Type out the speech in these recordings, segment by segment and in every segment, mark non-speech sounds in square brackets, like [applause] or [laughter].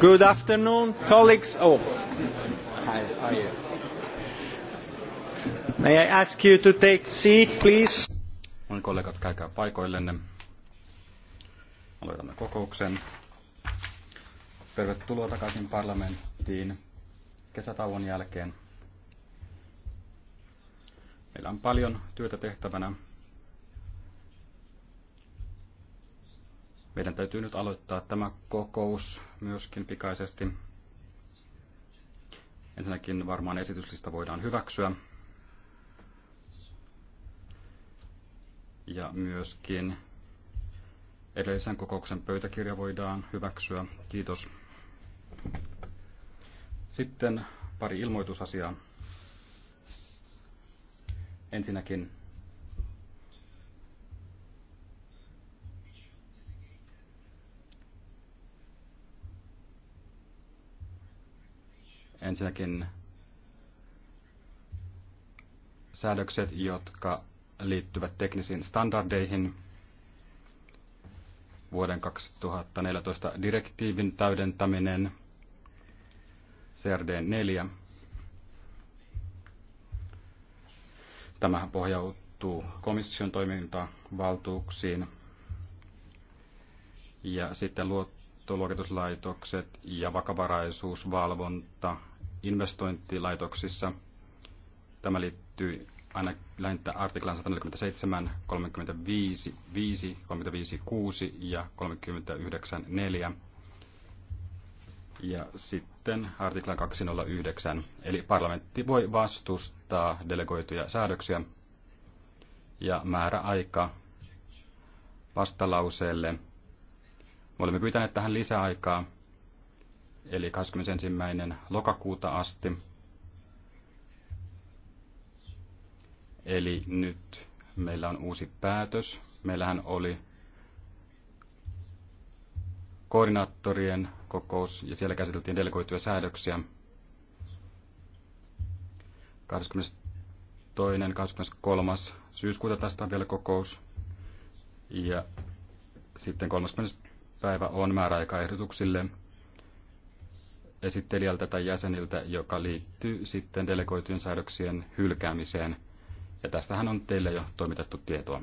Good afternoon, colleagues. Oh, hi, how are you? May I ask you to take seat, please? Moni kollegat, käykää paikoillenne. Aloitamme kokouksen. Tervetuloa takaisin parlamenttiin kesätauon jälkeen. Meillä on paljon työtä tehtävänä Meidän täytyy nyt aloittaa tämä kokous myöskin pikaisesti. Ensinnäkin varmaan esityslista voidaan hyväksyä. Ja myöskin edellisen kokouksen pöytäkirja voidaan hyväksyä. Kiitos. Sitten pari ilmoitusasiaa. Ensinnäkin Ensinnäkin säädökset, jotka liittyvät teknisiin standardeihin vuoden 2014 direktiivin täydentäminen CRD 4. Tämähän pohjautuu komission toimintavaltuuksiin ja sitten luottoluokituslaitokset ja vakavaraisuusvalvonta investointilaitoksissa. Tämä liittyy aina lähinnä artiklan 147, 35, 5, 35, 6 ja 39, 4. Ja sitten artikla 209, eli parlamentti voi vastustaa delegoituja säädöksiä ja määräaika vastalauseelle. Me olemme pyytäneet tähän lisäaikaa, eli 21. lokakuuta asti. Eli nyt meillä on uusi päätös. Meillähän oli koordinaattorien kokous ja siellä käsiteltiin delegoituja säädöksiä. 22. 23. syyskuuta tästä on vielä kokous. Ja sitten 30. päivä on määräaika ehdotuksille esittelijältä tai jäseniltä, joka liittyy sitten delegoitujen säädöksien hylkäämiseen. Ja tästähän on teille jo toimitettu tietoa.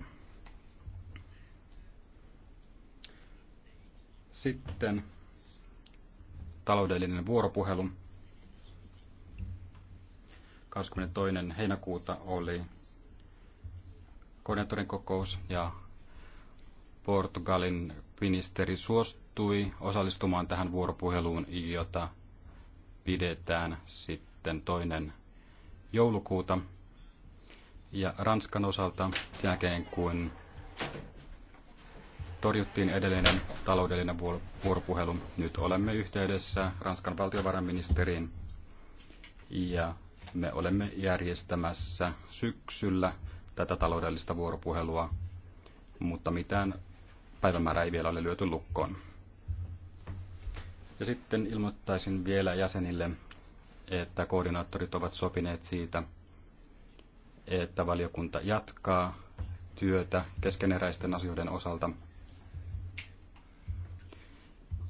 Sitten taloudellinen vuoropuhelu. 22. heinäkuuta oli koordinaattorin kokous ja Portugalin ministeri suostui osallistumaan tähän vuoropuheluun, jota pidetään sitten toinen joulukuuta. Ja Ranskan osalta sen jälkeen, kun torjuttiin edellinen taloudellinen vuoropuhelu, nyt olemme yhteydessä Ranskan valtiovarainministeriin ja me olemme järjestämässä syksyllä tätä taloudellista vuoropuhelua, mutta mitään päivämäärää ei vielä ole lyöty lukkoon. Ja sitten ilmoittaisin vielä jäsenille, että koordinaattorit ovat sopineet siitä, että valiokunta jatkaa työtä keskeneräisten asioiden osalta.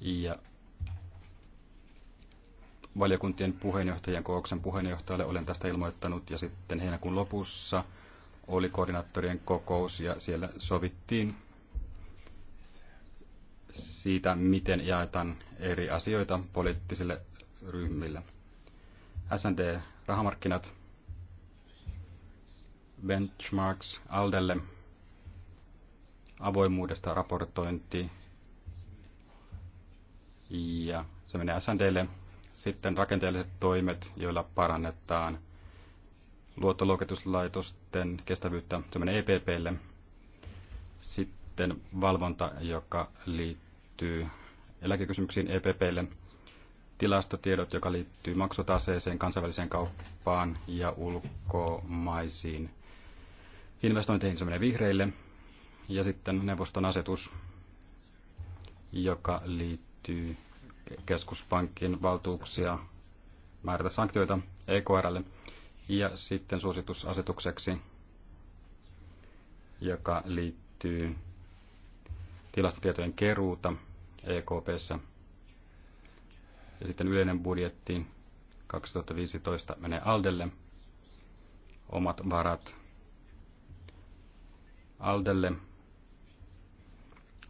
Ja valiokuntien puheenjohtajien kokouksen puheenjohtajalle olen tästä ilmoittanut ja sitten heinäkuun lopussa oli koordinaattorien kokous ja siellä sovittiin siitä, miten jaetaan eri asioita poliittisille ryhmille. SND rahamarkkinat, benchmarks Aldelle, avoimuudesta raportointi ja se menee SNDlle. Sitten rakenteelliset toimet, joilla parannetaan luottoluokituslaitosten kestävyyttä, se menee EPPlle. Sitten valvonta, joka liittyy liittyy eläkekysymyksiin EPPlle, tilastotiedot, joka liittyy maksutaseeseen, kansainväliseen kauppaan ja ulkomaisiin investointeihin, se menee vihreille, ja sitten neuvoston asetus, joka liittyy keskuspankin valtuuksia määrätä sanktioita EKRlle, ja sitten suositusasetukseksi, joka liittyy tilastotietojen keruuta EKPssä. Ja sitten yleinen budjetti 2015 menee Aldelle. Omat varat Aldelle.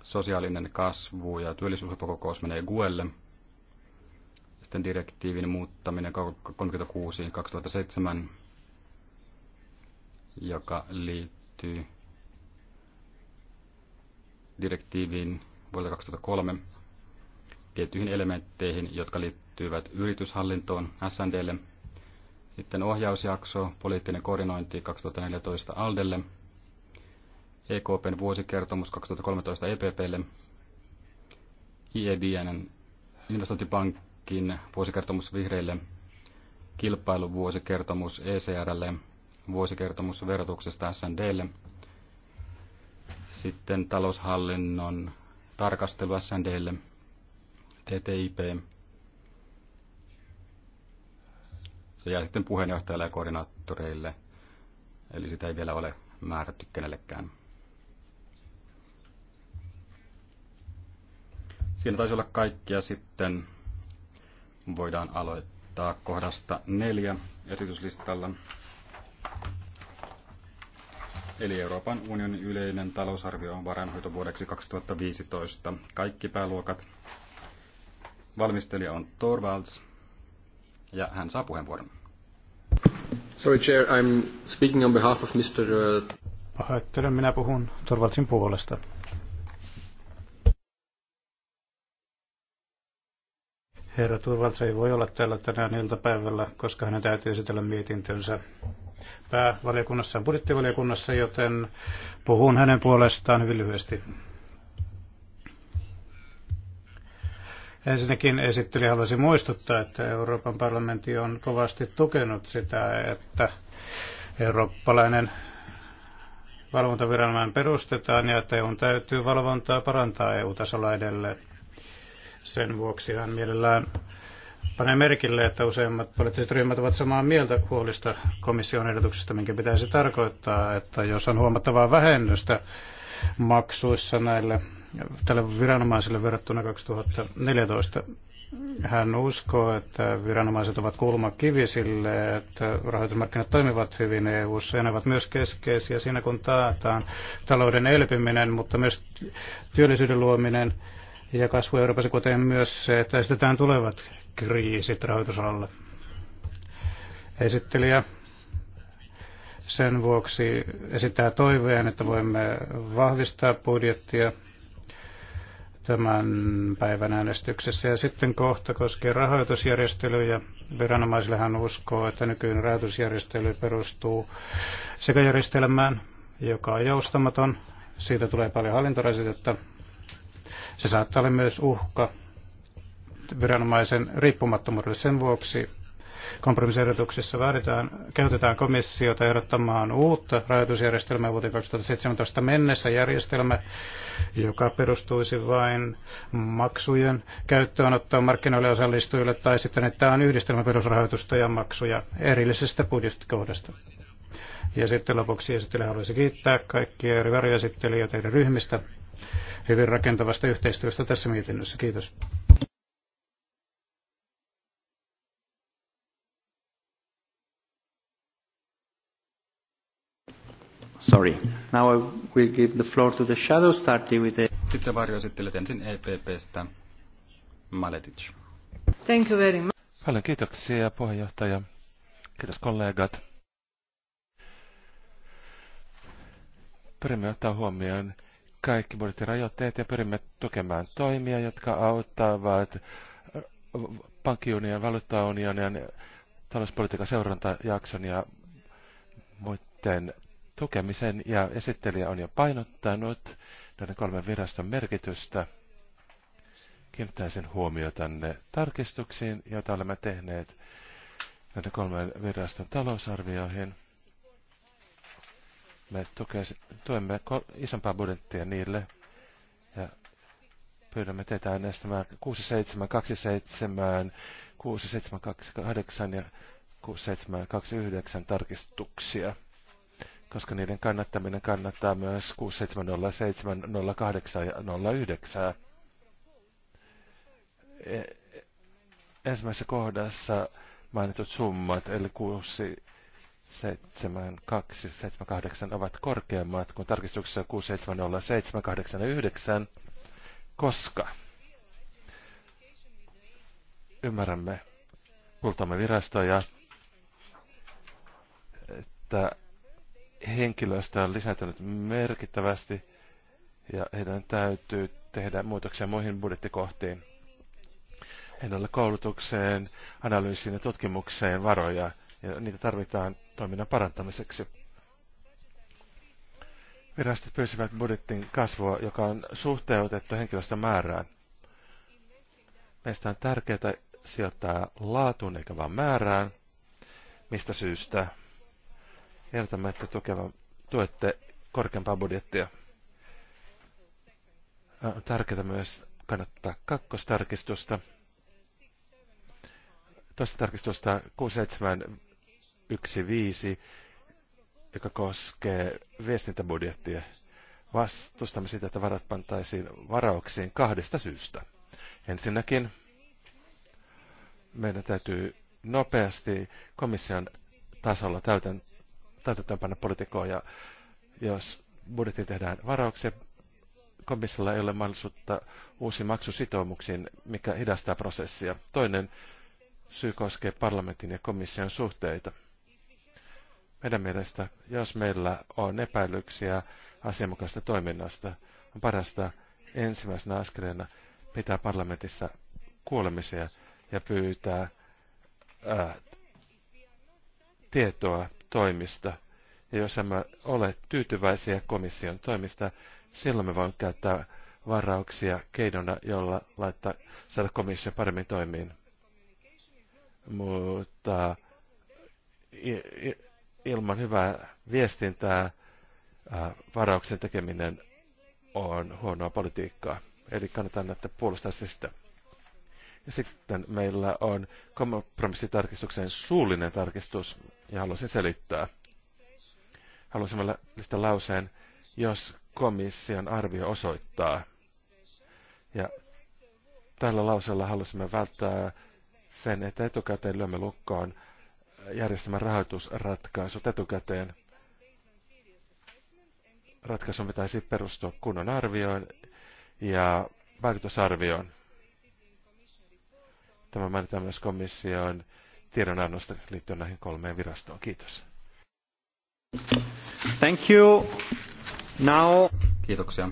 Sosiaalinen kasvu ja työllisyyskokous menee Guelle. Sitten direktiivin muuttaminen 36-2007, joka liittyy direktiiviin vuodelta 2003 tiettyihin elementteihin, jotka liittyvät yrityshallintoon SNDlle, sitten ohjausjakso, poliittinen koordinointi 2014 Aldelle, EKPn vuosikertomus 2013 EPPlle, IEBNn investointipankin vuosikertomus vihreille, kilpailuvuosikertomus ECRlle, vuosikertomus verotuksesta SNDlle, sitten taloushallinnon tarkastelu SNDlle, TTIP, se jää sitten puheenjohtajalle ja koordinaattoreille, eli sitä ei vielä ole määrätty kenellekään. Siinä taisi olla kaikkia sitten voidaan aloittaa kohdasta neljä esityslistalla eli Euroopan unionin yleinen talousarvio on vuodeksi 2015. Kaikki pääluokat. Valmistelija on Torvalds, ja hän saa puheenvuoron. Sorry, Chair, I'm speaking on behalf of Mr. Uh, Pahoittelen, minä puhun Torvaldsin puolesta. Herra Turvalts ei voi olla täällä tänään iltapäivällä, koska hänen täytyy esitellä mietintönsä ja budjettivaliokunnassa, joten puhun hänen puolestaan hyvin lyhyesti. Ensinnäkin esitteli haluaisin muistuttaa, että Euroopan parlamentti on kovasti tukenut sitä, että eurooppalainen valvontaviranomainen perustetaan ja että EUn täytyy valvontaa parantaa EU-tasolla edelleen. Sen vuoksi hän mielellään panee merkille, että useimmat poliittiset ryhmät ovat samaa mieltä huolista komission ehdotuksesta, minkä pitäisi tarkoittaa, että jos on huomattavaa vähennystä maksuissa näille tälle viranomaisille verrattuna 2014, hän uskoo, että viranomaiset ovat kulmakivi sille, että rahoitusmarkkinat toimivat hyvin EU-ssa ja ne ovat myös keskeisiä siinä, kun taataan talouden elpyminen, mutta myös työllisyyden luominen ja kasvu Euroopassa, kuten myös se, että estetään tulevat kriisit rahoitusalalla. Esittelijä sen vuoksi esittää toiveen, että voimme vahvistaa budjettia tämän päivän äänestyksessä. Ja sitten kohta koskee rahoitusjärjestelyjä. hän uskoo, että nykyinen rahoitusjärjestely perustuu sekä järjestelmään, joka on joustamaton, siitä tulee paljon hallintorasitetta se saattaa olla myös uhka viranomaisen riippumattomuudelle. Sen vuoksi kompromissiehdotuksessa vaaditaan, käytetään komissiota ehdottamaan uutta rajoitusjärjestelmää vuoteen 2017 mennessä järjestelmä, joka perustuisi vain maksujen käyttöönottoa markkinoille osallistujille tai sitten, että tämä on yhdistelmä perusrahoitusta ja maksuja erillisestä budjettikohdasta. Ja sitten lopuksi esittelijä haluaisi kiittää kaikkia eri varjoesittelijöitä teidän ryhmistä hyvin rakentavasta yhteistyöstä tässä mietinnössä. Kiitos. Sorry. Now I will give the floor to the shadow starting with the... Sitten varjoesittelijät ensin EPPstä. Maletic. Thank you very much. Paljon kiitoksia puheenjohtaja. Kiitos kollegat. Pyrimme ottaa huomioon kaikki budjettirajoitteet ja pyrimme tukemaan toimia, jotka auttavat pankkiunion, valuuttaunionin, talouspolitiikan seurantajakson ja muiden tukemisen. Ja esittelijä on jo painottanut näiden kolmen viraston merkitystä. Kiinnittäisin tänne tarkistuksiin, joita olemme tehneet näiden kolmen viraston talousarvioihin. Me tukes, tuemme isompaa budjettia niille ja pyydämme teitä äänestämään 6727, 6728 ja 6729 tarkistuksia, koska niiden kannattaminen kannattaa myös 6707, 08 ja 09. E- e- ensimmäisessä kohdassa mainitut summat, eli 6 7, 2, ovat korkeammat kuin tarkistuksessa 6, 7, ja koska ymmärrämme kultamme virastoja, että henkilöstö on lisääntynyt merkittävästi ja heidän täytyy tehdä muutoksia muihin budjettikohtiin. En ole koulutukseen, analyysiin ja tutkimukseen varoja – ja niitä tarvitaan toiminnan parantamiseksi. Virastot pyysivät budjettin kasvua, joka on suhteutettu henkilöstön määrään. Meistä on tärkeää sijoittaa laatuun eikä vain määrään. Mistä syystä? Ehdotamme, että tukeva, tuette korkeampaa budjettia. On tärkeää myös kannattaa kakkostarkistusta. Tuosta tarkistusta 1.5, joka koskee viestintäbudjettia. Vastustamme sitä, että varat pantaisiin varauksiin kahdesta syystä. Ensinnäkin meidän täytyy nopeasti komission tasolla täytän, täytäntöönpanna ja Jos budjetti tehdään varauksia, komissiolla ei ole mahdollisuutta uusi maksusitoumuksiin, mikä hidastaa prosessia. Toinen syy koskee parlamentin ja komission suhteita. Meidän mielestä, jos meillä on epäilyksiä asianmukaista toiminnasta, on parasta ensimmäisenä askeleena pitää parlamentissa kuulemisia ja pyytää ää, tietoa toimista. Ja jos emme ole tyytyväisiä komission toimista, silloin me voimme käyttää varauksia keinona, jolla laittaa, saada komissio paremmin toimiin. Mutta ilman hyvää viestintää varauksen tekeminen on huonoa politiikkaa. Eli kannattaa näitä puolustaa sitä. Ja sitten meillä on kompromissitarkistuksen suullinen tarkistus, ja haluaisin selittää. Haluaisin lisätä lauseen, jos komission arvio osoittaa. Ja tällä lauseella halusimme välttää sen, että etukäteen lyömme lukkoon järjestämä rahoitusratkaisu etukäteen. Ratkaisun pitäisi perustua kunnon arvioon ja vaikutusarvioon. Tämä mainitaan myös komission tiedonannosta liittyen näihin kolmeen virastoon. Kiitos. Thank you. Now... Kiitoksia.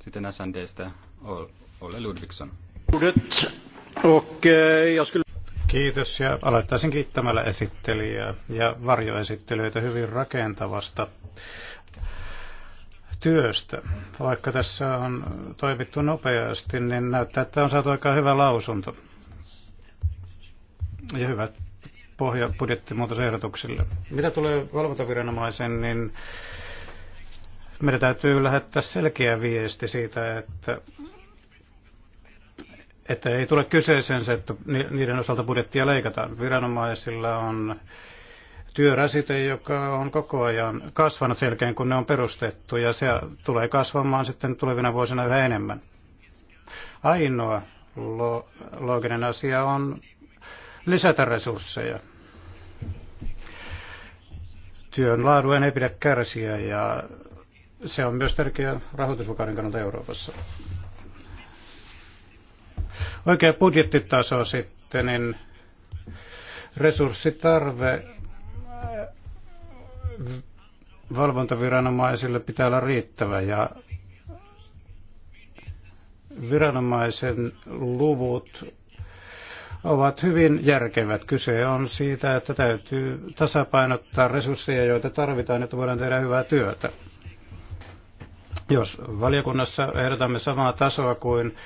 Sitten SNDstä Olle Ludvigsson. Ordet. Och jag skulle... Kiitos ja aloittaisin kiittämällä esittelijää ja varjoesittelijöitä hyvin rakentavasta työstä. Vaikka tässä on toimittu nopeasti, niin näyttää, että on saatu aika hyvä lausunto ja hyvä pohja budjettimuutosehdotuksille. Mitä tulee valvontaviranomaisen, niin meidän täytyy lähettää selkeä viesti siitä, että että ei tule kyseeseen se, että niiden osalta budjettia leikataan. Viranomaisilla on työrasite, joka on koko ajan kasvanut selkeän, kun ne on perustettu, ja se tulee kasvamaan sitten tulevina vuosina yhä enemmän. Ainoa lo- looginen asia on lisätä resursseja. Työn laaduen ei pidä kärsiä, ja se on myös tärkeä rahoitusvakauden kannalta Euroopassa. Oikea budjettitaso sitten, niin resurssitarve äh, valvontaviranomaisille pitää olla riittävä ja viranomaisen luvut ovat hyvin järkevät. Kyse on siitä, että täytyy tasapainottaa resursseja, joita tarvitaan, että voidaan tehdä hyvää työtä. Jos valiokunnassa ehdotamme samaa tasoa kuin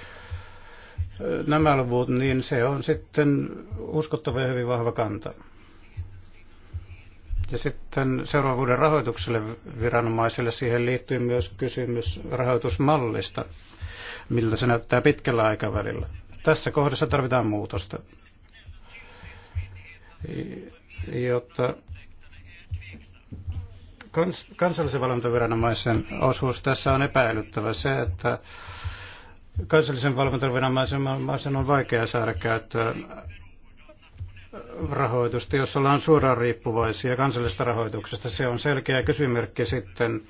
nämä luvut, niin se on sitten uskottava ja hyvin vahva kanta. Ja sitten seuraavan vuoden rahoitukselle viranomaisille siihen liittyy myös kysymys rahoitusmallista, millä se näyttää pitkällä aikavälillä. Tässä kohdassa tarvitaan muutosta, jotta kans, kansallisen valvontaviranomaisen osuus tässä on epäilyttävä se, että Kansallisen valvontaviranomaisen on vaikea saada käyttöä rahoitusta, jos ollaan suoraan riippuvaisia kansallisesta rahoituksesta. Se on selkeä kysymerkki sitten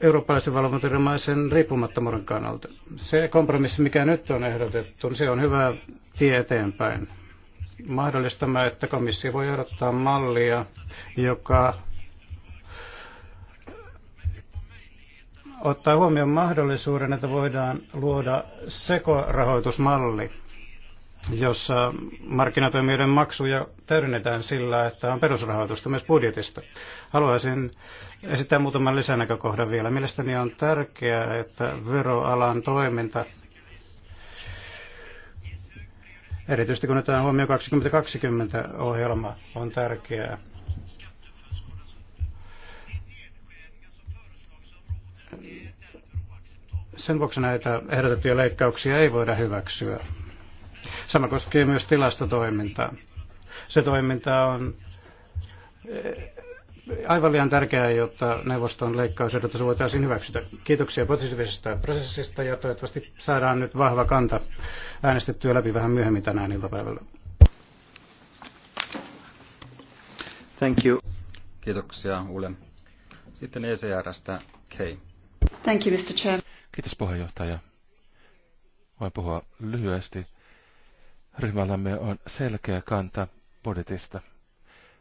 eurooppalaisen valvontaviranomaisen riippumattomuuden kannalta. Se kompromissi, mikä nyt on ehdotettu, se on hyvä tie eteenpäin. Mahdollistamme, että komissio voi ehdottaa mallia, joka ottaa huomioon mahdollisuuden, että voidaan luoda sekorahoitusmalli, jossa markkinatoimijoiden maksuja täydennetään sillä, että on perusrahoitusta myös budjetista. Haluaisin esittää muutaman lisänäkökohdan vielä. Mielestäni on tärkeää, että veroalan toiminta, erityisesti kun otetaan huomioon 2020-ohjelma, on tärkeää Sen vuoksi näitä ehdotettuja leikkauksia ei voida hyväksyä. Sama koskee myös tilastotoimintaa. Se toiminta on eh, aivan liian tärkeää, jotta neuvoston leikkausehdotus voitaisiin hyväksytä. Kiitoksia positiivisesta prosessista ja toivottavasti saadaan nyt vahva kanta äänestettyä läpi vähän myöhemmin tänään iltapäivällä. Thank you. Kiitoksia Ule. Sitten ECRstä K. Thank you, Mr. Chair. Kiitos puheenjohtaja. Voin puhua lyhyesti. Ryhmällämme on selkeä kanta budjetista.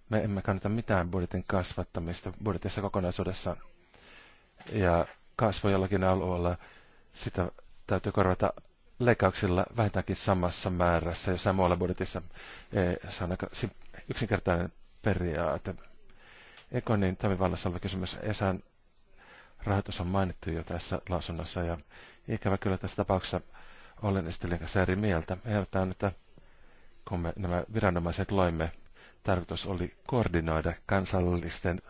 Me emme kannata mitään budjetin kasvattamista budjetissa kokonaisuudessaan. Ja kasvo jollakin alueella, sitä täytyy korvata leikkauksilla vähintäänkin samassa määrässä jossain muualla budjetissa. E, se on aika yksinkertainen periaate. Ekonin toimivallassa oleva kysymys. Esan rahoitus on mainittu jo tässä lausunnossa ja ikävä kyllä tässä tapauksessa olen Estelin kanssa eri mieltä. Ehdotan, että kun me nämä viranomaiset loimme, tarkoitus oli koordinoida kansallisten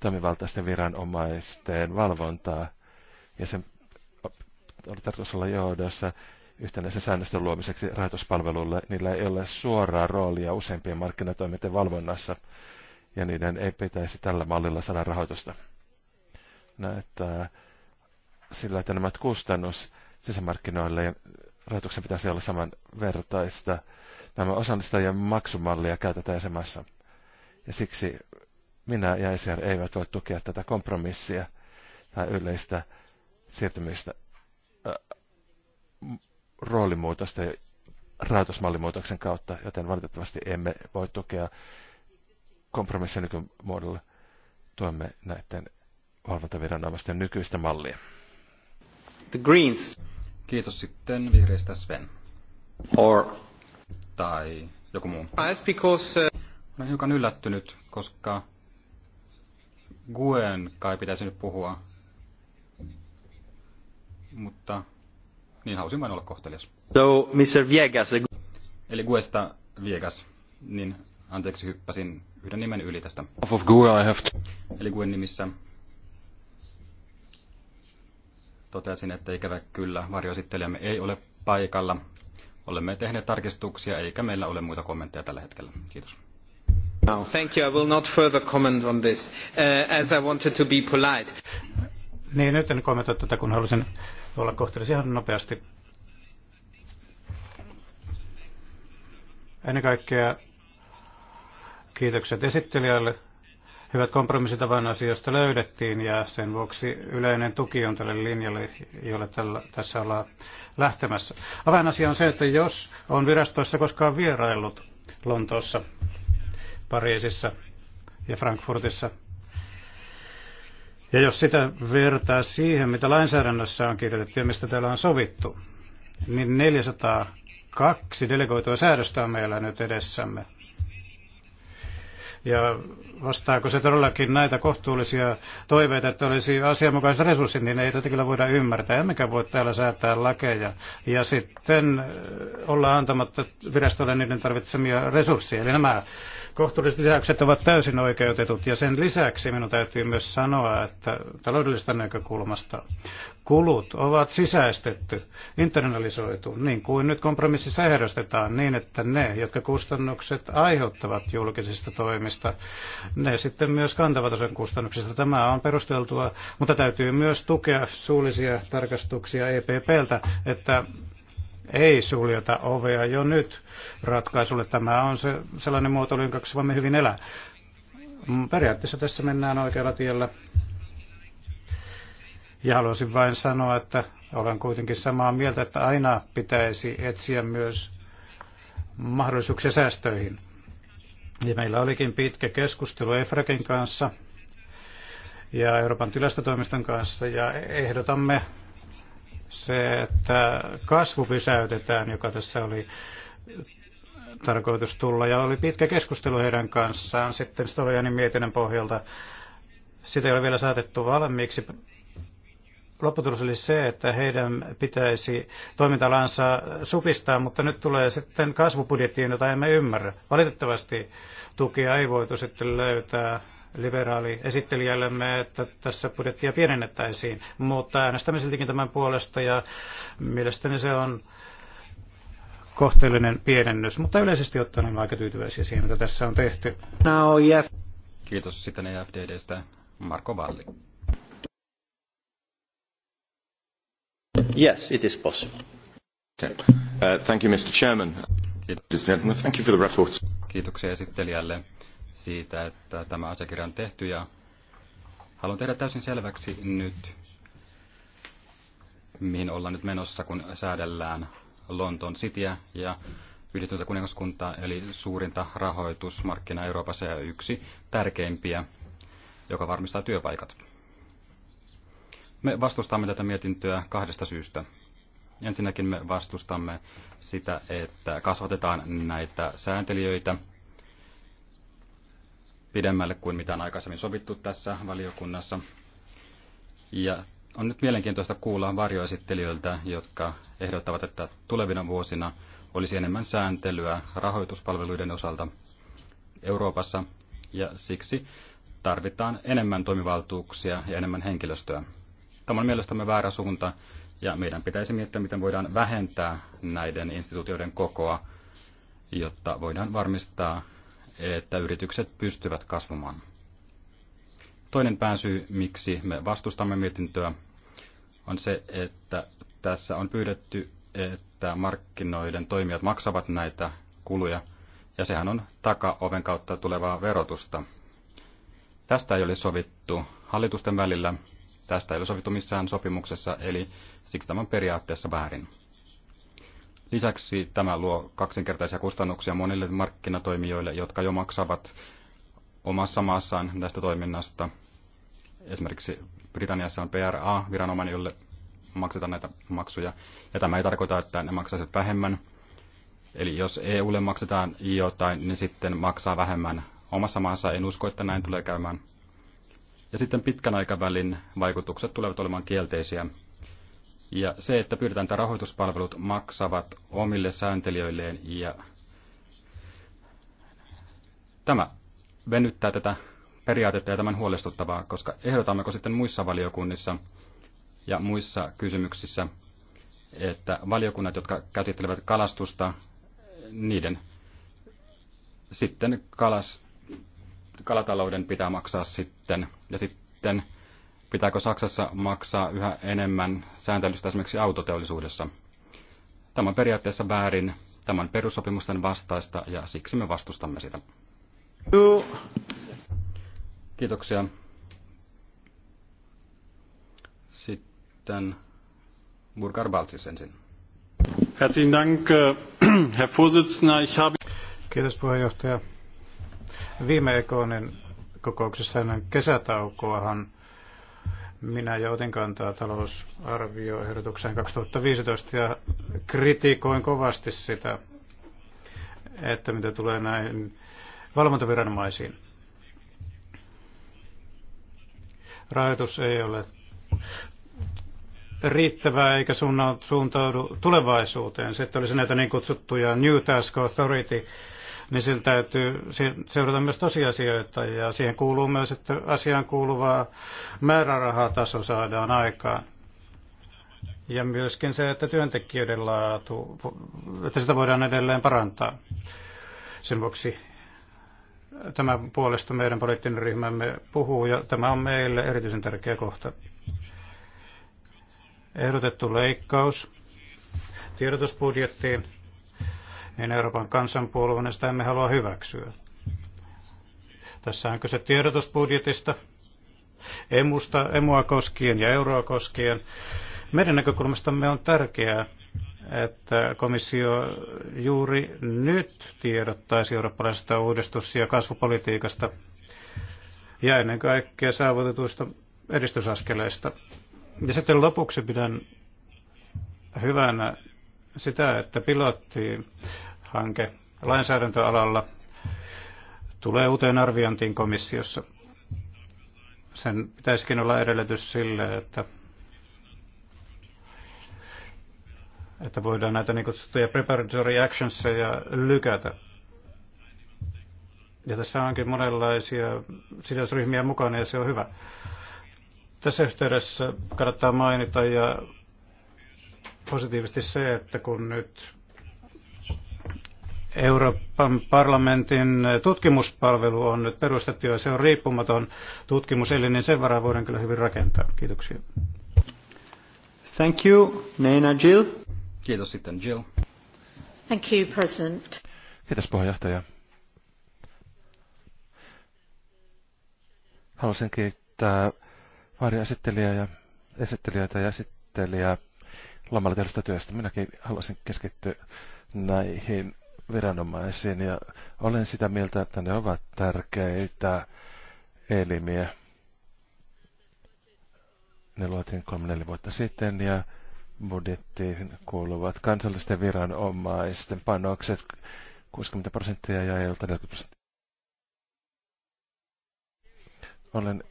toimivaltaisten viranomaisten valvontaa ja sen oli tarkoitus olla johdossa yhtenäisen säännöstön luomiseksi rahoituspalvelulle. Niillä ei ole suoraa roolia useimpien markkinatoimijoiden valvonnassa ja niiden ei pitäisi tällä mallilla saada rahoitusta näyttää sillä, että nämä kustannus sisämarkkinoille rahoituksen pitäisi olla samanvertaista. Nämä osallistajien maksumallia käytetään jäsenmaassa. Ja siksi minä ja ICR eivät voi tukea tätä kompromissia tai yleistä siirtymistä äh, roolimuutosta ja rahoitusmallimuutoksen kautta, joten valitettavasti emme voi tukea kompromissia nykymuodolla. Tuemme näiden valvontaviranomaisten nykyistä mallia. The Greens. Kiitos sitten vihreistä Sven. Or. Tai joku muu. Because, uh... Olen hiukan yllättynyt, koska Guen kai pitäisi nyt puhua. Mutta niin hausin vain olla kohtelias. So, Mr. Viegas. Eli Guesta Viegas. Niin, anteeksi, hyppäsin yhden nimen yli tästä. Of Gue I have to... Eli Guen nimissä totesin, että ikävä kyllä varjoesittelijämme ei ole paikalla. Olemme tehneet tarkistuksia, eikä meillä ole muita kommentteja tällä hetkellä. Kiitos. No, thank you. I will not further comment on this, uh, as I wanted to be polite. Niin, nyt en kommentoi tätä, kun halusin olla kohtelisi ihan nopeasti. Ennen kaikkea kiitokset esittelijälle hyvät kompromissit avainasioista löydettiin ja sen vuoksi yleinen tuki on tälle linjalle, jolle tällä, tässä ollaan lähtemässä. Avainasia on se, että jos on virastoissa koskaan vieraillut Lontoossa, Pariisissa ja Frankfurtissa, ja jos sitä vertaa siihen, mitä lainsäädännössä on kirjoitettu ja mistä täällä on sovittu, niin kaksi delegoitua säädöstä on meillä nyt edessämme ja vastaako se todellakin näitä kohtuullisia toiveita, että olisi asianmukaiset resurssit, niin ei tätä kyllä voida ymmärtää. Emmekä voi täällä säätää lakeja ja sitten äh, olla antamatta virastolle niiden tarvitsemia resursseja. Eli nämä kohtuulliset lisäykset ovat täysin oikeutetut ja sen lisäksi minun täytyy myös sanoa, että taloudellisesta näkökulmasta kulut ovat sisäistetty, internalisoitu, niin kuin nyt kompromississa ehdostetaan, niin että ne, jotka kustannukset aiheuttavat julkisista toimista, ne sitten myös kantavat osan kustannuksista. Tämä on perusteltua, mutta täytyy myös tukea suullisia tarkastuksia EPPltä, että ei suljeta ovea jo nyt ratkaisulle. Tämä on se sellainen muotoilu, jonka voimme hyvin elää. Periaatteessa tässä mennään oikealla tiellä ja haluaisin vain sanoa, että olen kuitenkin samaa mieltä, että aina pitäisi etsiä myös mahdollisuuksia säästöihin. Ja meillä olikin pitkä keskustelu EFRAKin kanssa ja Euroopan tilastotoimiston kanssa ja ehdotamme se, että kasvu pysäytetään, joka tässä oli tarkoitus tulla. Ja oli pitkä keskustelu heidän kanssaan sitten Stolojanin mietinnön pohjalta. Sitä ei ole vielä saatettu valmiiksi lopputulos oli se, että heidän pitäisi toimintalansa supistaa, mutta nyt tulee sitten kasvubudjettiin, jota emme ymmärrä. Valitettavasti tukea ei voitu sitten löytää liberaali esittelijällemme, että tässä budjettia pienennettäisiin, mutta äänestämme siltikin tämän puolesta ja mielestäni se on kohteellinen pienennys, mutta yleisesti ottaen on aika tyytyväisiä siihen, mitä tässä on tehty. Kiitos sitten EFDDstä, Marko Valli. Yes, it is possible. Okay. Uh, thank you, Mr. Chairman. Thank you for the report. Kiitoksia esittelijälle siitä, että tämä asiakirja on tehty ja haluan tehdä täysin selväksi nyt, mihin ollaan nyt menossa, kun säädellään Lontoon Cityä ja yhdistyntä kuningaskuntaa, eli suurinta rahoitusmarkkina Euroopassa ja yksi tärkeimpiä, joka varmistaa työpaikat. Me vastustamme tätä mietintöä kahdesta syystä. Ensinnäkin me vastustamme sitä, että kasvatetaan näitä sääntelijöitä pidemmälle kuin mitä on aikaisemmin sovittu tässä valiokunnassa. Ja on nyt mielenkiintoista kuulla varjoesittelijöiltä, jotka ehdottavat, että tulevina vuosina olisi enemmän sääntelyä rahoituspalveluiden osalta Euroopassa, ja siksi tarvitaan enemmän toimivaltuuksia ja enemmän henkilöstöä. Tämä on mielestämme väärä suunta ja meidän pitäisi miettiä, miten voidaan vähentää näiden instituutioiden kokoa, jotta voidaan varmistaa, että yritykset pystyvät kasvamaan. Toinen pääsyy, miksi me vastustamme mietintöä, on se, että tässä on pyydetty, että markkinoiden toimijat maksavat näitä kuluja, ja sehän on takaoven kautta tulevaa verotusta. Tästä ei ole sovittu hallitusten välillä, Tästä ei ole sovittu missään sopimuksessa, eli siksi tämä on periaatteessa väärin. Lisäksi tämä luo kaksinkertaisia kustannuksia monille markkinatoimijoille, jotka jo maksavat omassa maassaan tästä toiminnasta. Esimerkiksi Britanniassa on PRA-viranomainen, jolle maksetaan näitä maksuja. Ja tämä ei tarkoita, että ne maksaisivat vähemmän. Eli jos EUlle maksetaan jotain, niin sitten maksaa vähemmän omassa maassa. En usko, että näin tulee käymään. Ja sitten pitkän aikavälin vaikutukset tulevat olemaan kielteisiä. Ja se, että pyydetään, että rahoituspalvelut maksavat omille sääntelijöilleen ja tämä venyttää tätä periaatetta ja tämän huolestuttavaa, koska ehdotammeko sitten muissa valiokunnissa ja muissa kysymyksissä, että valiokunnat, jotka käsittelevät kalastusta, niiden sitten kalast kalatalouden pitää maksaa sitten? Ja sitten pitääkö Saksassa maksaa yhä enemmän sääntelystä esimerkiksi autoteollisuudessa? Tämä on periaatteessa väärin. Tämä on perussopimusten vastaista ja siksi me vastustamme sitä. Kiitoksia. Sitten Burkar Baltsis ensin. Herzlichen Dank, äh, [clears throat] Herr Vorsitzender. Ich habe... Kiitos puheenjohtaja. Viime ekonen kokouksessa ennen kesätaukoahan minä jo otin kantaa talousarvioehdotukseen 2015 ja kritikoin kovasti sitä, että mitä tulee näihin valvontaviranomaisiin. Rajoitus ei ole riittävää eikä suuntaudu tulevaisuuteen. Sitten olisi näitä niin kutsuttuja New Task Authority niin sen täytyy seurata myös tosiasioita ja siihen kuuluu myös, että asiaan kuuluvaa määrärahataso saadaan aikaan. Ja myöskin se, että työntekijöiden laatu, että sitä voidaan edelleen parantaa. Sen vuoksi tämä puolesta meidän poliittinen ryhmämme puhuu ja tämä on meille erityisen tärkeä kohta. Ehdotettu leikkaus tiedotusbudjettiin niin Euroopan kansanpuolueena sitä emme halua hyväksyä. Tässä on kyse tiedotusbudjetista, emusta, emua koskien ja euroa koskien. Meidän näkökulmastamme on tärkeää, että komissio juuri nyt tiedottaisi eurooppalaisesta uudistus- ja kasvupolitiikasta ja ennen kaikkea saavutetuista edistysaskeleista. Ja sitten lopuksi pidän hyvänä sitä, että pilottihanke lainsäädäntöalalla tulee uuteen arviointiin komissiossa. Sen pitäisikin olla edellytys sille, että, että voidaan näitä niin kutsuttuja preparatory ja lykätä. Ja tässä onkin monenlaisia sidosryhmiä mukana ja se on hyvä. Tässä yhteydessä kannattaa mainita ja positiivisesti se, että kun nyt Euroopan parlamentin tutkimuspalvelu on nyt perustettu ja se on riippumaton tutkimuselin, niin sen varaa voidaan kyllä hyvin rakentaa. Kiitoksia. Thank you, Neina Jill. Kiitos sitten Jill. Thank you, President. Kiitos puheenjohtaja. Haluaisin kiittää Maria esittelijää ja esittelijöitä ja esittelijää lomalla sitä työstä. Minäkin haluaisin keskittyä näihin viranomaisiin ja olen sitä mieltä, että ne ovat tärkeitä elimiä. Ne luotiin kolme neljä vuotta sitten ja budjettiin kuuluvat kansallisten viranomaisten panokset 60 prosenttia ja EUlta 40 prosenttia. Olen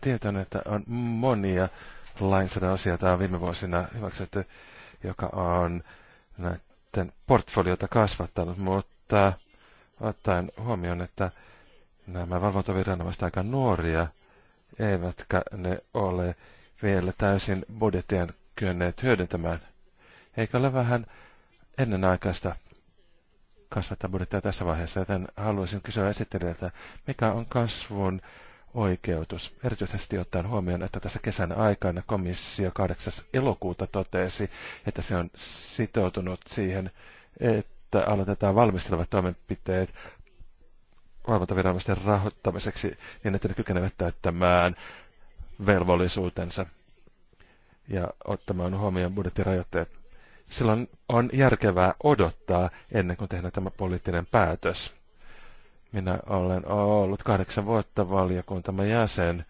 tietoinen, että on monia lainsäädännön asia, tämä on viime vuosina hyväksytty, joka on näiden portfoliota kasvattanut, mutta ottaen huomioon, että nämä valvontaviranomaiset aika nuoria, eivätkä ne ole vielä täysin budjettien kyenneet hyödyntämään. Eikä ole vähän ennenaikaista kasvattaa budjettia tässä vaiheessa, joten haluaisin kysyä esittelijältä, mikä on kasvun oikeutus. Erityisesti ottaen huomioon, että tässä kesän aikana komissio 8. elokuuta totesi, että se on sitoutunut siihen, että aloitetaan valmistelevat toimenpiteet valvontaviranomaisten rahoittamiseksi niin, että ne kykenevät täyttämään velvollisuutensa ja ottamaan huomioon budjettirajoitteet. Silloin on järkevää odottaa ennen kuin tehdään tämä poliittinen päätös. Minä olen ollut kahdeksan vuotta valiokuntamme jäsen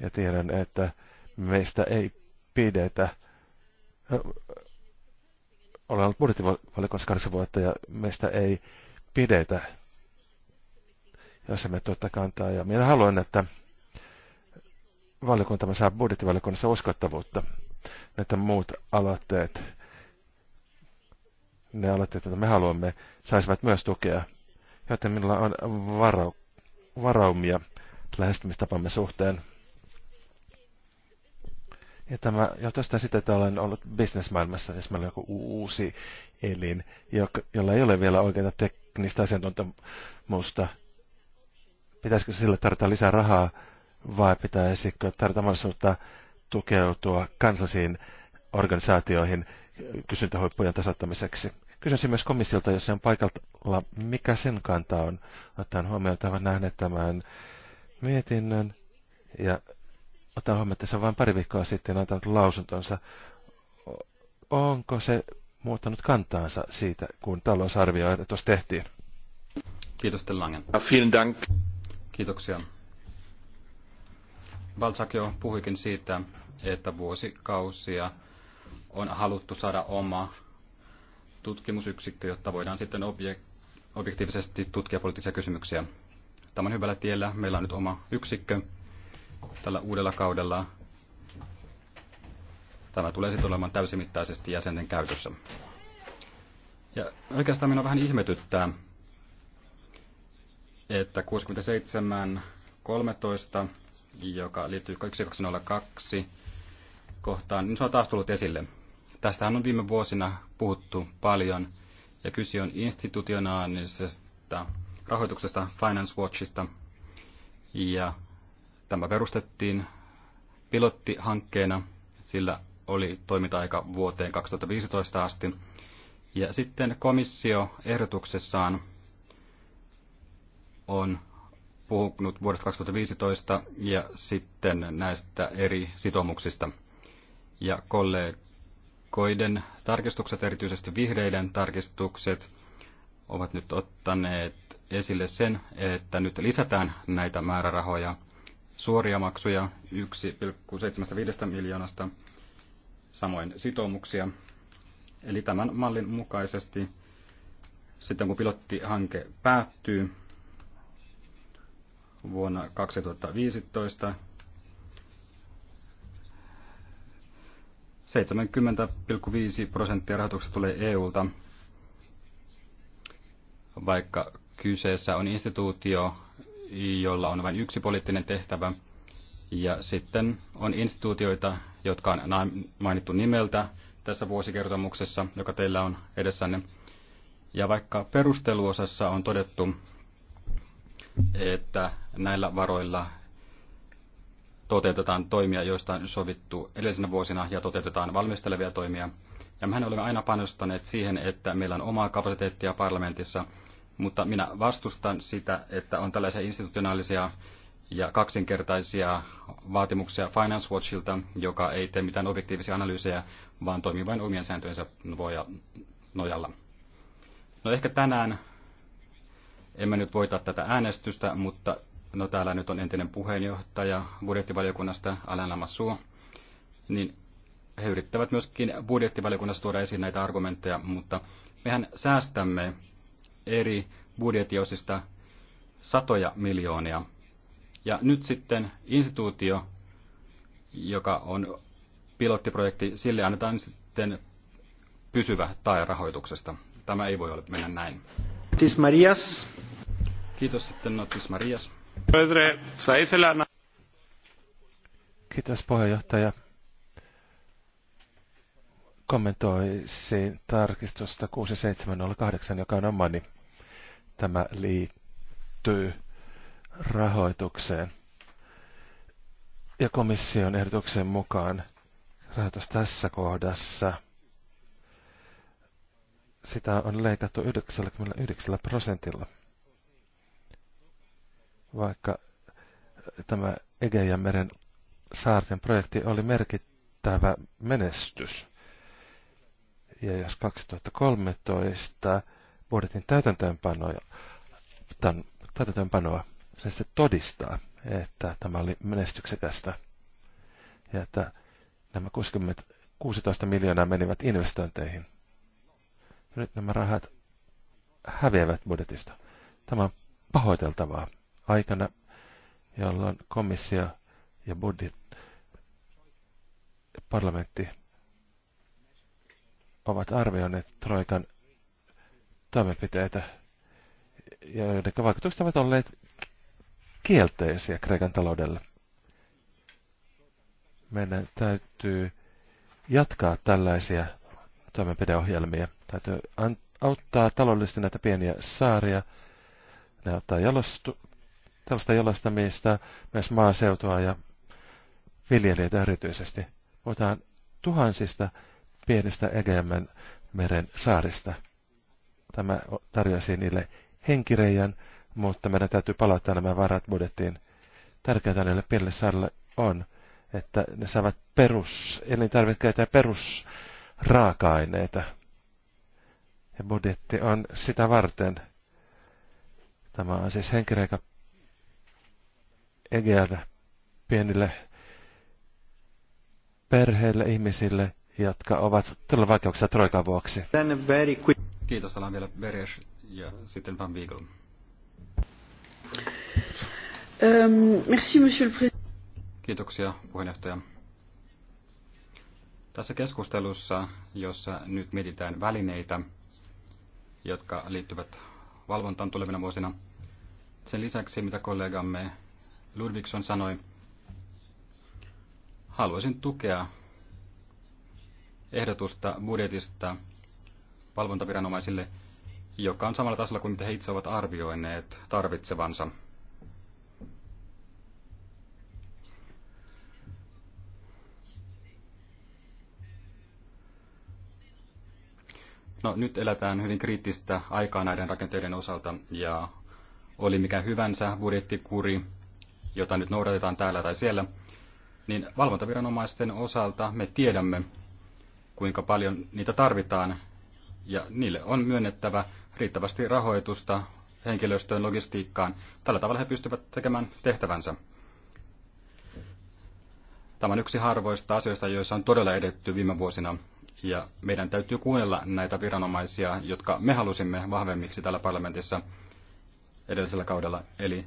ja tiedän, että meistä ei pidetä. Olen ollut budjettivaliokunnassa kahdeksan vuotta ja meistä ei pidetä, jos emme tuota kantaa. Ja minä haluan, että valiokuntamme saa budjettivaliokunnassa uskottavuutta, että muut aloitteet, ne aloitteet, joita me haluamme, saisivat myös tukea joten minulla on varo, varaumia lähestymistapamme suhteen. Ja tämä johtuu sitä, että olen ollut bisnesmaailmassa, jos meillä on joku uusi elin, jolla ei ole vielä oikeita teknistä asiantuntemusta. Pitäisikö sille tarjota lisää rahaa vai pitäisikö tarjota mahdollisuutta tukeutua kansallisiin organisaatioihin kysyntähuippujen tasattamiseksi? Kysyisin myös komissiolta, jos se on paikalla, mikä sen kanta on, otan huomioon, että olen nähnyt tämän mietinnön ja otan huomioon, että se on vain pari viikkoa sitten antanut lausuntonsa. Onko se muuttanut kantaansa siitä, kun tuossa tehtiin? Kiitos Tellangen. Vielen dank. Kiitoksia. Balzac jo puhuikin siitä, että vuosikausia on haluttu saada oma tutkimusyksikkö, jotta voidaan sitten objektiivisesti tutkia poliittisia kysymyksiä. Tämä on hyvällä tiellä. Meillä on nyt oma yksikkö tällä uudella kaudella. Tämä tulee sitten olemaan täysimittaisesti jäsenten käytössä. Ja oikeastaan minua vähän ihmetyttää, että 67.13, joka liittyy 1202 kohtaan, niin se on taas tullut esille. Tästähän on viime vuosina puhuttu paljon, ja kyse on institutionaalisesta rahoituksesta Finance Watchista, ja tämä perustettiin pilottihankkeena, sillä oli toiminta-aika vuoteen 2015 asti. Ja sitten komissio ehdotuksessaan on puhunut vuodesta 2015 ja sitten näistä eri sitoumuksista. Ja kollega kollegoiden tarkistukset, erityisesti vihreiden tarkistukset, ovat nyt ottaneet esille sen, että nyt lisätään näitä määrärahoja suoria maksuja 1,75 miljoonasta, samoin sitoumuksia. Eli tämän mallin mukaisesti sitten kun pilottihanke päättyy vuonna 2015, 70,5 prosenttia rahoituksesta tulee EU-ta, vaikka kyseessä on instituutio, jolla on vain yksi poliittinen tehtävä. Ja sitten on instituutioita, jotka on mainittu nimeltä tässä vuosikertomuksessa, joka teillä on edessänne. Ja vaikka perusteluosassa on todettu, että näillä varoilla toteutetaan toimia, joista on sovittu edellisenä vuosina ja toteutetaan valmistelevia toimia. Ja mehän olemme aina panostaneet siihen, että meillä on omaa kapasiteettia parlamentissa, mutta minä vastustan sitä, että on tällaisia institutionaalisia ja kaksinkertaisia vaatimuksia Finance Watchilta, joka ei tee mitään objektiivisia analyysejä, vaan toimii vain omien sääntöjensä nojalla. No ehkä tänään emme nyt voita tätä äänestystä, mutta no täällä nyt on entinen puheenjohtaja budjettivaliokunnasta Alain Lamassu, niin he yrittävät myöskin budjettivaliokunnassa tuoda esiin näitä argumentteja, mutta mehän säästämme eri budjettiosista satoja miljoonia. Ja nyt sitten instituutio, joka on pilottiprojekti, sille annetaan sitten pysyvä tai rahoituksesta. Tämä ei voi olla mennä näin. Tis Marias. Kiitos sitten Notis Marias. Kiitos puheenjohtaja. Kommentoisin tarkistusta 6708, joka on omani. Tämä liittyy rahoitukseen. Ja komission ehdotuksen mukaan rahoitus tässä kohdassa sitä on leikattu 99 prosentilla vaikka tämä meren saarten projekti oli merkittävä menestys. Ja jos 2013 budjetin täytäntöönpanoa, tämän, niin täytäntöönpanoa se sitten todistaa, että tämä oli menestyksekästä. Ja että nämä 60, 16 miljoonaa menivät investointeihin. Ja nyt nämä rahat häviävät budjetista. Tämä on pahoiteltavaa aikana, jolloin komissio ja budjet, parlamentti ovat arvioineet Troikan toimenpiteitä, joiden vaikutukset ovat olleet kielteisiä Kreikan taloudelle. Meidän täytyy jatkaa tällaisia toimenpideohjelmia. Täytyy auttaa taloudellisesti näitä pieniä saaria. Ne ottaa jalostu, tällaista jalostamista, myös maaseutua ja viljelijöitä erityisesti. Puhutaan tuhansista pienistä Egeämän meren saarista. Tämä tarjosi niille henkireijän, mutta meidän täytyy palauttaa nämä varat budjettiin. Tärkeintä niille pienille saarille on, että ne saavat perus, elintarvikkeita ja perusraaka-aineita. Ja budjetti on sitä varten. Tämä on siis henkireikä Egean pienille perheille, ihmisille, jotka ovat todella vaikeuksia Troikan vuoksi. Kiitos, ollaan vielä Beres ja sitten Van Beagle. Ähm, merci, monsieur le président. Kiitoksia, puheenjohtaja. Tässä keskustelussa, jossa nyt mietitään välineitä, jotka liittyvät valvontaan tulevina vuosina, sen lisäksi, mitä kollegamme Ludvigson sanoi, haluaisin tukea ehdotusta budjetista valvontaviranomaisille, joka on samalla tasolla kuin mitä he itse ovat arvioineet tarvitsevansa. No, nyt elätään hyvin kriittistä aikaa näiden rakenteiden osalta ja oli mikä hyvänsä budjettikuri jota nyt noudatetaan täällä tai siellä, niin valvontaviranomaisten osalta me tiedämme, kuinka paljon niitä tarvitaan, ja niille on myönnettävä riittävästi rahoitusta henkilöstöön, logistiikkaan. Tällä tavalla he pystyvät tekemään tehtävänsä. Tämä on yksi harvoista asioista, joissa on todella edetty viime vuosina, ja meidän täytyy kuunnella näitä viranomaisia, jotka me halusimme vahvemmiksi täällä parlamentissa edellisellä kaudella, eli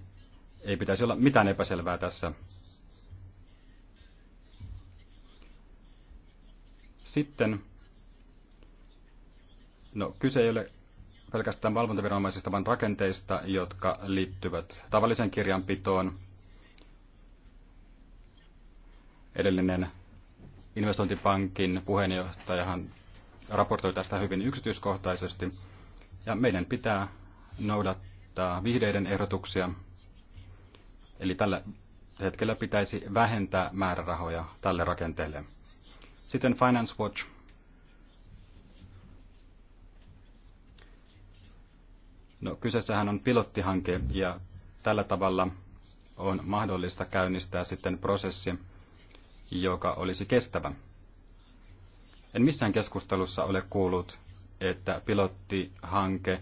ei pitäisi olla mitään epäselvää tässä. Sitten, no kyse ei ole pelkästään valvontaviranomaisista, vaan rakenteista, jotka liittyvät tavallisen kirjanpitoon. Edellinen investointipankin puheenjohtajahan raportoi tästä hyvin yksityiskohtaisesti. Ja meidän pitää noudattaa vihdeiden ehdotuksia Eli tällä hetkellä pitäisi vähentää määrärahoja tälle rakenteelle. Sitten Finance Watch. No, kyseessähän on pilottihanke ja tällä tavalla on mahdollista käynnistää sitten prosessi, joka olisi kestävä. En missään keskustelussa ole kuullut, että pilottihanke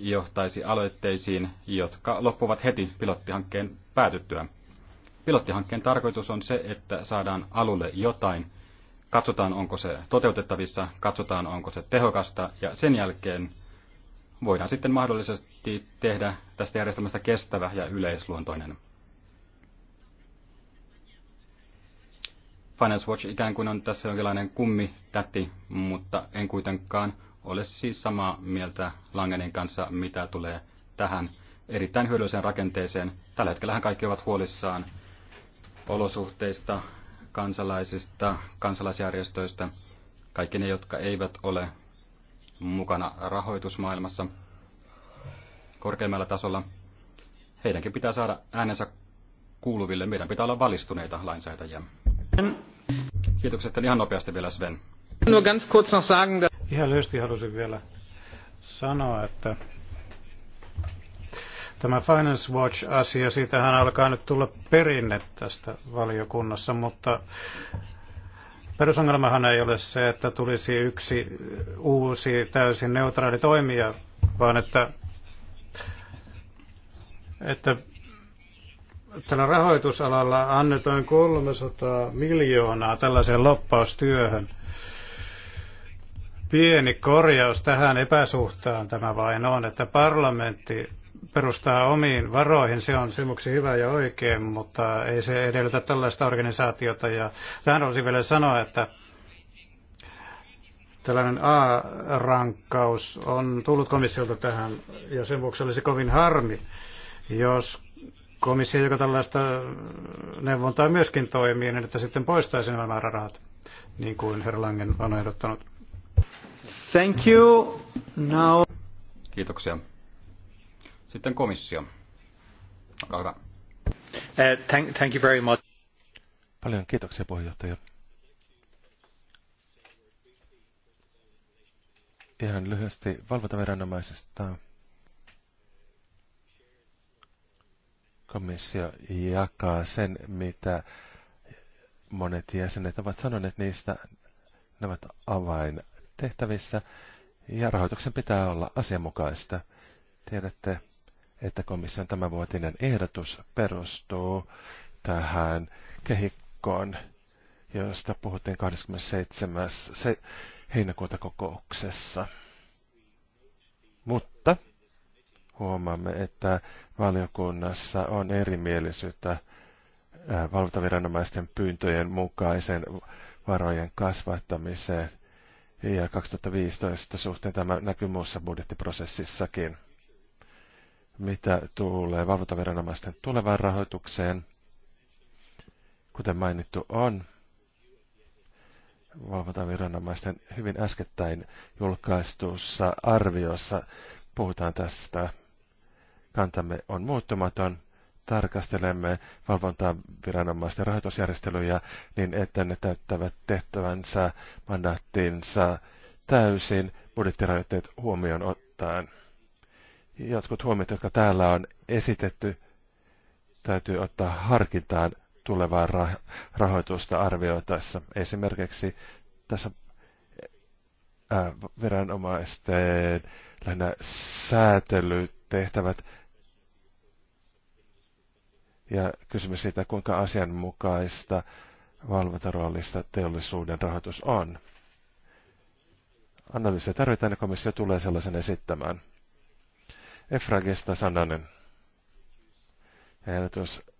johtaisi aloitteisiin, jotka loppuvat heti pilottihankkeen päätyttyä. Pilottihankkeen tarkoitus on se, että saadaan alulle jotain, katsotaan onko se toteutettavissa, katsotaan onko se tehokasta ja sen jälkeen voidaan sitten mahdollisesti tehdä tästä järjestelmästä kestävä ja yleisluontoinen. Finance Watch ikään kuin on tässä jonkinlainen kummi täti, mutta en kuitenkaan ole siis samaa mieltä Langenin kanssa, mitä tulee tähän erittäin hyödylliseen rakenteeseen. Tällä hetkellä kaikki ovat huolissaan olosuhteista, kansalaisista, kansalaisjärjestöistä, kaikki ne, jotka eivät ole mukana rahoitusmaailmassa korkeimmalla tasolla. Heidänkin pitää saada äänensä kuuluville. Meidän pitää olla valistuneita lainsäätäjiä. Kiitoksesta ihan nopeasti vielä Sven. Nur ganz kurz noch sagen, Ihan lyhyesti halusin vielä sanoa, että tämä Finance Watch-asia, siitähän alkaa nyt tulla perinne tästä valiokunnassa, mutta perusongelmahan ei ole se, että tulisi yksi uusi täysin neutraali toimija, vaan että, että tällä rahoitusalalla annetaan 300 miljoonaa tällaiseen loppaustyöhön – Pieni korjaus tähän epäsuhtaan tämä vain on, että parlamentti perustaa omiin varoihin, se on semmoksi hyvä ja oikein, mutta ei se edellytä tällaista organisaatiota. Ja tähän olisin vielä sanoa, että tällainen A-rankkaus on tullut komissiolta tähän, ja sen vuoksi olisi kovin harmi, jos komissio, joka tällaista neuvontaa myöskin toimii, niin että sitten poistaisi nämä määrärahat, niin kuin herra Langen on ehdottanut. Thank you. Now... Kiitoksia. Sitten komissio. Olkaa hyvä. Uh, thank, thank you very much. Paljon kiitoksia puheenjohtaja. Ihan lyhyesti valvontaviranomaisesta. Komissio jakaa sen, mitä monet jäsenet ovat sanoneet niistä. Ne ovat avain tehtävissä ja rahoituksen pitää olla asianmukaista. Tiedätte, että komission tämänvuotinen ehdotus perustuu tähän kehikkoon, josta puhuttiin 27. heinäkuuta kokouksessa. Mutta huomaamme, että valiokunnassa on erimielisyyttä valvontaviranomaisten pyyntöjen mukaisen varojen kasvattamiseen ja 2015 suhteen tämä näkyy muussa budjettiprosessissakin. Mitä tulee valvontaviranomaisten tulevaan rahoitukseen, kuten mainittu on, valvontaviranomaisten hyvin äskettäin julkaistussa arviossa puhutaan tästä. Kantamme on muuttumaton tarkastelemme valvontaa viranomaisten rahoitusjärjestelyjä niin, että ne täyttävät tehtävänsä mandaattinsa täysin budjettirajoitteet huomioon ottaen. Jotkut huomiot, jotka täällä on esitetty, täytyy ottaa harkintaan tulevaa rahoitusta arvioitaessa. Esimerkiksi tässä viranomaisten lähinnä säätelytehtävät ja kysymys siitä, kuinka asianmukaista valvontaroolista teollisuuden rahoitus on. Analyysiä tarvitaan ja komissio tulee sellaisen esittämään. Efragista sananen. Ehdotus,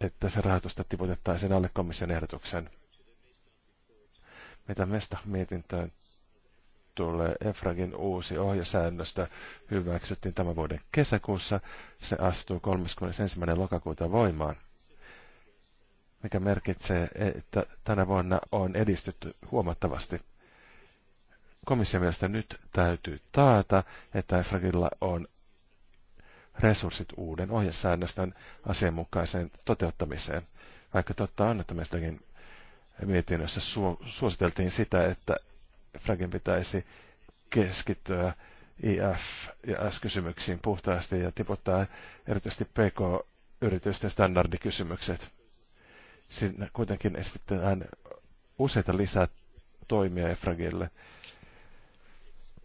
että se rahoitusta tiputettaisiin alle komission ehdotuksen. Mitä mesta mietintöön tulee EFRAGin uusi ohjesäännöstä hyväksyttiin tämän vuoden kesäkuussa. Se astuu 31. lokakuuta voimaan, mikä merkitsee, että tänä vuonna on edistytty huomattavasti. Komission mielestä nyt täytyy taata, että EFRAGilla on resurssit uuden ohjesäännöstön asianmukaiseen toteuttamiseen. Vaikka totta on, että meistäkin mietinnössä suositeltiin sitä, että Fragin pitäisi keskittyä IF- ja S-kysymyksiin puhtaasti ja tiputtaa erityisesti PK-yritysten standardikysymykset. Siinä kuitenkin esitetään useita lisätoimia EFRAGille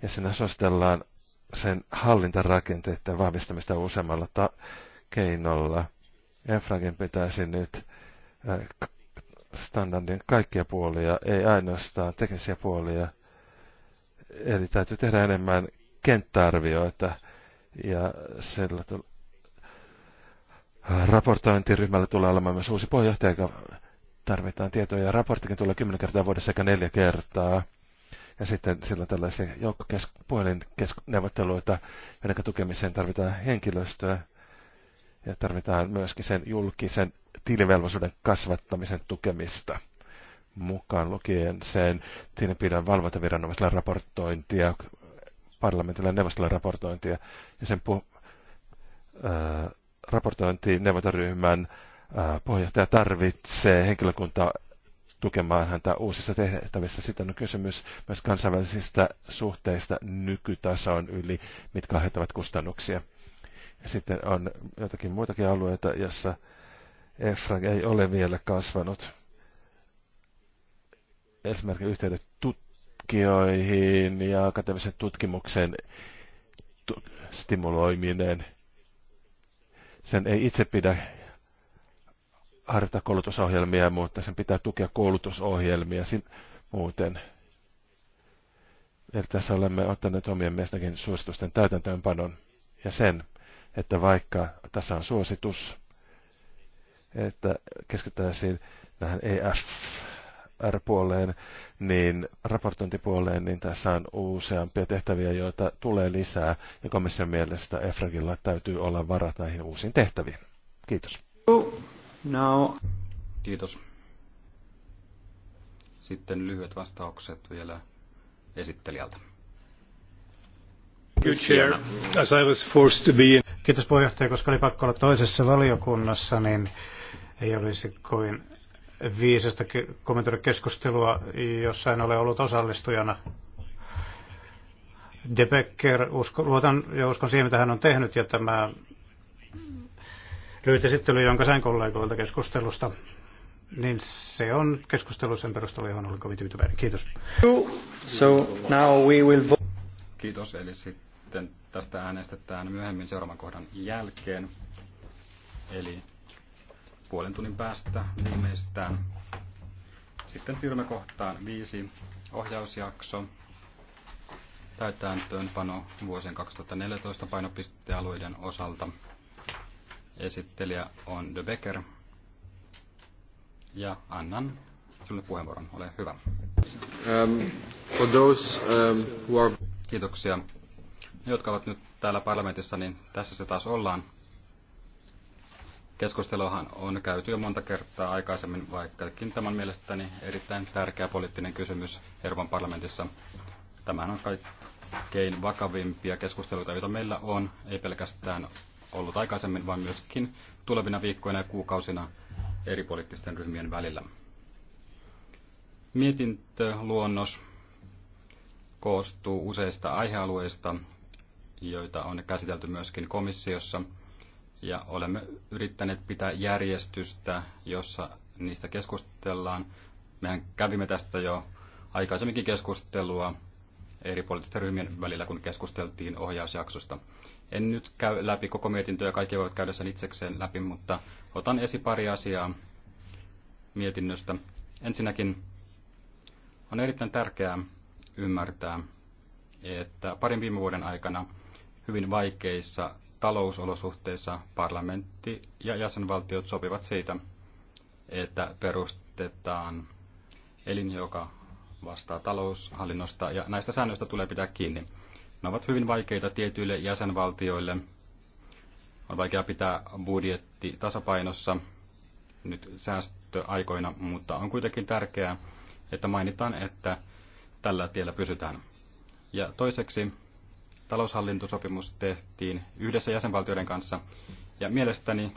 ja siinä sostellaan sen hallintarakenteiden vahvistamista useammalla ta- keinolla. EFRAGin pitäisi nyt äh, standardin kaikkia puolia, ei ainoastaan teknisiä puolia, Eli täytyy tehdä enemmän kenttäarvioita ja sillä tu- raportointiryhmällä tulee olemaan myös uusi puheenjohtaja, joka tarvitaan tietoja. Ja raporttikin tulee kymmenen kertaa vuodessa eikä neljä kertaa. Ja sitten sillä on tällaisia joukkopuhelinneuvotteluita, joiden tukemiseen tarvitaan henkilöstöä. Ja tarvitaan myöskin sen julkisen tilivelvollisuuden kasvattamisen tukemista mukaan lukien sen pidän valvontaviranomaisella raportointia, parlamentilla neuvostolla raportointia ja sen pu- ää, raportointi neuvontaryhmän ää, puheenjohtaja tarvitsee henkilökunta tukemaan häntä uusissa tehtävissä. Sitten on kysymys myös kansainvälisistä suhteista nykytason yli, mitkä aiheuttavat kustannuksia. Ja sitten on jotakin muitakin alueita, jossa EFRAG ei ole vielä kasvanut esimerkiksi yhteydet tutkijoihin ja akateemisen tutkimuksen tu- stimuloiminen. Sen ei itse pidä harjoittaa koulutusohjelmia, mutta sen pitää tukea koulutusohjelmia sin- muuten. Eli tässä olemme ottaneet omien mielestäkin suositusten täytäntöönpanon ja sen, että vaikka tässä on suositus, että keskittäisiin tähän EF HR-puoleen, niin raportointipuoleen, niin tässä on useampia tehtäviä, joita tulee lisää, ja komission mielestä EFRAGilla täytyy olla varat näihin uusiin tehtäviin. Kiitos. No. Kiitos. Sitten lyhyet vastaukset vielä esittelijältä. Kiitos puheenjohtaja, koska oli pakko olla toisessa valiokunnassa, niin ei olisi kovin viisasta kommentoida keskustelua, jossa en ole ollut osallistujana. De Becker, usko, luotan ja uskon siihen, mitä hän on tehnyt, ja tämä lyhyt esittely, jonka sain kollegoilta keskustelusta, niin se on keskustelu sen perusteella, johon olen kovin tyytyväinen. Kiitos. So now we will... Kiitos, eli sitten tästä äänestetään myöhemmin seuraavan kohdan jälkeen. Eli puolen tunnin päästä viimeistään. Sitten siirrymme kohtaan viisi ohjausjakso. Täyttääntöönpano vuosien 2014 painopistealueiden osalta. Esittelijä on De Becker. Ja annan sinulle puheenvuoron. Ole hyvä. Um, for those, um, who are... Kiitoksia. Ne, jotka ovat nyt täällä parlamentissa, niin tässä se taas ollaan. Keskusteluhan on käyty jo monta kertaa aikaisemmin, vaikkakin tämän mielestäni erittäin tärkeä poliittinen kysymys Euroopan parlamentissa. Tämähän on kaikkein vakavimpia keskusteluita, joita meillä on, ei pelkästään ollut aikaisemmin, vaan myöskin tulevina viikkoina ja kuukausina eri poliittisten ryhmien välillä. Mietintöluonnos koostuu useista aihealueista, joita on käsitelty myöskin komissiossa – ja olemme yrittäneet pitää järjestystä, jossa niistä keskustellaan. Mehän kävimme tästä jo aikaisemminkin keskustelua eri poliittisten ryhmien välillä, kun keskusteltiin ohjausjaksosta. En nyt käy läpi koko mietintöä, kaikki voivat käydä sen itsekseen läpi, mutta otan esi pari asiaa mietinnöstä. Ensinnäkin on erittäin tärkeää ymmärtää, että parin viime vuoden aikana hyvin vaikeissa talousolosuhteissa parlamentti ja jäsenvaltiot sopivat siitä, että perustetaan elin, joka vastaa taloushallinnosta, ja näistä säännöistä tulee pitää kiinni. Ne ovat hyvin vaikeita tietyille jäsenvaltioille. On vaikea pitää budjetti tasapainossa nyt säästöaikoina, mutta on kuitenkin tärkeää, että mainitaan, että tällä tiellä pysytään. Ja toiseksi taloushallintosopimus tehtiin yhdessä jäsenvaltioiden kanssa. Ja mielestäni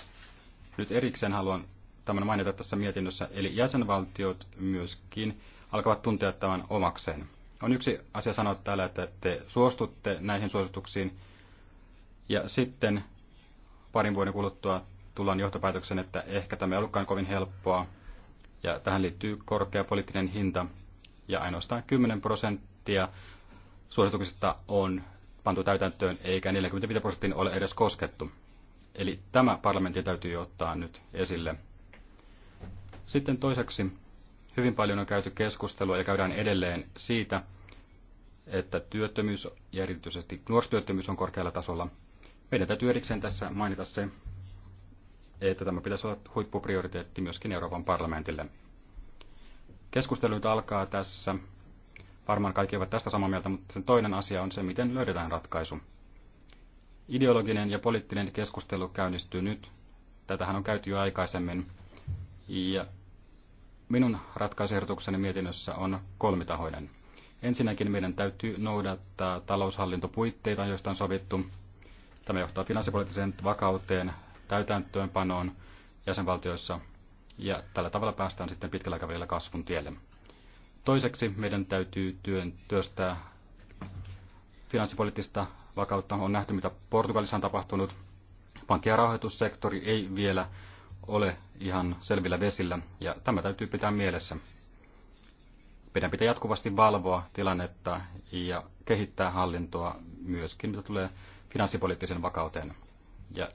nyt erikseen haluan tämän mainita tässä mietinnössä, eli jäsenvaltiot myöskin alkavat tuntea tämän omakseen. On yksi asia sanoa täällä, että te suostutte näihin suosituksiin, ja sitten parin vuoden kuluttua tullaan johtopäätöksen, että ehkä tämä ei ollutkaan kovin helppoa, ja tähän liittyy korkea poliittinen hinta, ja ainoastaan 10 prosenttia suosituksista on pantu täytäntöön, eikä 45 prosenttia ole edes koskettu. Eli tämä parlamentti täytyy ottaa nyt esille. Sitten toiseksi, hyvin paljon on käyty keskustelua ja käydään edelleen siitä, että työttömyys ja erityisesti nuorisotyöttömyys on korkealla tasolla. Meidän täytyy erikseen tässä mainita se, että tämä pitäisi olla huippuprioriteetti myöskin Euroopan parlamentille. Keskustelu alkaa tässä Varmaan kaikki ovat tästä samaa mieltä, mutta sen toinen asia on se, miten löydetään ratkaisu. Ideologinen ja poliittinen keskustelu käynnistyy nyt. Tätähän on käyty jo aikaisemmin. Ja minun ratkaisuehdotukseni mietinnössä on kolmitahoinen. Ensinnäkin meidän täytyy noudattaa taloushallintopuitteita, joista on sovittu. Tämä johtaa finanssipoliittiseen vakauteen, täytäntöönpanoon jäsenvaltioissa, ja tällä tavalla päästään sitten pitkällä aikavälillä kasvun tielle. Toiseksi meidän täytyy työn, työstää finanssipoliittista vakautta. On nähty, mitä Portugalissa on tapahtunut. Pankki- ja rahoitussektori ei vielä ole ihan selvillä vesillä, ja tämä täytyy pitää mielessä. Meidän pitää jatkuvasti valvoa tilannetta ja kehittää hallintoa myöskin, mitä tulee finanssipoliittisen vakauteen. Ja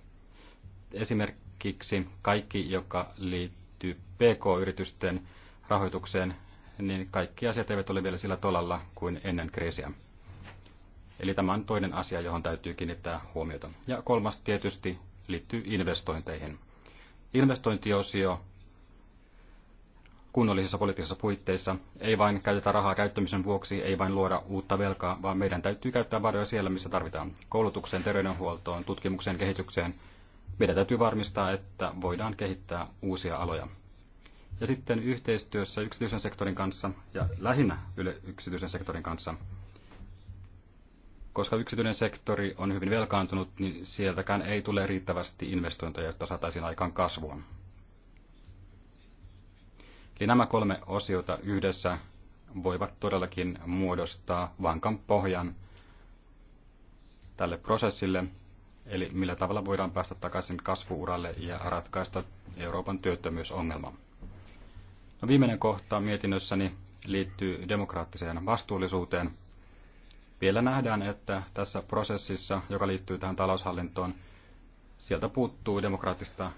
esimerkiksi kaikki, joka liittyy PK-yritysten rahoitukseen, niin kaikki asiat eivät ole vielä sillä tolalla kuin ennen kriisiä. Eli tämä on toinen asia, johon täytyy kiinnittää huomiota. Ja kolmas tietysti liittyy investointeihin. Investointiosio kunnollisissa poliittisissa puitteissa ei vain käytetä rahaa käyttämisen vuoksi, ei vain luoda uutta velkaa, vaan meidän täytyy käyttää varoja siellä, missä tarvitaan koulutukseen, terveydenhuoltoon, tutkimukseen, kehitykseen. Meidän täytyy varmistaa, että voidaan kehittää uusia aloja. Ja sitten yhteistyössä yksityisen sektorin kanssa ja lähinnä yle yksityisen sektorin kanssa. Koska yksityinen sektori on hyvin velkaantunut, niin sieltäkään ei tule riittävästi investointeja, jotta saataisiin aikaan kasvua. Eli nämä kolme osiota yhdessä voivat todellakin muodostaa vankan pohjan tälle prosessille, eli millä tavalla voidaan päästä takaisin kasvuuralle ja ratkaista Euroopan työttömyysongelma. No, viimeinen kohta mietinnössäni liittyy demokraattiseen vastuullisuuteen. Vielä nähdään, että tässä prosessissa, joka liittyy tähän taloushallintoon, sieltä puuttuu demokraattista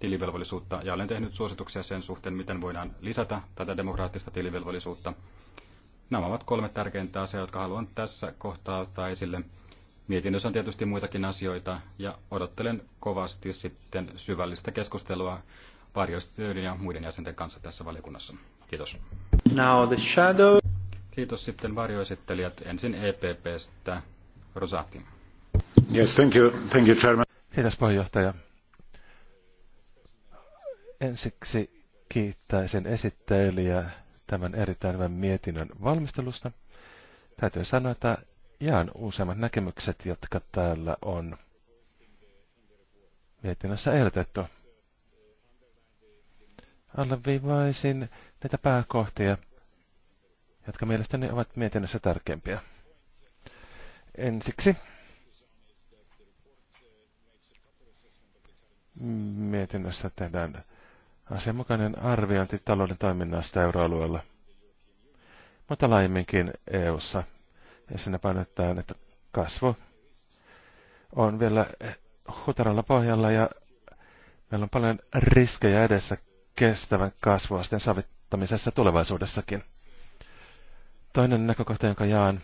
tilivelvollisuutta ja olen tehnyt suosituksia sen suhteen, miten voidaan lisätä tätä demokraattista tilivelvollisuutta. Nämä ovat kolme tärkeintä asiaa, jotka haluan tässä kohtaa ottaa esille. Mietinnössä on tietysti muitakin asioita ja odottelen kovasti sitten syvällistä keskustelua varjoistyöiden ja muiden jäsenten kanssa tässä valiokunnassa. Kiitos. Now the shadow. Kiitos sitten varjoesittelijät. Ensin EPPstä Rosati. Yes, thank you, thank you, chairman. Kiitos puheenjohtaja. Ensiksi kiittäisin esittelijä tämän erittäin hyvän mietinnön valmistelusta. Täytyy sanoa, että jaan useimmat näkemykset, jotka täällä on mietinnössä ehdotettu alleviivaisin näitä pääkohtia, jotka mielestäni ovat mietinnössä tärkeimpiä. Ensiksi mietinnössä tehdään asianmukainen arviointi talouden toiminnasta euroalueella, mutta laajemminkin EU-ssa. Ja siinä painotetaan, että kasvu on vielä hutaralla pohjalla ja meillä on paljon riskejä edessä kestävän kasvuasteen savittamisessa tulevaisuudessakin. Toinen näkökohta, jonka jaan,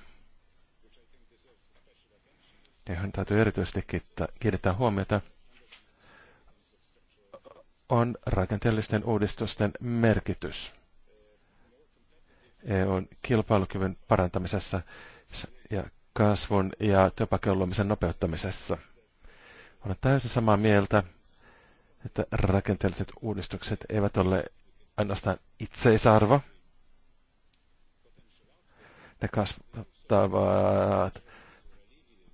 johon täytyy erityisesti kiinnittää huomiota, on rakenteellisten uudistusten merkitys EUn kilpailukyvyn parantamisessa ja kasvun ja työpaikkojen luomisen nopeuttamisessa. Olen täysin samaa mieltä että rakenteelliset uudistukset eivät ole ainoastaan itseisarvo. Ne kasvattavat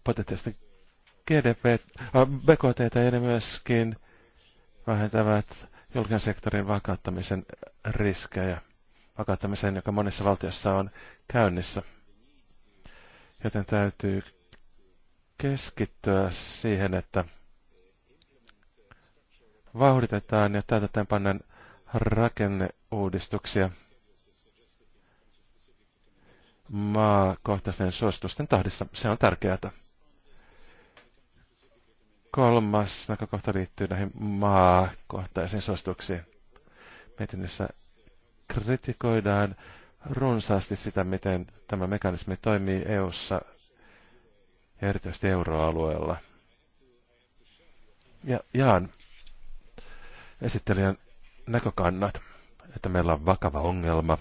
potentiaalista GDP, äh, BKT ja ne myöskin vähentävät julkisen sektorin vakauttamisen riskejä, vakauttamisen, joka monissa valtiossa on käynnissä. Joten täytyy keskittyä siihen, että vauhditetaan ja täytetään pannaan rakenneuudistuksia maakohtaisten suositusten tahdissa. Se on tärkeää. Kolmas näkökohta liittyy näihin maakohtaisiin suosituksiin. Mietinnössä kritikoidaan runsaasti sitä, miten tämä mekanismi toimii EU:ssa ja erityisesti euroalueella. Ja jaan esittelijän näkökannat, että meillä on vakava ongelma,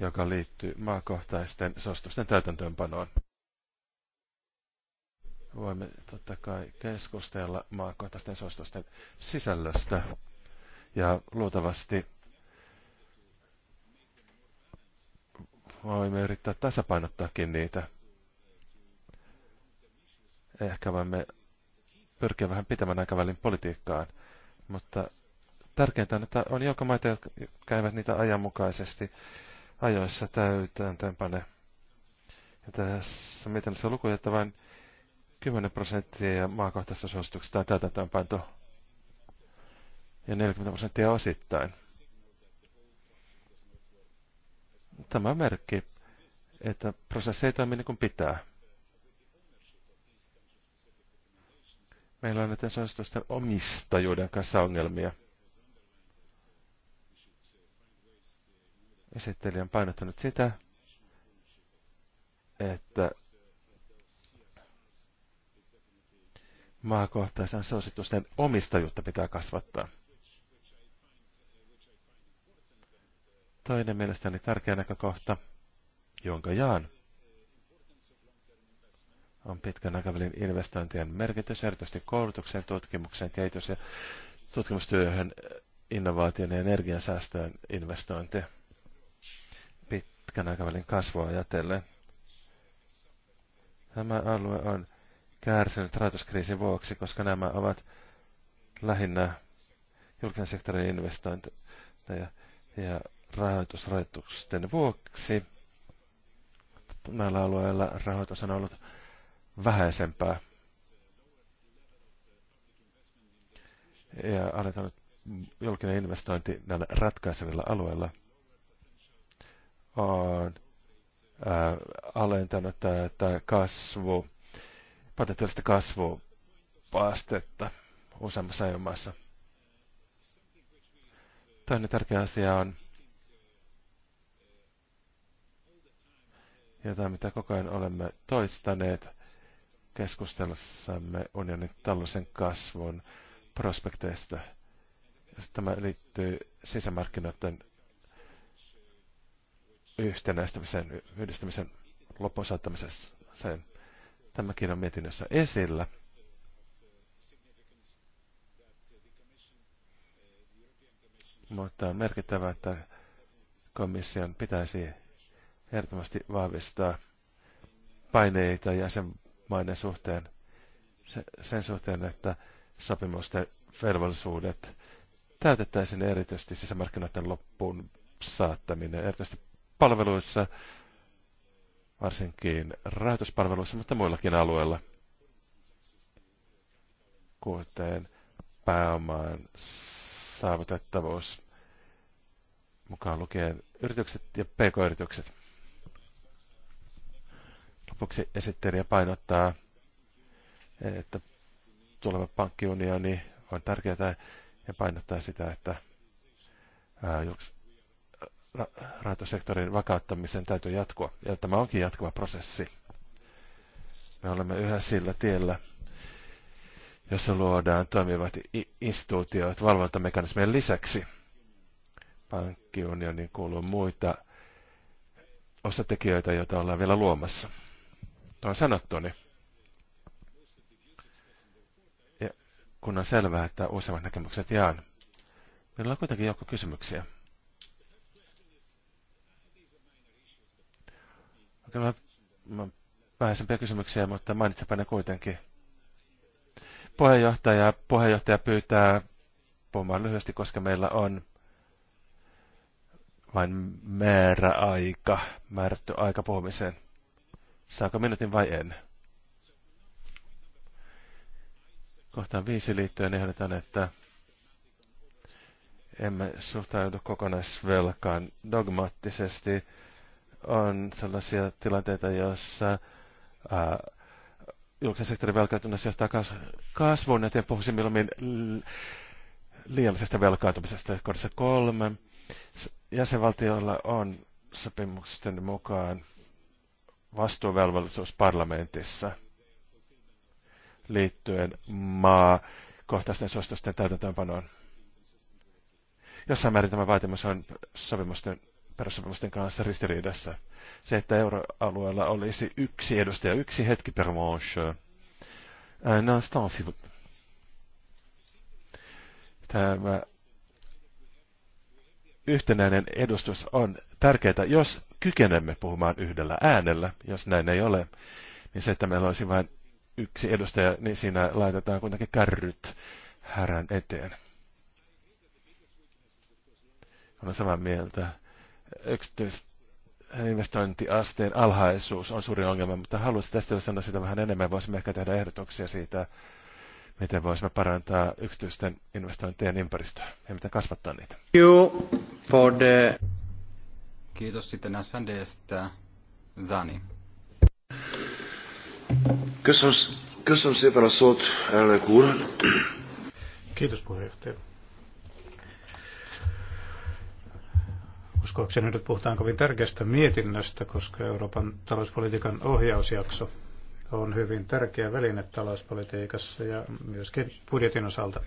joka liittyy maakohtaisten suositusten täytäntöönpanoon. Voimme totta kai keskustella maakohtaisten suositusten sisällöstä ja luultavasti voimme yrittää tasapainottaakin niitä. Ehkä voimme pyrkiä vähän pitämään aikavälin politiikkaan. Mutta tärkeintä on, että on joukko maita, jotka käyvät niitä ajanmukaisesti ajoissa täytäntöönpane. Ja tässä miten se lukuja, että vain 10 prosenttia ja maakohtaisista suosituksista on täytäntöönpanto ja 40 prosenttia osittain. Tämä merkki, että prosessi ei toimi niin kuin pitää. Meillä on näiden saastusten omistajuuden kanssa ongelmia. Esittelijä on painottanut sitä, että maakohtaisen suositusten omistajuutta pitää kasvattaa. Toinen mielestäni tärkeä näkökohta, jonka jaan, on pitkän aikavälin investointien merkitys, erityisesti koulutukseen, tutkimukseen, kehitys- ja tutkimustyöhön, innovaation ja energiansäästöön investointi pitkän aikavälin kasvua ajatellen. Tämä alue on kärsinyt rahoituskriisin vuoksi, koska nämä ovat lähinnä julkisen sektorin investointeja ja rahoitusrajoitusten vuoksi. Näillä alueilla rahoitus on ollut vähäisempää. Ja nyt julkinen investointi näillä ratkaisevilla alueilla on ää, äh, alentanut tätä kasvu, potentiaalista kasvupaastetta useammassa ajomassa. Toinen tärkeä asia on jotain, mitä koko ajan olemme toistaneet – keskustelussamme unionin tällaisen kasvun prospekteista. Tämä liittyy sisämarkkinoiden yhtenäistämisen, yhdistämisen loppuun Tämäkin on mietinnössä esillä. Mutta on merkittävää, että komission pitäisi ehdottomasti vahvistaa paineita jäsen maiden suhteen, sen suhteen, että sopimusten velvollisuudet täytettäisiin erityisesti sisämarkkinoiden loppuun saattaminen, erityisesti palveluissa, varsinkin rahoituspalveluissa, mutta muillakin alueilla, kuten pääomaan saavutettavuus, mukaan lukien yritykset ja pk-yritykset. Lopuksi esittelijä painottaa, että tuleva pankkiunioni on tärkeää ja painottaa sitä, että rahoitussektorin vakauttamisen täytyy jatkua. Ja tämä onkin jatkuva prosessi. Me olemme yhä sillä tiellä, jossa luodaan toimivat instituutiot valvontamekanismien lisäksi. Pankkiunioniin kuuluu muita osatekijöitä, joita ollaan vielä luomassa tuon sanottuni. Niin- ja kun on selvää, että useimmat näkemykset jaan, meillä on kuitenkin joukko kysymyksiä. Okei, mä, mä vähäisempiä kysymyksiä, mutta mainitsepa ne kuitenkin. Puheenjohtaja, puheenjohtaja pyytää puhumaan lyhyesti, koska meillä on vain määräaika, määrätty aika puhumiseen saako minuutin vai en? Kohtaan viisi liittyen ehdotan, että emme suhtaudu kokonaisvelkaan dogmaattisesti. On sellaisia tilanteita, joissa julkisen sektorin velkaantumisessa johtaa kas, kasvuun, joten puhuisin milloin liiallisesta velkaantumisesta. Kohdassa kolme jäsenvaltioilla on sopimusten mukaan vastuuvelvollisuus parlamentissa liittyen maakohtaisten suositusten täytäntöönpanoon. Jossain määrin tämä vaatimus on sopimusten, perussopimusten kanssa ristiriidassa. Se, että euroalueella olisi yksi edustaja, yksi hetki per manche, un instant, si Tämä yhtenäinen edustus on tärkeää, jos kykenemme puhumaan yhdellä äänellä, jos näin ei ole, niin se, että meillä olisi vain yksi edustaja, niin siinä laitetaan kuitenkin kärryt härän eteen. Olen samaa mieltä. Yksityistä investointiasteen alhaisuus on suuri ongelma, mutta haluaisin tästä sanoa sitä vähän enemmän. Voisimme ehkä tehdä ehdotuksia siitä, miten voisimme parantaa yksityisten investointien ympäristöä ja miten kasvattaa niitä. You for the... Kiitos sitten SNDstä. Zani. Köszönöm szépen a szót, elnök úr. Kiitos puheenjohtaja. Uskoakseni nyt puhutaan kovin tärkeästä mietinnöstä, koska Euroopan talouspolitiikan ohjausjakso on hyvin tärkeä väline talouspolitiikassa ja myöskin budjetin osalta.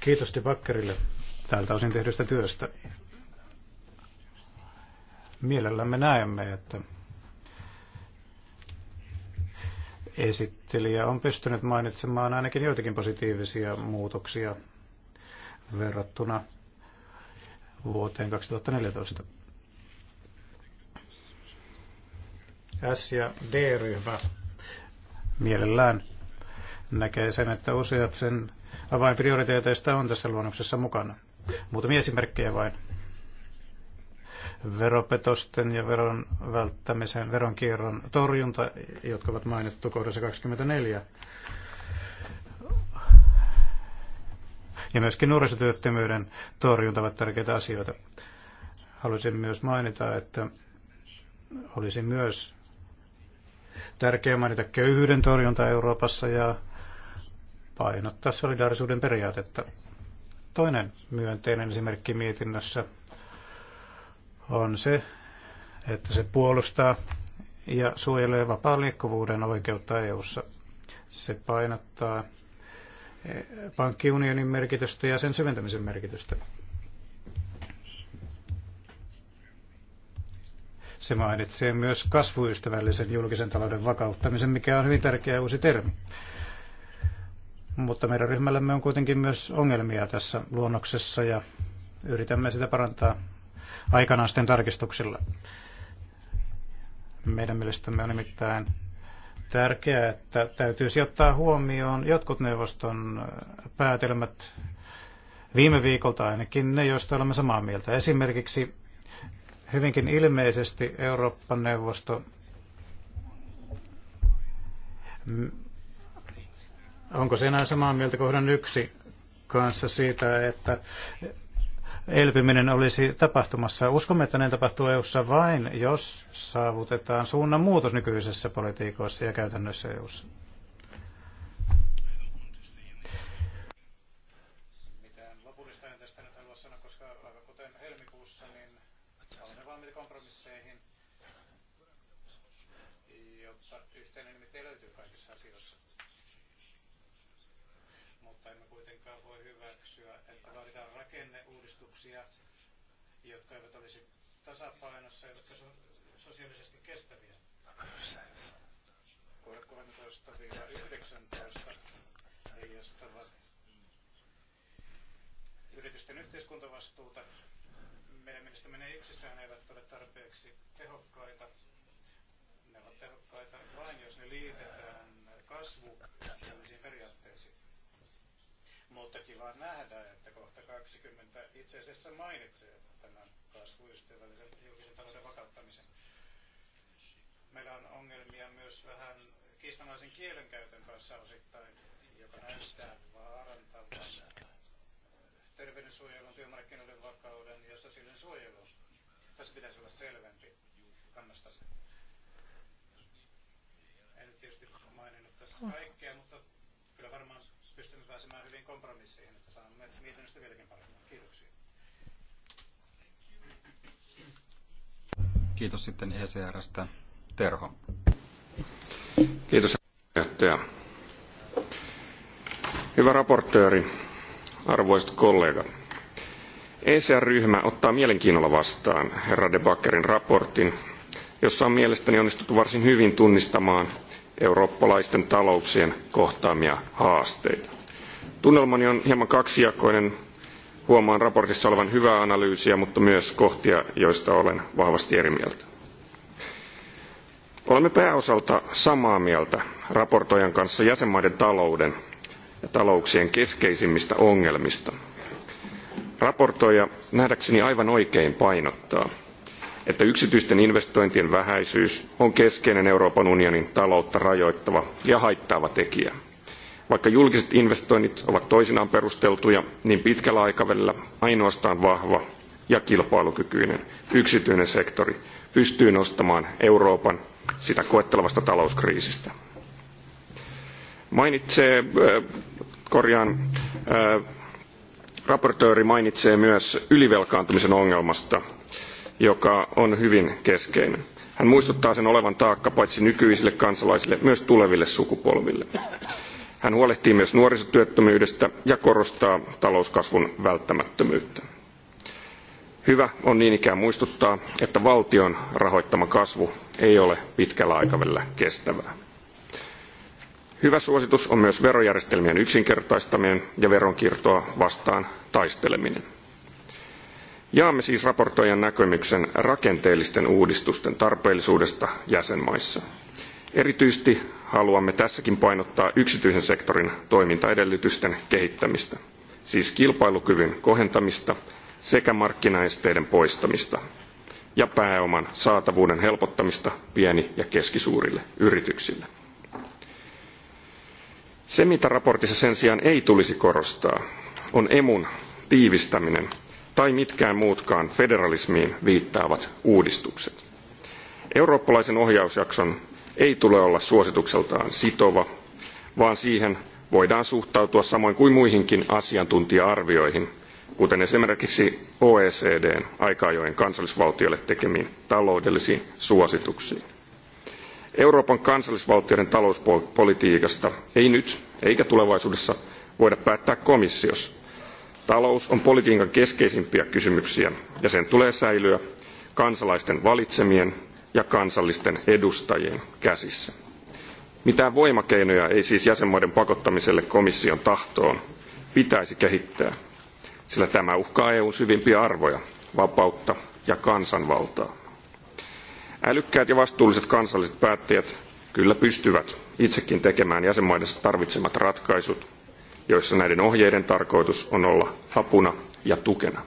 Kiitos Tipakkerille täältä osin tehdystä työstä. Mielellämme näemme, että esittelijä on pystynyt mainitsemaan ainakin joitakin positiivisia muutoksia verrattuna vuoteen 2014. S- ja D-ryhmä mielellään näkee sen, että useat sen avainprioriteeteista on tässä luonnoksessa mukana. Muutamia esimerkkejä vain veropetosten ja veron välttämisen, veronkierron torjunta, jotka ovat mainittu kohdassa 24. Ja myöskin nuorisotyöttömyyden torjunta ovat tärkeitä asioita. Haluaisin myös mainita, että olisi myös tärkeää mainita köyhyyden torjunta Euroopassa ja painottaa solidaarisuuden periaatetta. Toinen myönteinen esimerkki mietinnössä on se, että se puolustaa ja suojelee vapaan liikkuvuuden oikeutta EU-ssa. Se painottaa e, pankkiunionin merkitystä ja sen syventämisen merkitystä. Se mainitsee myös kasvuystävällisen julkisen talouden vakauttamisen, mikä on hyvin tärkeä uusi termi. Mutta meidän ryhmällämme on kuitenkin myös ongelmia tässä luonnoksessa ja yritämme sitä parantaa aikanaan sitten tarkistuksilla. Meidän mielestämme on nimittäin tärkeää, että täytyisi ottaa huomioon jotkut neuvoston päätelmät viime viikolta ainakin ne, joista olemme samaa mieltä. Esimerkiksi hyvinkin ilmeisesti Euroopan neuvosto onko se enää samaa mieltä kohdan yksi kanssa siitä, että elpyminen olisi tapahtumassa. Uskomme, että ne tapahtuu EU:ssa vain, jos saavutetaan suunnanmuutos nykyisessä politiikoissa ja käytännössä EU:ssa. sellaisia, jotka eivät olisi tasapainossa, eivätkä so- sosiaalisesti kestäviä. Kohdat 13-19 heijastavat yritysten yhteiskuntavastuuta. Meidän mielestämme ne yksissään eivät ole tarpeeksi tehokkaita. Ne ovat tehokkaita vain, jos ne liitetään kasvu periaatteisiin. Mutta kiva nähdä, että kohta 20 itse asiassa mainitsee tämän kasvuystävällisen julkisen talouden vakauttamisen. Meillä on ongelmia myös vähän kiistanaisen kielenkäytön kanssa osittain, joka näyttää vaarantavan terveydensuojelun, työmarkkinoiden vakauden ja sosiaalisen suojelun. Tässä pitäisi olla selvempi kannasta. En tietysti maininnut tässä kaikkea, mutta kyllä varmaan pystymme pääsemään hyvin kompromissiin, että saamme mietinnöstä vieläkin paremmin. Kiitoksia. Kiitos sitten ECRstä. Terho. Kiitos puheenjohtaja. Hyvä raportööri, arvoisat kollegat. ECR-ryhmä ottaa mielenkiinnolla vastaan herra De Bakkerin raportin, jossa on mielestäni onnistuttu varsin hyvin tunnistamaan eurooppalaisten talouksien kohtaamia haasteita. Tunnelmani on hieman kaksijakoinen. Huomaan raportissa olevan hyvää analyysiä, mutta myös kohtia, joista olen vahvasti eri mieltä. Olemme pääosalta samaa mieltä raportoijan kanssa jäsenmaiden talouden ja talouksien keskeisimmistä ongelmista. Raportoija nähdäkseni aivan oikein painottaa, että yksityisten investointien vähäisyys on keskeinen Euroopan unionin taloutta rajoittava ja haittaava tekijä. Vaikka julkiset investoinnit ovat toisinaan perusteltuja, niin pitkällä aikavälillä ainoastaan vahva ja kilpailukykyinen yksityinen sektori pystyy nostamaan Euroopan sitä koettelevasta talouskriisistä. Mainitsee, äh, korjaan, äh, raportööri mainitsee myös ylivelkaantumisen ongelmasta joka on hyvin keskeinen. Hän muistuttaa sen olevan taakka paitsi nykyisille kansalaisille myös tuleville sukupolville. Hän huolehtii myös nuorisotyöttömyydestä ja korostaa talouskasvun välttämättömyyttä. Hyvä on niin ikään muistuttaa, että valtion rahoittama kasvu ei ole pitkällä aikavälillä kestävää. Hyvä suositus on myös verojärjestelmien yksinkertaistaminen ja veronkiertoa vastaan taisteleminen jaamme siis esittelijän näkemyksen rakenteellisten uudistusten tarpeellisuudesta jäsenmaissa. erityisesti haluamme tässäkin painottaa yksityisen sektorin toimintaedellytysten kehittämistä siis kilpailukyvyn kohentamista sekä markkinaesteiden poistamista ja pääoman saatavuuden helpottamista pieni ja keskisuurille yrityksille. se mitä mietinnössä sen sijaan ei tulisi korostaa on emun tiivistäminen tai mitkään muutkaan federalismiin viittaavat uudistukset. Eurooppalaisen ohjausjakson ei tule olla suositukseltaan sitova, vaan siihen voidaan suhtautua samoin kuin muihinkin asiantuntija-arvioihin, kuten esimerkiksi OECDn aikajojen kansallisvaltioille tekemiin taloudellisiin suosituksiin. Euroopan kansallisvaltioiden talouspolitiikasta ei nyt eikä tulevaisuudessa voida päättää komissiossa, Talous on politiikan keskeisimpiä kysymyksiä ja sen tulee säilyä kansalaisten valitsemien ja kansallisten edustajien käsissä. Mitään voimakeinoja ei siis jäsenmaiden pakottamiselle komission tahtoon pitäisi kehittää, sillä tämä uhkaa EUn syvimpiä arvoja, vapautta ja kansanvaltaa. Älykkäät ja vastuulliset kansalliset päättäjät kyllä pystyvät itsekin tekemään jäsenmaidensa tarvitsemat ratkaisut joissa näiden ohjeiden tarkoitus on olla apuna ja tukena.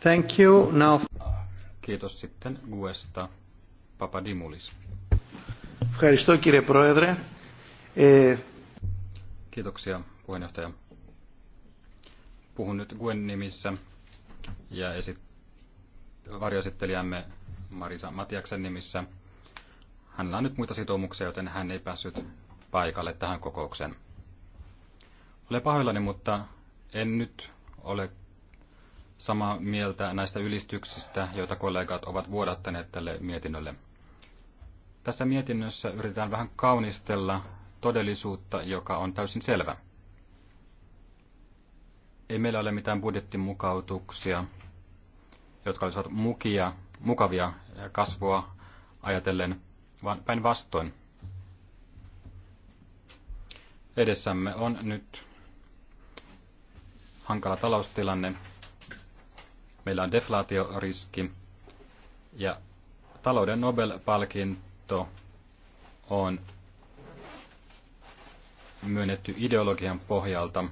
Thank you. Now... Kiitos sitten Guesta Papadimulis. Ευχαριστώ κύριε Πρόεδρε. Ε... Kiitoksia puheenjohtaja. Puhun nyt Guen nimissä ja esit- varjoesittelijämme Marisa Matiaksen nimissä Hänellä on nyt muita sitoumuksia, joten hän ei päässyt paikalle tähän kokoukseen. Olen pahoillani, mutta en nyt ole samaa mieltä näistä ylistyksistä, joita kollegat ovat vuodattaneet tälle mietinnölle. Tässä mietinnössä yritetään vähän kaunistella todellisuutta, joka on täysin selvä. Ei meillä ole mitään budjettimukautuksia, jotka olisivat mukia, mukavia kasvua ajatellen – vaan päinvastoin. Edessämme on nyt hankala taloustilanne. Meillä on deflaatioriski ja talouden Nobel-palkinto on myönnetty ideologian pohjalta.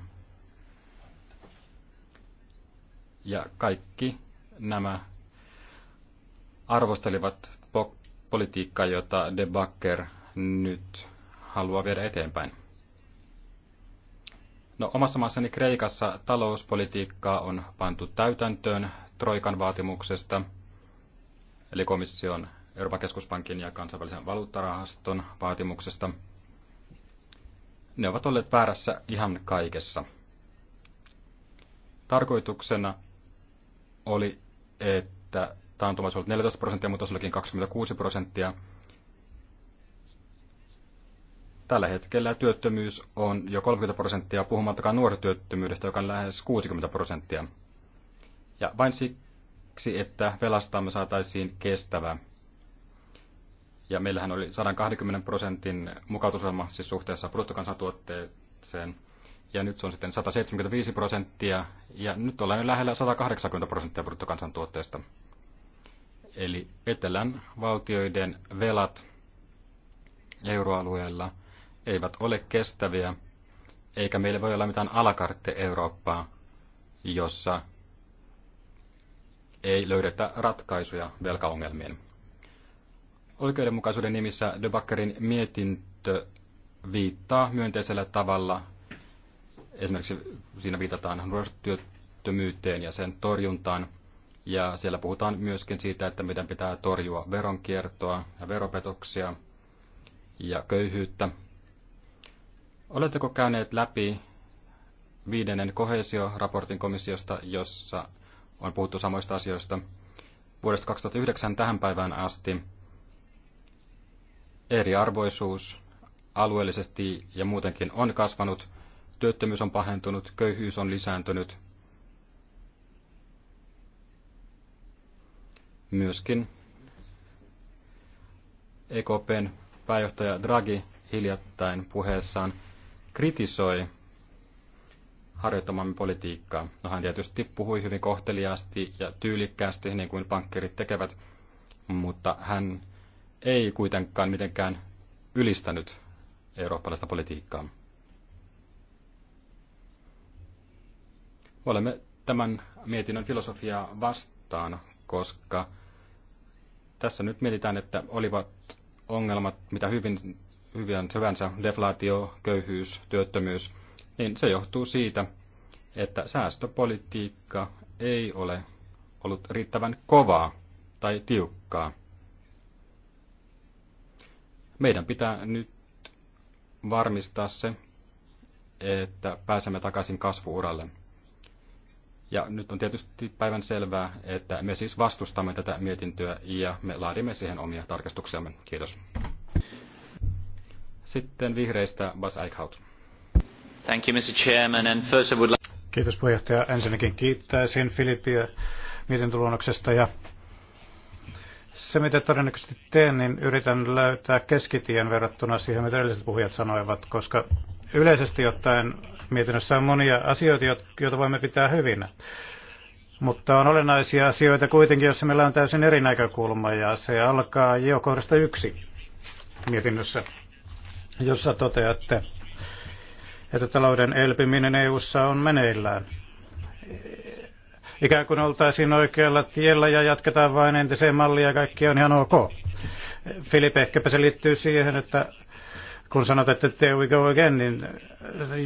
Ja kaikki nämä arvostelivat politiikkaa, jota De Backer nyt haluaa viedä eteenpäin? No, omassa maassani Kreikassa talouspolitiikkaa on pantu täytäntöön Troikan vaatimuksesta, eli komission, Euroopan keskuspankin ja kansainvälisen valuuttarahaston vaatimuksesta. Ne ovat olleet väärässä ihan kaikessa. Tarkoituksena oli, että taantuma olisi ollut 14 prosenttia, mutta se olikin 26 prosenttia. Tällä hetkellä työttömyys on jo 30 prosenttia, puhumattakaan nuorisotyöttömyydestä, joka on lähes 60 prosenttia. Ja vain siksi, että velastamme saataisiin kestävä. Ja meillähän oli 120 prosentin mukautusohjelma siis suhteessa bruttokansantuotteeseen. Ja nyt se on sitten 175 prosenttia. Ja nyt ollaan jo lähellä 180 prosenttia bruttokansantuotteesta. Eli etelän valtioiden velat euroalueella eivät ole kestäviä, eikä meillä voi olla mitään alakartte Eurooppaa, jossa ei löydetä ratkaisuja velkaongelmiin. Oikeudenmukaisuuden nimissä De Bakkerin mietintö viittaa myönteisellä tavalla. Esimerkiksi siinä viitataan nuorisotyöttömyyteen ja sen torjuntaan – ja siellä puhutaan myöskin siitä, että meidän pitää torjua veronkiertoa ja veropetoksia ja köyhyyttä. Oletteko käyneet läpi viidennen kohesioraportin komissiosta, jossa on puhuttu samoista asioista vuodesta 2009 tähän päivään asti? Eriarvoisuus alueellisesti ja muutenkin on kasvanut, työttömyys on pahentunut, köyhyys on lisääntynyt – Myöskin EKPn pääjohtaja Draghi hiljattain puheessaan kritisoi harjoittamamme politiikkaa. No hän tietysti puhui hyvin kohteliaasti ja tyylikkäästi, niin kuin pankkirit tekevät, mutta hän ei kuitenkaan mitenkään ylistänyt eurooppalaista politiikkaa. Me olemme tämän mietinnön filosofiaa vastaan, koska tässä nyt mietitään, että olivat ongelmat, mitä hyvin, hyvin hyvänsä, deflaatio, köyhyys, työttömyys, niin se johtuu siitä, että säästöpolitiikka ei ole ollut riittävän kovaa tai tiukkaa. Meidän pitää nyt varmistaa se, että pääsemme takaisin kasvuuralle. Ja nyt on tietysti päivän selvää, että me siis vastustamme tätä mietintöä ja me laadimme siihen omia tarkastuksiamme. Kiitos. Sitten vihreistä Bas Eichhout. Thank you, Mr. Chairman. And first I would like... Kiitos puheenjohtaja. Ensinnäkin kiittäisin Filippiä mietintöluonnoksesta ja se, mitä todennäköisesti teen, niin yritän löytää keskitien verrattuna siihen, mitä edelliset puhujat sanoivat, koska yleisesti ottaen Mietinnössä on monia asioita, joita voimme pitää hyvinä. Mutta on olennaisia asioita kuitenkin, joissa meillä on täysin eri näkökulma, ja se alkaa jo kohdasta yksi mietinnössä, jossa toteatte, että talouden elpyminen EU:ssa on meneillään. Ikään kuin oltaisiin oikealla tiellä ja jatketaan vain entiseen malliin ja kaikki on ihan ok. Filip, ehkäpä se liittyy siihen, että kun sanot, että there we go again, niin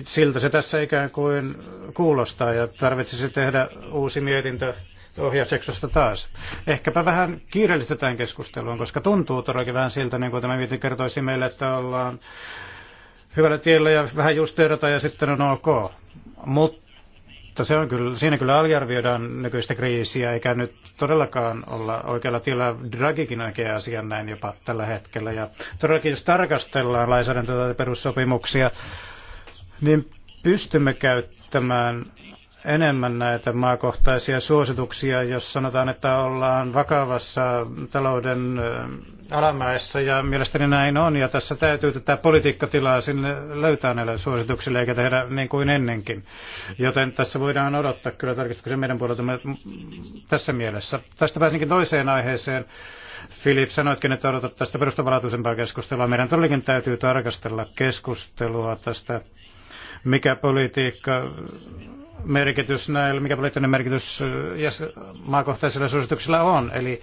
siltä se tässä ikään kuin kuulostaa ja tarvitsisi tehdä uusi mietintö ohjausjaksosta taas. Ehkäpä vähän kiireellistetään keskusteluun, koska tuntuu todellakin vähän siltä, niin kuin tämä mietintö kertoisi meille, että ollaan hyvällä tiellä ja vähän just ja sitten on ok. Mutta mutta se on kyllä, siinä kyllä aliarvioidaan nykyistä kriisiä, eikä nyt todellakaan olla oikealla tilalla. Dragikin oikea asia näin jopa tällä hetkellä. Ja todellakin jos tarkastellaan lainsäädäntöä tai perussopimuksia, niin pystymme käyttämään enemmän näitä maakohtaisia suosituksia, jos sanotaan, että ollaan vakavassa talouden alamäessä, ja mielestäni näin on, ja tässä täytyy tätä politiikkatilaa sinne löytää näille suosituksille, eikä tehdä niin kuin ennenkin. Joten tässä voidaan odottaa kyllä tarkistuksen meidän puolelta tässä mielessä. Tästä pääsinkin toiseen aiheeseen. Filip, sanoitkin, että odotat tästä perustavalaatuisempaa keskustelua. Meidän todellakin täytyy tarkastella keskustelua tästä mikä politiikka merkitys näillä, mikä poliittinen merkitys äh, maakohtaisilla suosituksilla on. Eli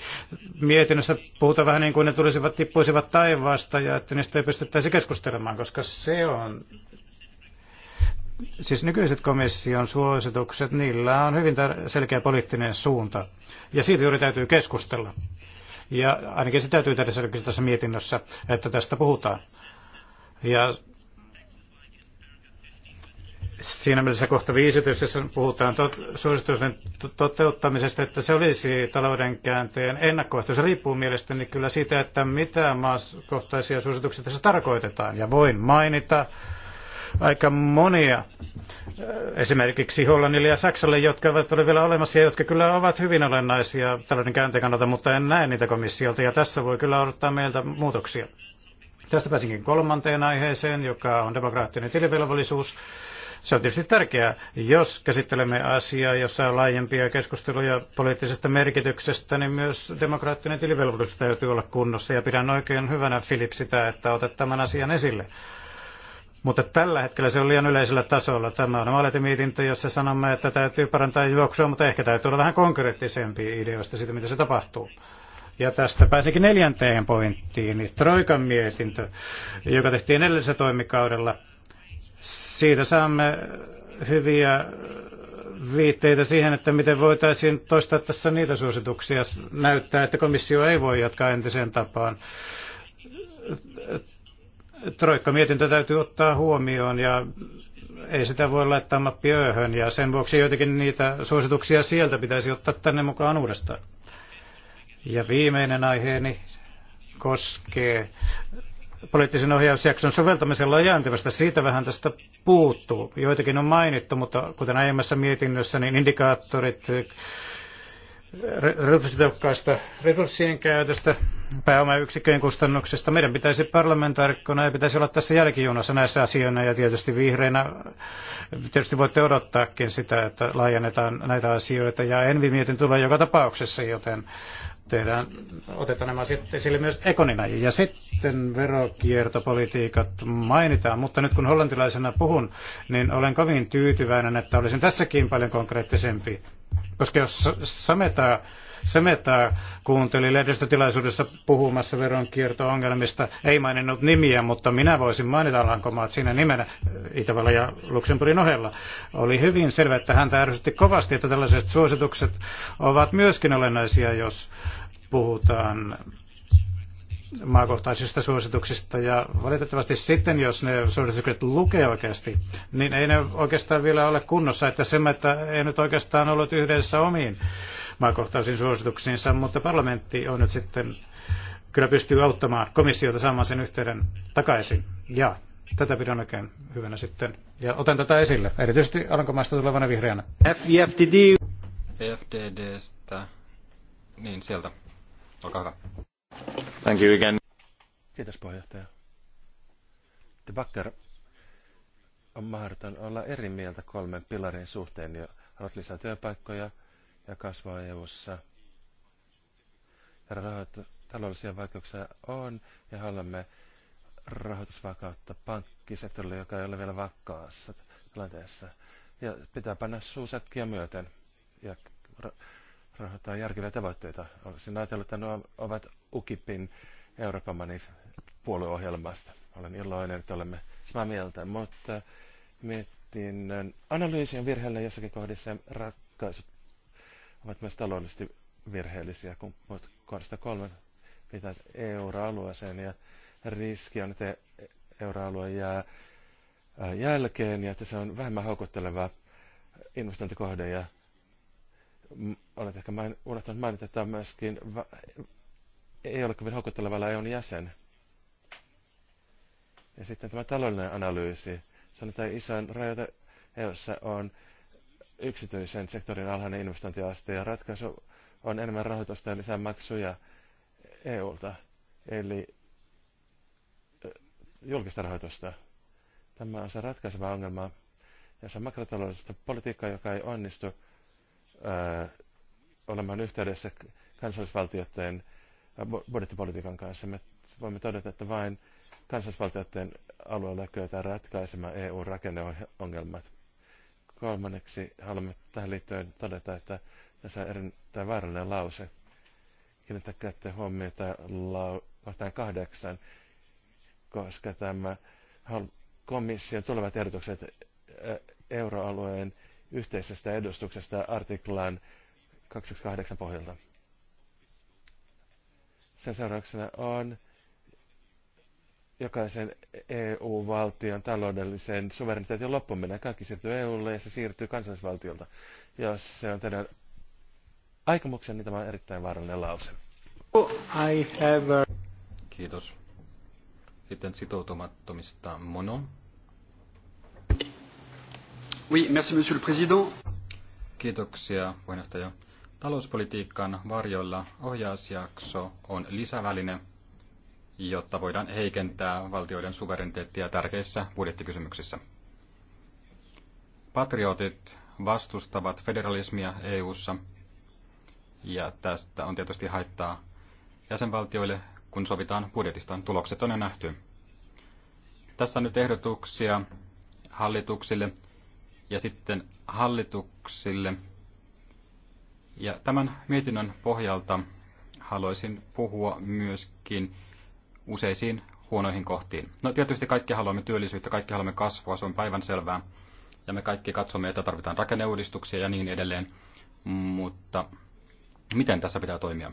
mietinnössä puhutaan vähän niin kuin ne tulisivat, tippuisivat taivaasta ja että niistä ei pystyttäisi keskustelemaan, koska se on siis nykyiset komission suositukset, niillä on hyvin selkeä poliittinen suunta. Ja siitä juuri täytyy keskustella. Ja ainakin se täytyy tehdä tässä mietinnössä, että tästä puhutaan. Ja siinä mielessä kohta 15 jossa puhutaan tot, suositusten toteuttamisesta, että se olisi talouden käänteen ennakkoehto. Se riippuu mielestäni kyllä siitä, että mitä maaskohtaisia suosituksia tässä tarkoitetaan. Ja voin mainita aika monia, äh, esimerkiksi Hollannille ja Saksalle, jotka ovat ole vielä olemassa ja jotka kyllä ovat hyvin olennaisia talouden käänteen kannalta, mutta en näe niitä komissiolta ja tässä voi kyllä odottaa meiltä muutoksia. Tästä pääsinkin kolmanteen aiheeseen, joka on demokraattinen tilivelvollisuus. Se on tietysti tärkeää, jos käsittelemme asiaa, jossa on laajempia keskusteluja poliittisesta merkityksestä, niin myös demokraattinen tilivelvollisuus täytyy olla kunnossa. Ja pidän oikein hyvänä, Filip, sitä, että otat tämän asian esille. Mutta tällä hetkellä se on liian yleisellä tasolla. Tämä on mietintö, jossa sanomme, että täytyy parantaa juoksua, mutta ehkä täytyy olla vähän konkreettisempi ideoista siitä, mitä se tapahtuu. Ja tästä pääsikin neljänteen pointtiin, niin Troikan mietintö, joka tehtiin edellisellä toimikaudella siitä saamme hyviä viitteitä siihen, että miten voitaisiin toistaa tässä niitä suosituksia, näyttää, että komissio ei voi jatkaa entiseen tapaan. Troikka mietintä täytyy ottaa huomioon ja ei sitä voi laittaa mappiööhön ja sen vuoksi joitakin niitä suosituksia sieltä pitäisi ottaa tänne mukaan uudestaan. Ja viimeinen aiheeni koskee poliittisen ohjausjakson soveltamisella on jääntyvästä. Siitä vähän tästä puuttuu. Joitakin on mainittu, mutta kuten aiemmassa mietinnössä, niin indikaattorit, resurssitehokkaasta resurssien käytöstä, pääomayksikön kustannuksista. Meidän pitäisi parlamentaarikkona ja pitäisi olla tässä jälkijunassa näissä asioissa ja tietysti vihreinä tietysti voitte odottaakin sitä, että laajennetaan näitä asioita ja envimietin tulee joka tapauksessa, joten tehdään, otetaan nämä sitten esille myös ekonina. Ja sitten verokiertopolitiikat mainitaan, mutta nyt kun hollantilaisena puhun, niin olen kovin tyytyväinen, että olisin tässäkin paljon konkreettisempi koska jos Sameta, Sameta kuunteli lehdistötilaisuudessa puhumassa veronkierto-ongelmista, ei maininnut nimiä, mutta minä voisin mainita Alankomaat siinä nimenä eh, Itävalla ja Luxemburgin ohella. Oli hyvin selvä, että häntä ärsytti kovasti, että tällaiset suositukset ovat myöskin olennaisia, jos puhutaan maakohtaisista suosituksista ja valitettavasti sitten, jos ne suositukset lukee oikeasti, niin ei ne oikeastaan vielä ole kunnossa, että se, että ei nyt oikeastaan ollut yhdessä omiin maakohtaisiin suosituksiinsa, mutta parlamentti on nyt sitten kyllä pystyy auttamaan komissiota saamaan sen yhteyden takaisin. Ja tätä pidän oikein hyvänä sitten. Ja otan tätä esille, erityisesti Alankomaista tulevana vihreänä. FDD. FDDstä. Niin, sieltä. Olkaa hyvä. Thank you again. Kiitos puheenjohtaja. De Backer, on mahdoton olla eri mieltä kolmen pilarin suhteen, ja lisää työpaikkoja ja kasvaa EU-ssa. Ja taloudellisia vaikeuksia on ja haluamme rahoitusvakautta pankkisektorille, joka ei ole vielä vakaassa tilanteessa. Ja pitää panna suusäkkiä myöten ja rahoittaa järkeviä tavoitteita. Olisin ajatellut, että nuo ovat UKIPin Euroopan puolueohjelmasta. Olen iloinen, että olemme samaa mieltä, mutta mietin analyysien virheellä jossakin kohdissa ja ratkaisut ovat myös taloudellisesti virheellisiä, kun kohdasta kolme pitää euroalueeseen ja riski on, että euroalue jää äh, jälkeen ja että se on vähemmän houkutteleva investointikohde ja olet ehkä main, unohtanut mainita, että on myöskin va, ei ole kovin houkuttelevalla EUn jäsen. Ja sitten tämä taloudellinen analyysi. Sanotaan isoin rajoite EUssa on yksityisen sektorin alhainen investointiaste ja ratkaisu on enemmän rahoitusta ja lisää maksuja EUlta, eli julkista rahoitusta. Tämä on se ratkaiseva ongelma, ja makrotaloudellista politiikkaa, joka ei onnistu, olemaan yhteydessä kansallisvaltioiden budjettipolitiikan kanssa. Me voimme todeta, että vain kansallisvaltioiden alueella kyetään ratkaisemaan EU-rakenneongelmat. Kolmanneksi haluamme tähän liittyen todeta, että tässä on erittäin vaarallinen lause. Kiinnittäkää huomiota lau- kohtaan kahdeksan, koska tämä komission tulevat ehdotukset euroalueen yhteisestä edustuksesta artiklaan 28 pohjalta. Sen seurauksena on jokaisen EU-valtion taloudellisen suvereniteetin loppuminen. Kaikki siirtyy EUlle ja se siirtyy kansallisvaltiolta. Jos se on teidän aikomuksen, niin tämä on erittäin vaarallinen lause. I have a... Kiitos. Sitten sitoutumattomista mono. Oui, merci, monsieur le président. Kiitoksia, puheenjohtaja. Talouspolitiikan varjolla ohjausjakso on lisäväline, jotta voidaan heikentää valtioiden suvereniteettia tärkeissä budjettikysymyksissä. Patriotit vastustavat federalismia EU:ssa ja tästä on tietysti haittaa jäsenvaltioille, kun sovitaan budjetistaan. Tulokset on jo nähty. Tässä on nyt ehdotuksia hallituksille, ja sitten hallituksille. Ja tämän mietinnön pohjalta haluaisin puhua myöskin useisiin huonoihin kohtiin. No tietysti kaikki haluamme työllisyyttä, kaikki haluamme kasvua, se on päivän selvää. Ja me kaikki katsomme, että tarvitaan rakenneuudistuksia ja niin edelleen. Mutta miten tässä pitää toimia?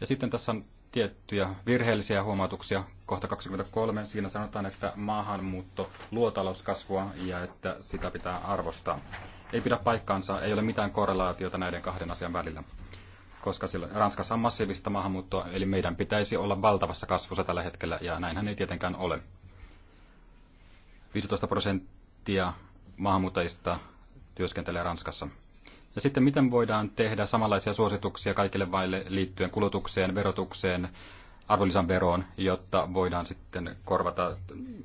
Ja sitten tässä on tiettyjä virheellisiä huomautuksia. Kohta 23 siinä sanotaan, että maahanmuutto luo talouskasvua ja että sitä pitää arvostaa. Ei pidä paikkaansa, ei ole mitään korrelaatiota näiden kahden asian välillä. Koska sillä Ranskassa on massiivista maahanmuuttoa, eli meidän pitäisi olla valtavassa kasvussa tällä hetkellä, ja näinhän ei tietenkään ole. 15 prosenttia maahanmuuttajista työskentelee Ranskassa. Ja sitten miten voidaan tehdä samanlaisia suosituksia kaikille vaille liittyen kulutukseen, verotukseen, arvonlisän veroon, jotta voidaan sitten korvata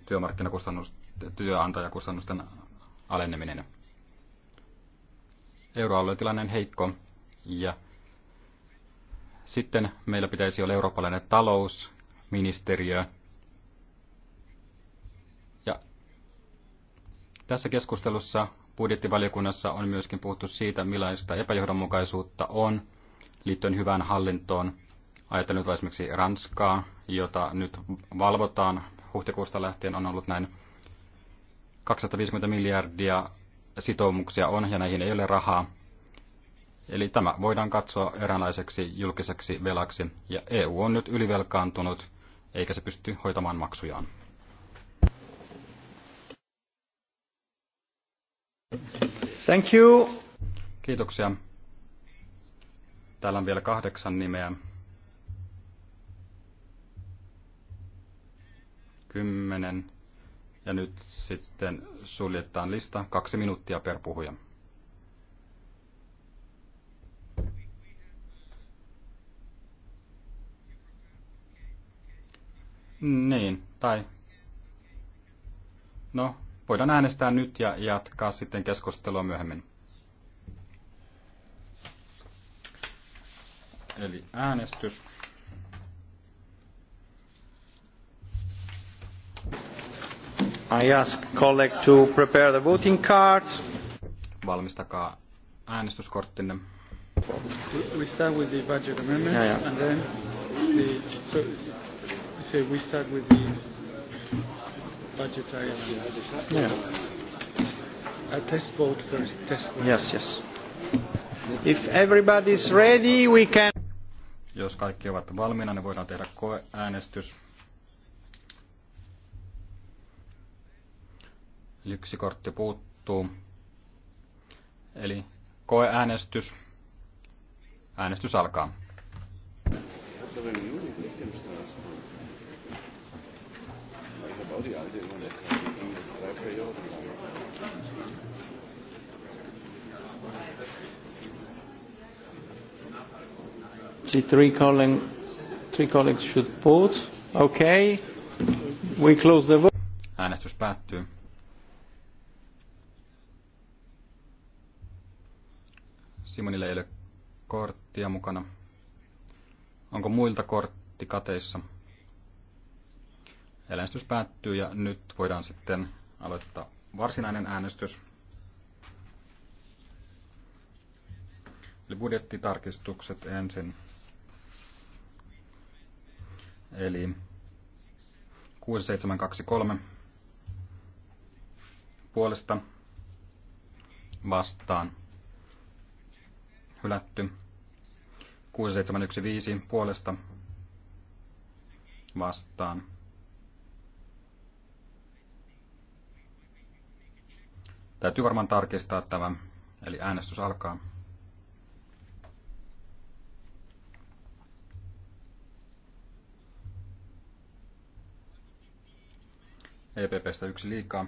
työmarkkinakustannus, työantajakustannusten aleneminen. Euroalueen tilanne on heikko ja sitten meillä pitäisi olla eurooppalainen talousministeriö. Ja tässä keskustelussa budjettivaliokunnassa on myöskin puhuttu siitä, millaista epäjohdonmukaisuutta on liittyen hyvään hallintoon. Ajatellen nyt esimerkiksi Ranskaa, jota nyt valvotaan. Huhtikuusta lähtien on ollut näin 250 miljardia sitoumuksia on ja näihin ei ole rahaa. Eli tämä voidaan katsoa eräänlaiseksi julkiseksi velaksi ja EU on nyt ylivelkaantunut eikä se pysty hoitamaan maksujaan. Thank you. Kiitoksia. Täällä on vielä kahdeksan nimeä. Kymmenen. Ja nyt sitten suljetaan lista. Kaksi minuuttia per puhuja. Niin, tai... No, voidaan äänestää nyt ja jatkaa sitten keskustelua myöhemmin. Eli äänestys. I ask colleague to prepare the voting cards. Valmistakaa äänestyskorttinne. We start with the budget amendments yeah, yeah. and then the, so, say we start with the budgetary amendments. Yeah. A test vote first. Test vote. Yes, yes. If everybody is ready, we can... Jos kaikki ovat valmiina, niin voidaan tehdä koeäänestys. Yksi kortti puuttuu. Eli koeäänestys. Äänestys alkaa. the three, calling, three colleagues should vote. Okay. We close the vote. Äänestys päättyy. Simonille ei ole korttia mukana. Onko muilta kortti kateissa? Äänestys päättyy ja nyt voidaan sitten aloittaa varsinainen äänestys. Eli budjettitarkistukset ensin. Eli 6723 puolesta vastaan hylätty. 6715 puolesta vastaan. Täytyy varmaan tarkistaa tämä, eli äänestys alkaa. EPPstä yksi liikaa.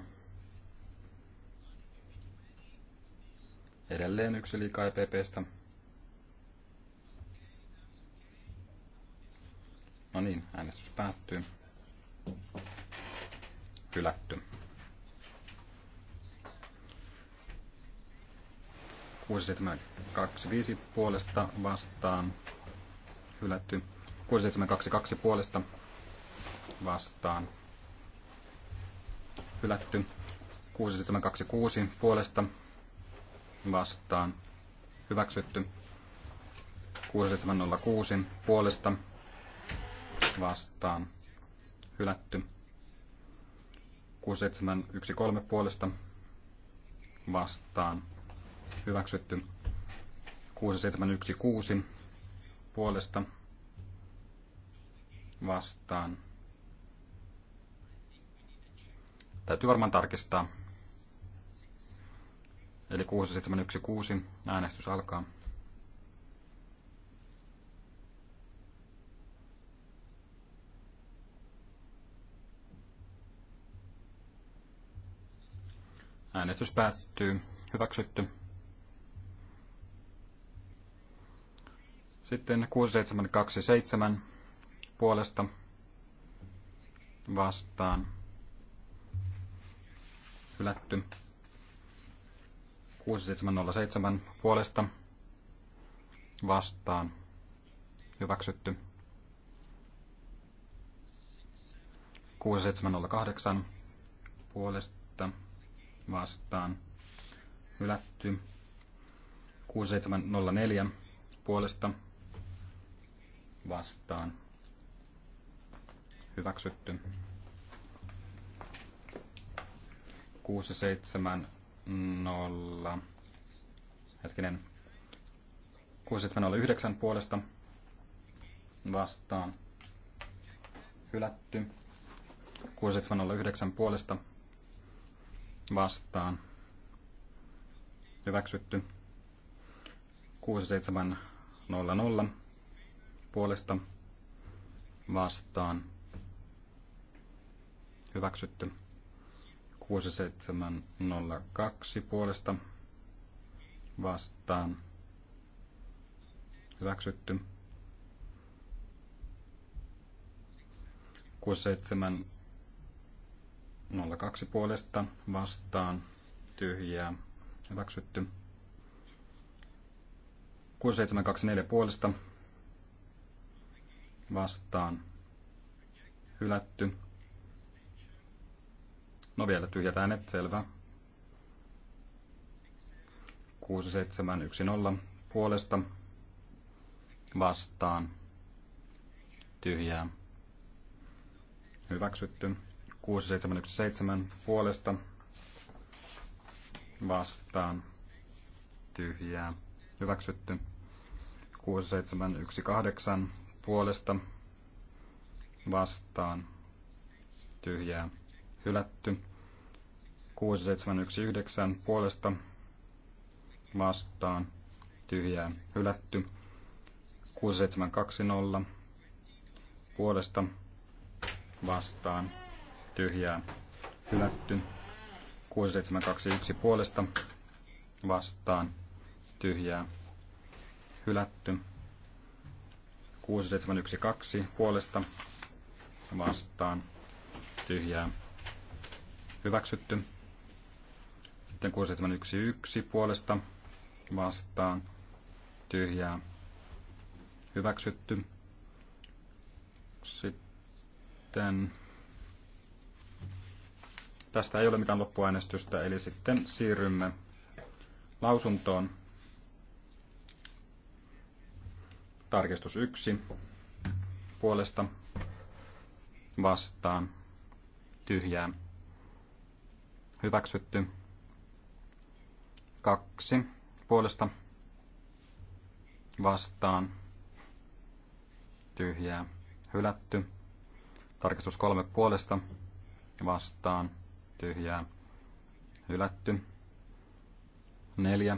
Edelleen yksi liikaa EPPstä. No niin, äänestys päättyy. Hylätty. 6725 puolesta vastaan. Hylätty. 6722 puolesta vastaan hylätty. 6726 puolesta vastaan hyväksytty. 6706 puolesta vastaan hylätty. 6713 puolesta vastaan hyväksytty. 6716 puolesta vastaan Täytyy varmaan tarkistaa. Eli 6716 äänestys alkaa. Äänestys päättyy. Hyväksytty. Sitten 6727 puolesta vastaan hylätty. 6707 puolesta vastaan hyväksytty. 6708 puolesta vastaan hylätty. 6704 puolesta vastaan hyväksytty. 670, hetkinen, 6709 puolesta vastaan hylätty. 6709 puolesta vastaan hyväksytty. 6700 puolesta vastaan hyväksytty. 6702 puolesta vastaan hyväksytty. 6702 puolesta vastaan tyhjää hyväksytty. 6724 puolesta vastaan hylätty. No vielä tyhjätään, äänet, selvä. 6710 puolesta vastaan tyhjää. Hyväksytty. 6717 puolesta vastaan tyhjää. Hyväksytty. 6718 puolesta vastaan tyhjää. Hylätty. 6719 puolesta vastaan tyhjää hylätty. 6720 puolesta vastaan tyhjää hylätty. 6721 puolesta vastaan tyhjää hylätty. 6712 puolesta vastaan tyhjää hyväksytty. Sitten 6711 puolesta vastaan tyhjää hyväksytty. Sitten tästä ei ole mitään loppuäänestystä, eli sitten siirrymme lausuntoon. Tarkistus 1 puolesta vastaan tyhjää hyväksytty kaksi puolesta vastaan tyhjää hylätty. Tarkistus kolme puolesta vastaan tyhjää hylätty. Neljä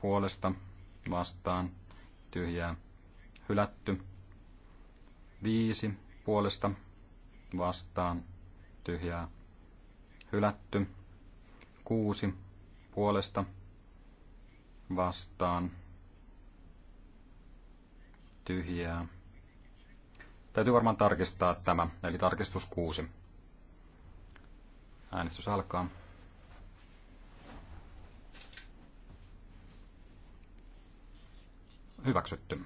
puolesta vastaan tyhjää hylätty. Viisi puolesta vastaan tyhjää hylätty. Kuusi puolesta vastaan, vastaan tyhjää. Täytyy varmaan tarkistaa tämä, eli tarkistus 6. Äänestys alkaa. Hyväksytty.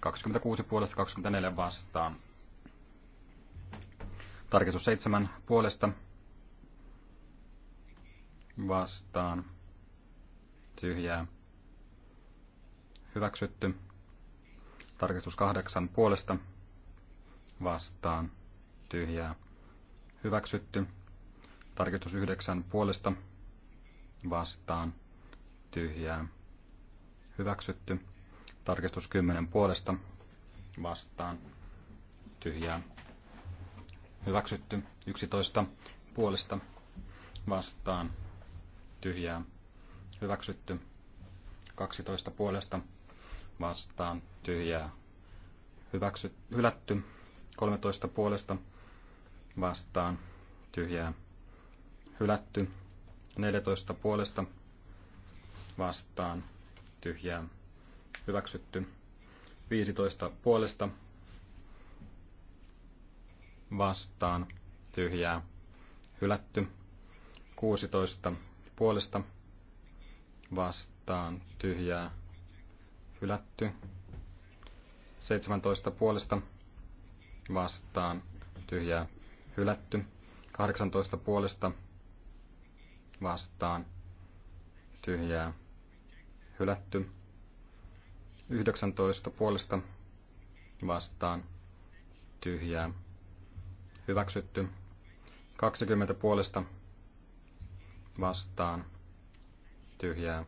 26 puolesta 24 vastaan. Tarkistus 7 puolesta vastaan tyhjää hyväksytty. Tarkistus kahdeksan puolesta vastaan tyhjää hyväksytty. Tarkistus yhdeksän puolesta vastaan tyhjää hyväksytty. Tarkistus kymmenen puolesta vastaan tyhjää hyväksytty. Yksitoista puolesta vastaan tyhjää hyväksytty. 12 puolesta vastaan tyhjää hyväksy, hylätty. 13 puolesta vastaan tyhjää hylätty. 14 puolesta vastaan tyhjää hyväksytty. 15 puolesta vastaan tyhjää hylätty. 16 puolesta vastaan, vastaan tyhjää hylätty. 17 puolesta vastaan tyhjää hylätty. 18 puolesta vastaan tyhjää hylätty. 19 puolesta vastaan tyhjää hyväksytty. 20 puolesta vastaan tyhjää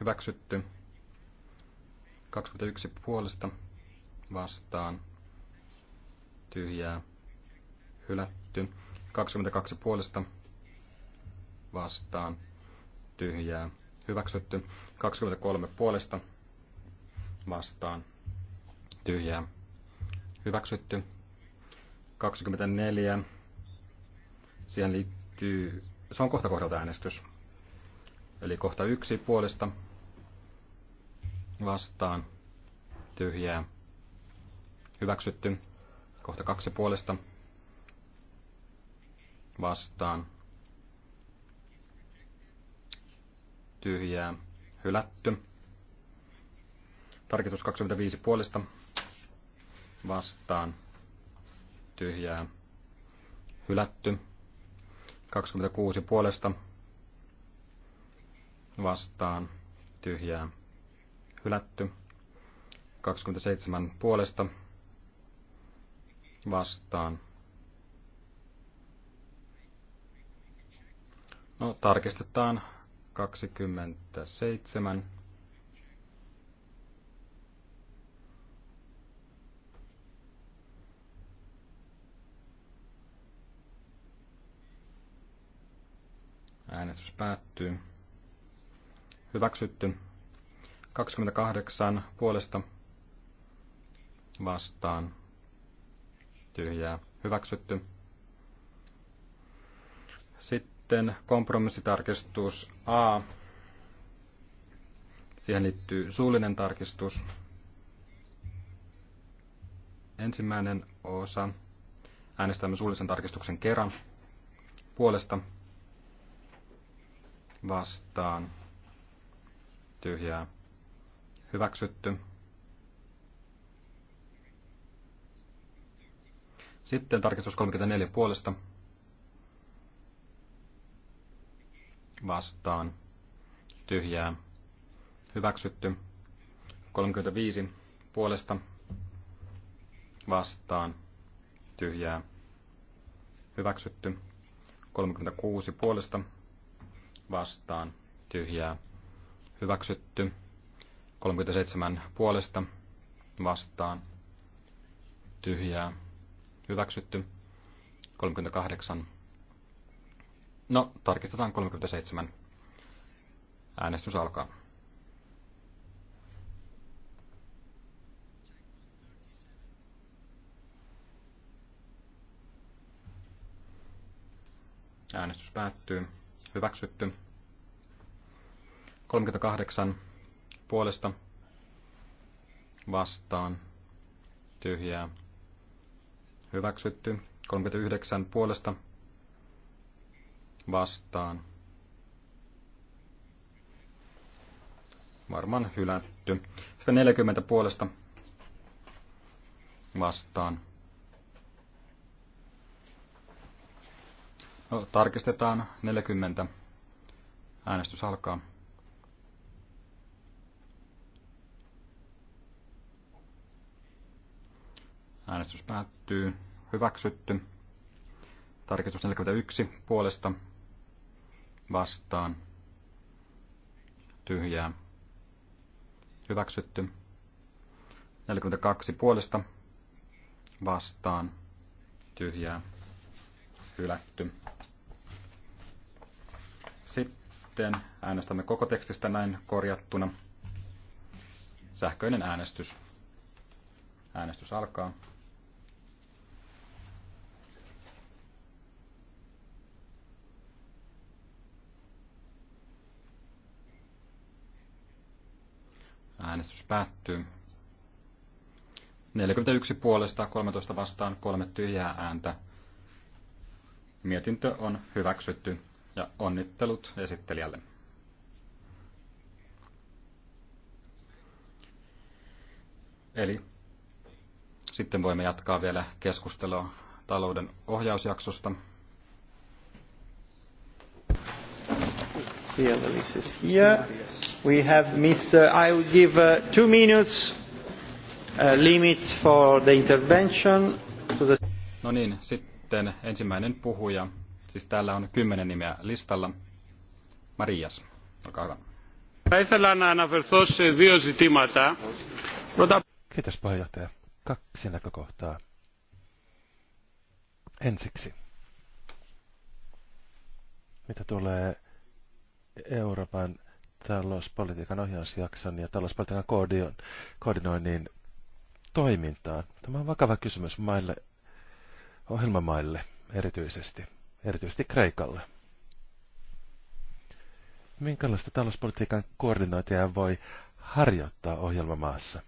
hyväksytty. 21 puolesta vastaan tyhjää hylätty. 22 puolesta vastaan tyhjää hyväksytty. 23 puolesta vastaan tyhjää hyväksytty. 24. Siihen liittyy, se on kohta kohdalta äänestys. Eli kohta yksi puolesta vastaan tyhjää hyväksytty. Kohta kaksi puolesta vastaan tyhjää hylätty. Tarkistus 25 puolesta vastaan tyhjää hylätty. 26 puolesta vastaan vastaan tyhjää hylätty. 27 puolesta vastaan. No, tarkistetaan 27. Äänestys päättyy hyväksytty. 28 puolesta vastaan tyhjää hyväksytty. Sitten kompromissitarkistus A. Siihen liittyy suullinen tarkistus. Ensimmäinen osa. Äänestämme suullisen tarkistuksen kerran. Puolesta vastaan tyhjää hyväksytty. Sitten tarkistus 34 puolesta vastaan tyhjää hyväksytty. 35 puolesta vastaan tyhjää hyväksytty. 36 puolesta vastaan tyhjää hyväksytty. 37 puolesta vastaan tyhjää hyväksytty. 38. No, tarkistetaan 37. Äänestys alkaa. Äänestys päättyy. Hyväksytty. 38 puolesta vastaan tyhjää hyväksytty. 39 puolesta vastaan varmaan hylätty. Sitten 40 puolesta vastaan. No, tarkistetaan 40. Äänestys alkaa. Äänestys päättyy. Hyväksytty. Tarkistus 41 puolesta vastaan. Tyhjää. Hyväksytty. 42 puolesta vastaan. Tyhjää. Hylätty. Sitten äänestämme koko tekstistä näin korjattuna. Sähköinen äänestys. Äänestys alkaa. Äänestys päättyy. 41 puolesta, 13 vastaan, 3 tyhjää ääntä. Mietintö on hyväksytty ja onnittelut esittelijälle. Eli sitten voimme jatkaa vielä keskustelua talouden ohjausjaksosta. Here, the list is here. We have Mr. I will give uh, two minutes uh, limit for the intervention. To the... No niin, sitten ensimmäinen puhuja. Siis täällä on kymmenen nimeä listalla. Marias, olkaa hyvä. Θα ήθελα να αναφερθώ σε δύο ζητήματα. Πρώτα... Kiitos puheenjohtaja. Kaksi näkökohtaa. Ensiksi. Mitä tulee Euroopan talouspolitiikan ohjausjakson ja talouspolitiikan koordinoin, koordinoinnin toimintaan. Tämä on vakava kysymys maille, ohjelmamaille erityisesti, erityisesti Kreikalle. Minkälaista talouspolitiikan koordinointia voi harjoittaa ohjelmamaassa?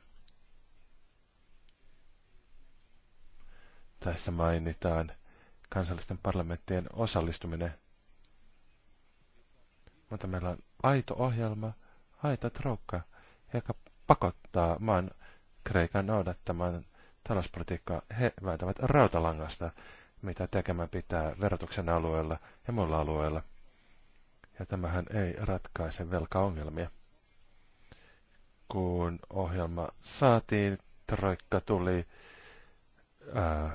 Tässä mainitaan kansallisten parlamenttien osallistuminen – mutta meillä on aito ohjelma, aita troukka, joka pakottaa maan Kreikan noudattamaan talouspolitiikkaa. He väitävät rautalangasta, mitä tekemään pitää verotuksen alueella ja muilla alueella. Ja tämähän ei ratkaise velkaongelmia. Kun ohjelma saatiin, troikka tuli, ää,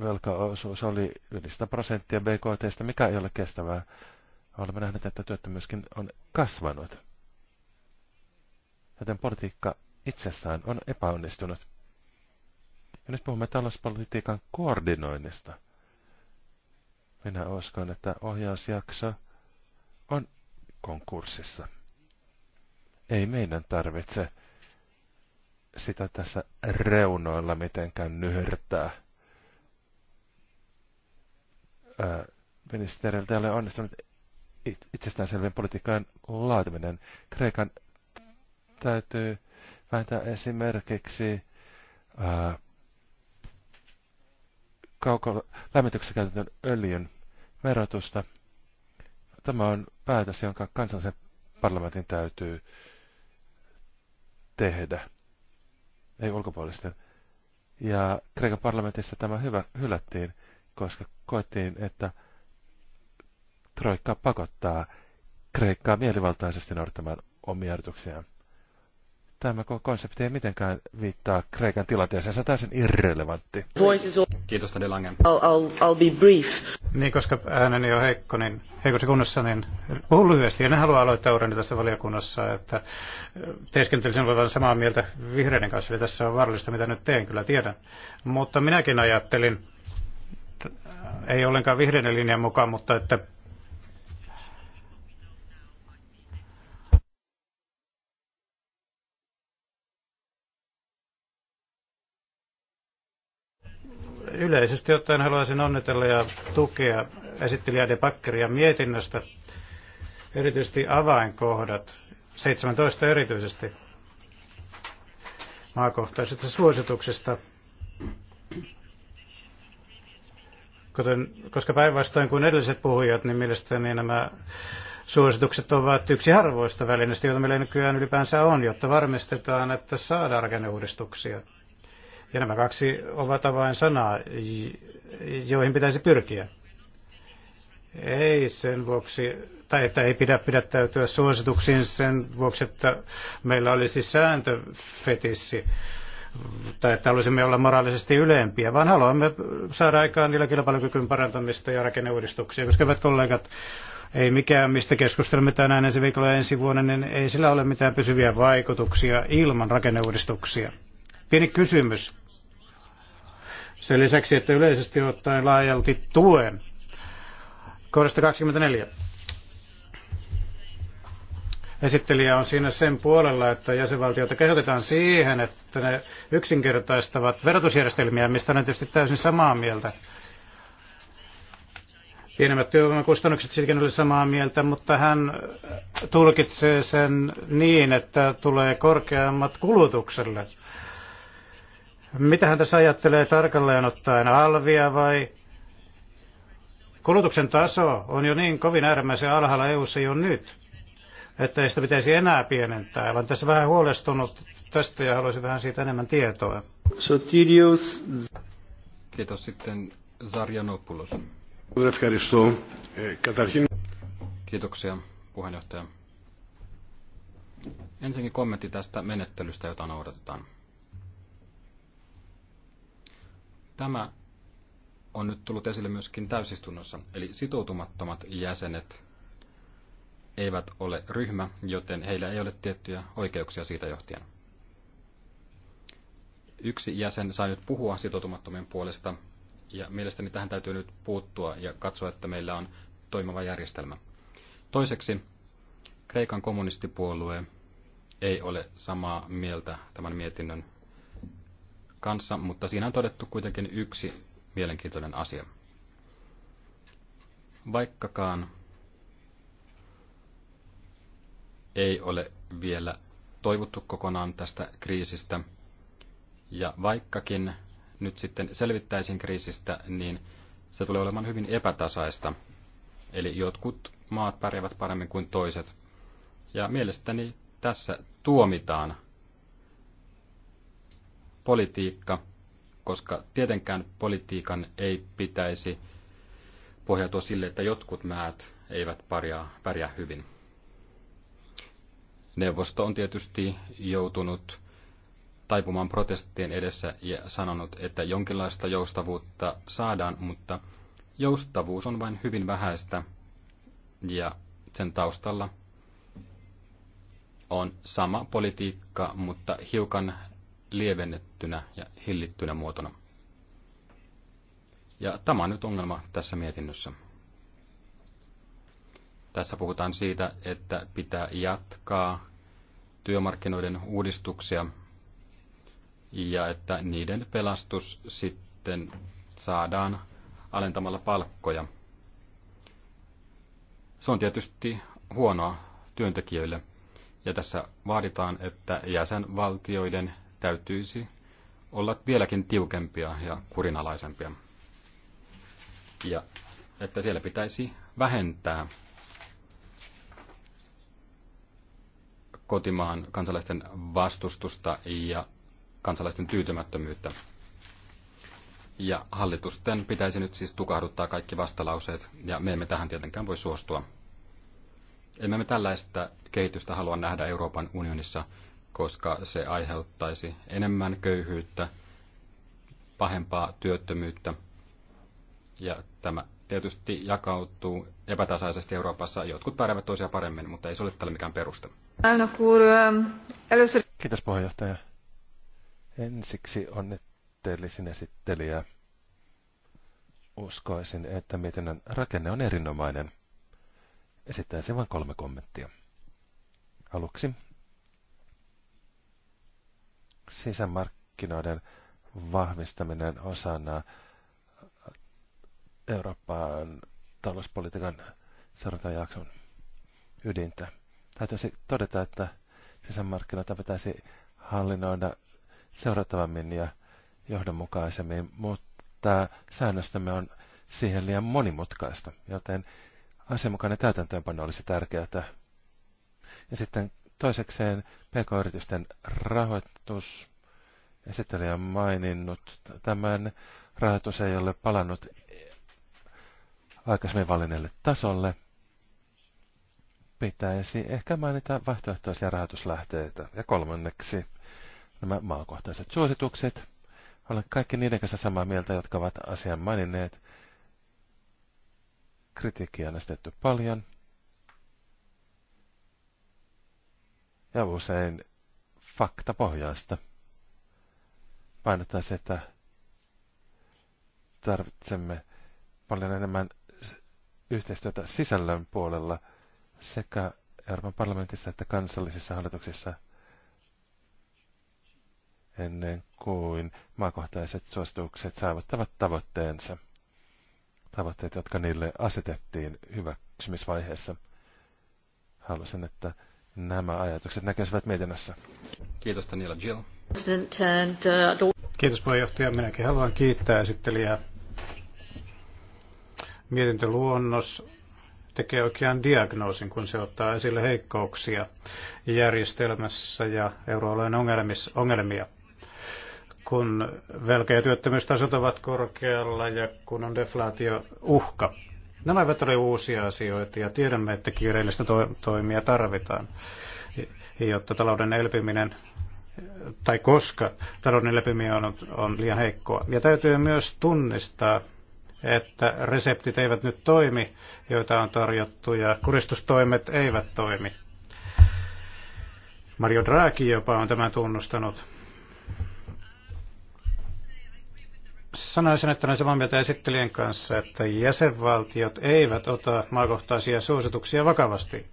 velkaosuus oli yli 100 prosenttia BKTstä, mikä ei ole kestävää. Olemme nähneet, että työttömyyskin on kasvanut. Joten politiikka itsessään on epäonnistunut. Ja nyt puhumme talouspolitiikan koordinoinnista. Minä uskon, että ohjausjakso on konkurssissa. Ei meidän tarvitse sitä tässä reunoilla mitenkään nyhyrtää. Ministeriltä ei ole onnistunut itsestäänselvien politiikkojen laatiminen. Kreikan täytyy vähentää esimerkiksi ää, kaukolla lämmityksessä käytetyn öljyn verotusta. Tämä on päätös, jonka kansallisen parlamentin täytyy tehdä, ei ulkopuolisten. Ja Kreikan parlamentissa tämä hyvä, hylättiin, koska koettiin, että Troikka pakottaa Kreikkaa mielivaltaisesti noudattamaan omia ajatuksiaan. Tämä konsepti ei mitenkään viittaa Kreikan tilanteeseen, se on täysin irrelevantti. Kiitos, Tade Lange. I'll, I'll, I'll be brief. Niin, koska ääneni on heikko, niin heikossa kunnossa, niin puhun lyhyesti. En halua aloittaa urani tässä valiokunnassa, että teeskentelisin olevan samaa mieltä vihreiden kanssa, eli tässä on vaarallista, mitä nyt teen, kyllä tiedän. Mutta minäkin ajattelin, ei ollenkaan vihreiden linjan mukaan, mutta että Yleisesti ottaen haluaisin onnitella ja tukea esittelijä De Backeria mietinnöstä, erityisesti avainkohdat, 17 erityisesti maakohtaisista suosituksista. Kuten, koska päinvastoin kuin edelliset puhujat, niin mielestäni nämä suositukset ovat yksi harvoista välineistä, joita meillä nykyään ylipäänsä on, jotta varmistetaan, että saadaan rakenneuudistuksia ja nämä kaksi ovat sanaa, joihin pitäisi pyrkiä. Ei sen vuoksi, tai että ei pidä pidättäytyä suosituksiin sen vuoksi, että meillä olisi sääntöfetissi, tai että haluaisimme olla moraalisesti ylempiä, vaan haluamme saada aikaan niillä kilpailukykyn parantamista ja rakenneuudistuksia. Koska hyvät kollegat, ei mikään, mistä keskustelemme tänään ensi viikolla ja ensi vuonna, niin ei sillä ole mitään pysyviä vaikutuksia ilman rakenneuudistuksia. Pieni kysymys. Sen lisäksi, että yleisesti ottaen laajalti tuen. Kohdasta 24. Esittelijä on siinä sen puolella, että jäsenvaltioita kehotetaan siihen, että ne yksinkertaistavat verotusjärjestelmiä, mistä on tietysti täysin samaa mieltä. Pienemmät työvoimakustannukset sitkin oli samaa mieltä, mutta hän tulkitsee sen niin, että tulee korkeammat kulutukselle mitä hän tässä ajattelee tarkalleen ottaen, alvia vai Kulutuksen taso on jo niin kovin äärimmäisen alhaalla EU-ssa jo nyt, että ei sitä pitäisi enää pienentää. Olen tässä vähän huolestunut tästä ja haluaisin vähän siitä enemmän tietoa. Sotirius. Kiitos sitten Zarjanopoulos. Kiitoksia puheenjohtaja. Ensinnäkin kommentti tästä menettelystä, jota noudatetaan. Tämä on nyt tullut esille myöskin täysistunnossa, eli sitoutumattomat jäsenet eivät ole ryhmä, joten heillä ei ole tiettyjä oikeuksia siitä johtien. Yksi jäsen sai nyt puhua sitoutumattomien puolesta, ja mielestäni tähän täytyy nyt puuttua ja katsoa, että meillä on toimiva järjestelmä. Toiseksi, Kreikan kommunistipuolue ei ole samaa mieltä tämän mietinnön kanssa, mutta siinä on todettu kuitenkin yksi mielenkiintoinen asia. Vaikkakaan ei ole vielä toivuttu kokonaan tästä kriisistä, ja vaikkakin nyt sitten selvittäisiin kriisistä, niin se tulee olemaan hyvin epätasaista. Eli jotkut maat pärjäävät paremmin kuin toiset. Ja mielestäni tässä tuomitaan politiikka, koska tietenkään politiikan ei pitäisi pohjautua sille, että jotkut määt eivät pärjää, pärjää hyvin. Neuvosto on tietysti joutunut taipumaan protestien edessä ja sanonut, että jonkinlaista joustavuutta saadaan, mutta joustavuus on vain hyvin vähäistä ja sen taustalla on sama politiikka, mutta hiukan lievennettynä ja hillittynä muotona. Ja tämä on nyt ongelma tässä mietinnössä. Tässä puhutaan siitä, että pitää jatkaa työmarkkinoiden uudistuksia ja että niiden pelastus sitten saadaan alentamalla palkkoja. Se on tietysti huonoa työntekijöille, ja tässä vaaditaan, että jäsenvaltioiden täytyisi olla vieläkin tiukempia ja kurinalaisempia. Ja että siellä pitäisi vähentää kotimaan kansalaisten vastustusta ja kansalaisten tyytymättömyyttä. Ja hallitusten pitäisi nyt siis tukahduttaa kaikki vastalauseet, ja me emme tähän tietenkään voi suostua. Emme me tällaista kehitystä halua nähdä Euroopan unionissa, koska se aiheuttaisi enemmän köyhyyttä, pahempaa työttömyyttä. Ja tämä tietysti jakautuu epätasaisesti Euroopassa. Jotkut pärjäävät toisia paremmin, mutta ei se ole tällä mikään peruste. Kiitos puheenjohtaja. Ensiksi onnittelisin esittelijä. Uskoisin, että mietinnön rakenne on erinomainen. Esittäisin vain kolme kommenttia. Aluksi sisämarkkinoiden vahvistaminen osana Euroopan talouspolitiikan seurantajakson ydintä. Täytyisi todeta, että sisämarkkinoita pitäisi hallinnoida seurattavammin ja johdonmukaisemmin, mutta säännöstämme on siihen liian monimutkaista, joten asianmukainen täytäntöönpano olisi tärkeää. Ja sitten Toisekseen PK-yritysten rahoitus. Esittelijä on maininnut tämän. Rahoitus ei ole palannut aikaisemmin valinneelle tasolle. Pitäisi ehkä mainita vaihtoehtoisia rahoituslähteitä. Ja kolmanneksi nämä maakohtaiset suositukset. Olen kaikki niiden kanssa samaa mieltä, jotka ovat asian maininneet. Kritiikkiä on estetty paljon. ja usein faktapohjaista. se, että tarvitsemme paljon enemmän yhteistyötä sisällön puolella sekä Euroopan parlamentissa että kansallisissa hallituksissa ennen kuin maakohtaiset suositukset saavuttavat tavoitteensa. Tavoitteet, jotka niille asetettiin hyväksymisvaiheessa. Haluaisin, että nämä ajatukset näkyisivät mietinnässä. Kiitos Daniela Jill. Uh, Kiitos puheenjohtaja. Minäkin haluan kiittää esittelijää. Mietintöluonnos tekee oikean diagnoosin, kun se ottaa esille heikkouksia järjestelmässä ja euroalueen ongelmia. Kun velkä- ja työttömyystasot ovat korkealla ja kun on deflaatio uhka. Nämä eivät ole uusia asioita ja tiedämme, että kiireellistä to- toimia tarvitaan, jotta talouden elpyminen tai koska talouden elpiminen on, on liian heikkoa. Ja täytyy myös tunnistaa, että reseptit eivät nyt toimi, joita on tarjottu, ja kuristustoimet eivät toimi. Mario Draghi jopa on tämän tunnustanut sanoisin, että olen samaa mieltä esittelijän kanssa, että jäsenvaltiot eivät ota maakohtaisia suosituksia vakavasti.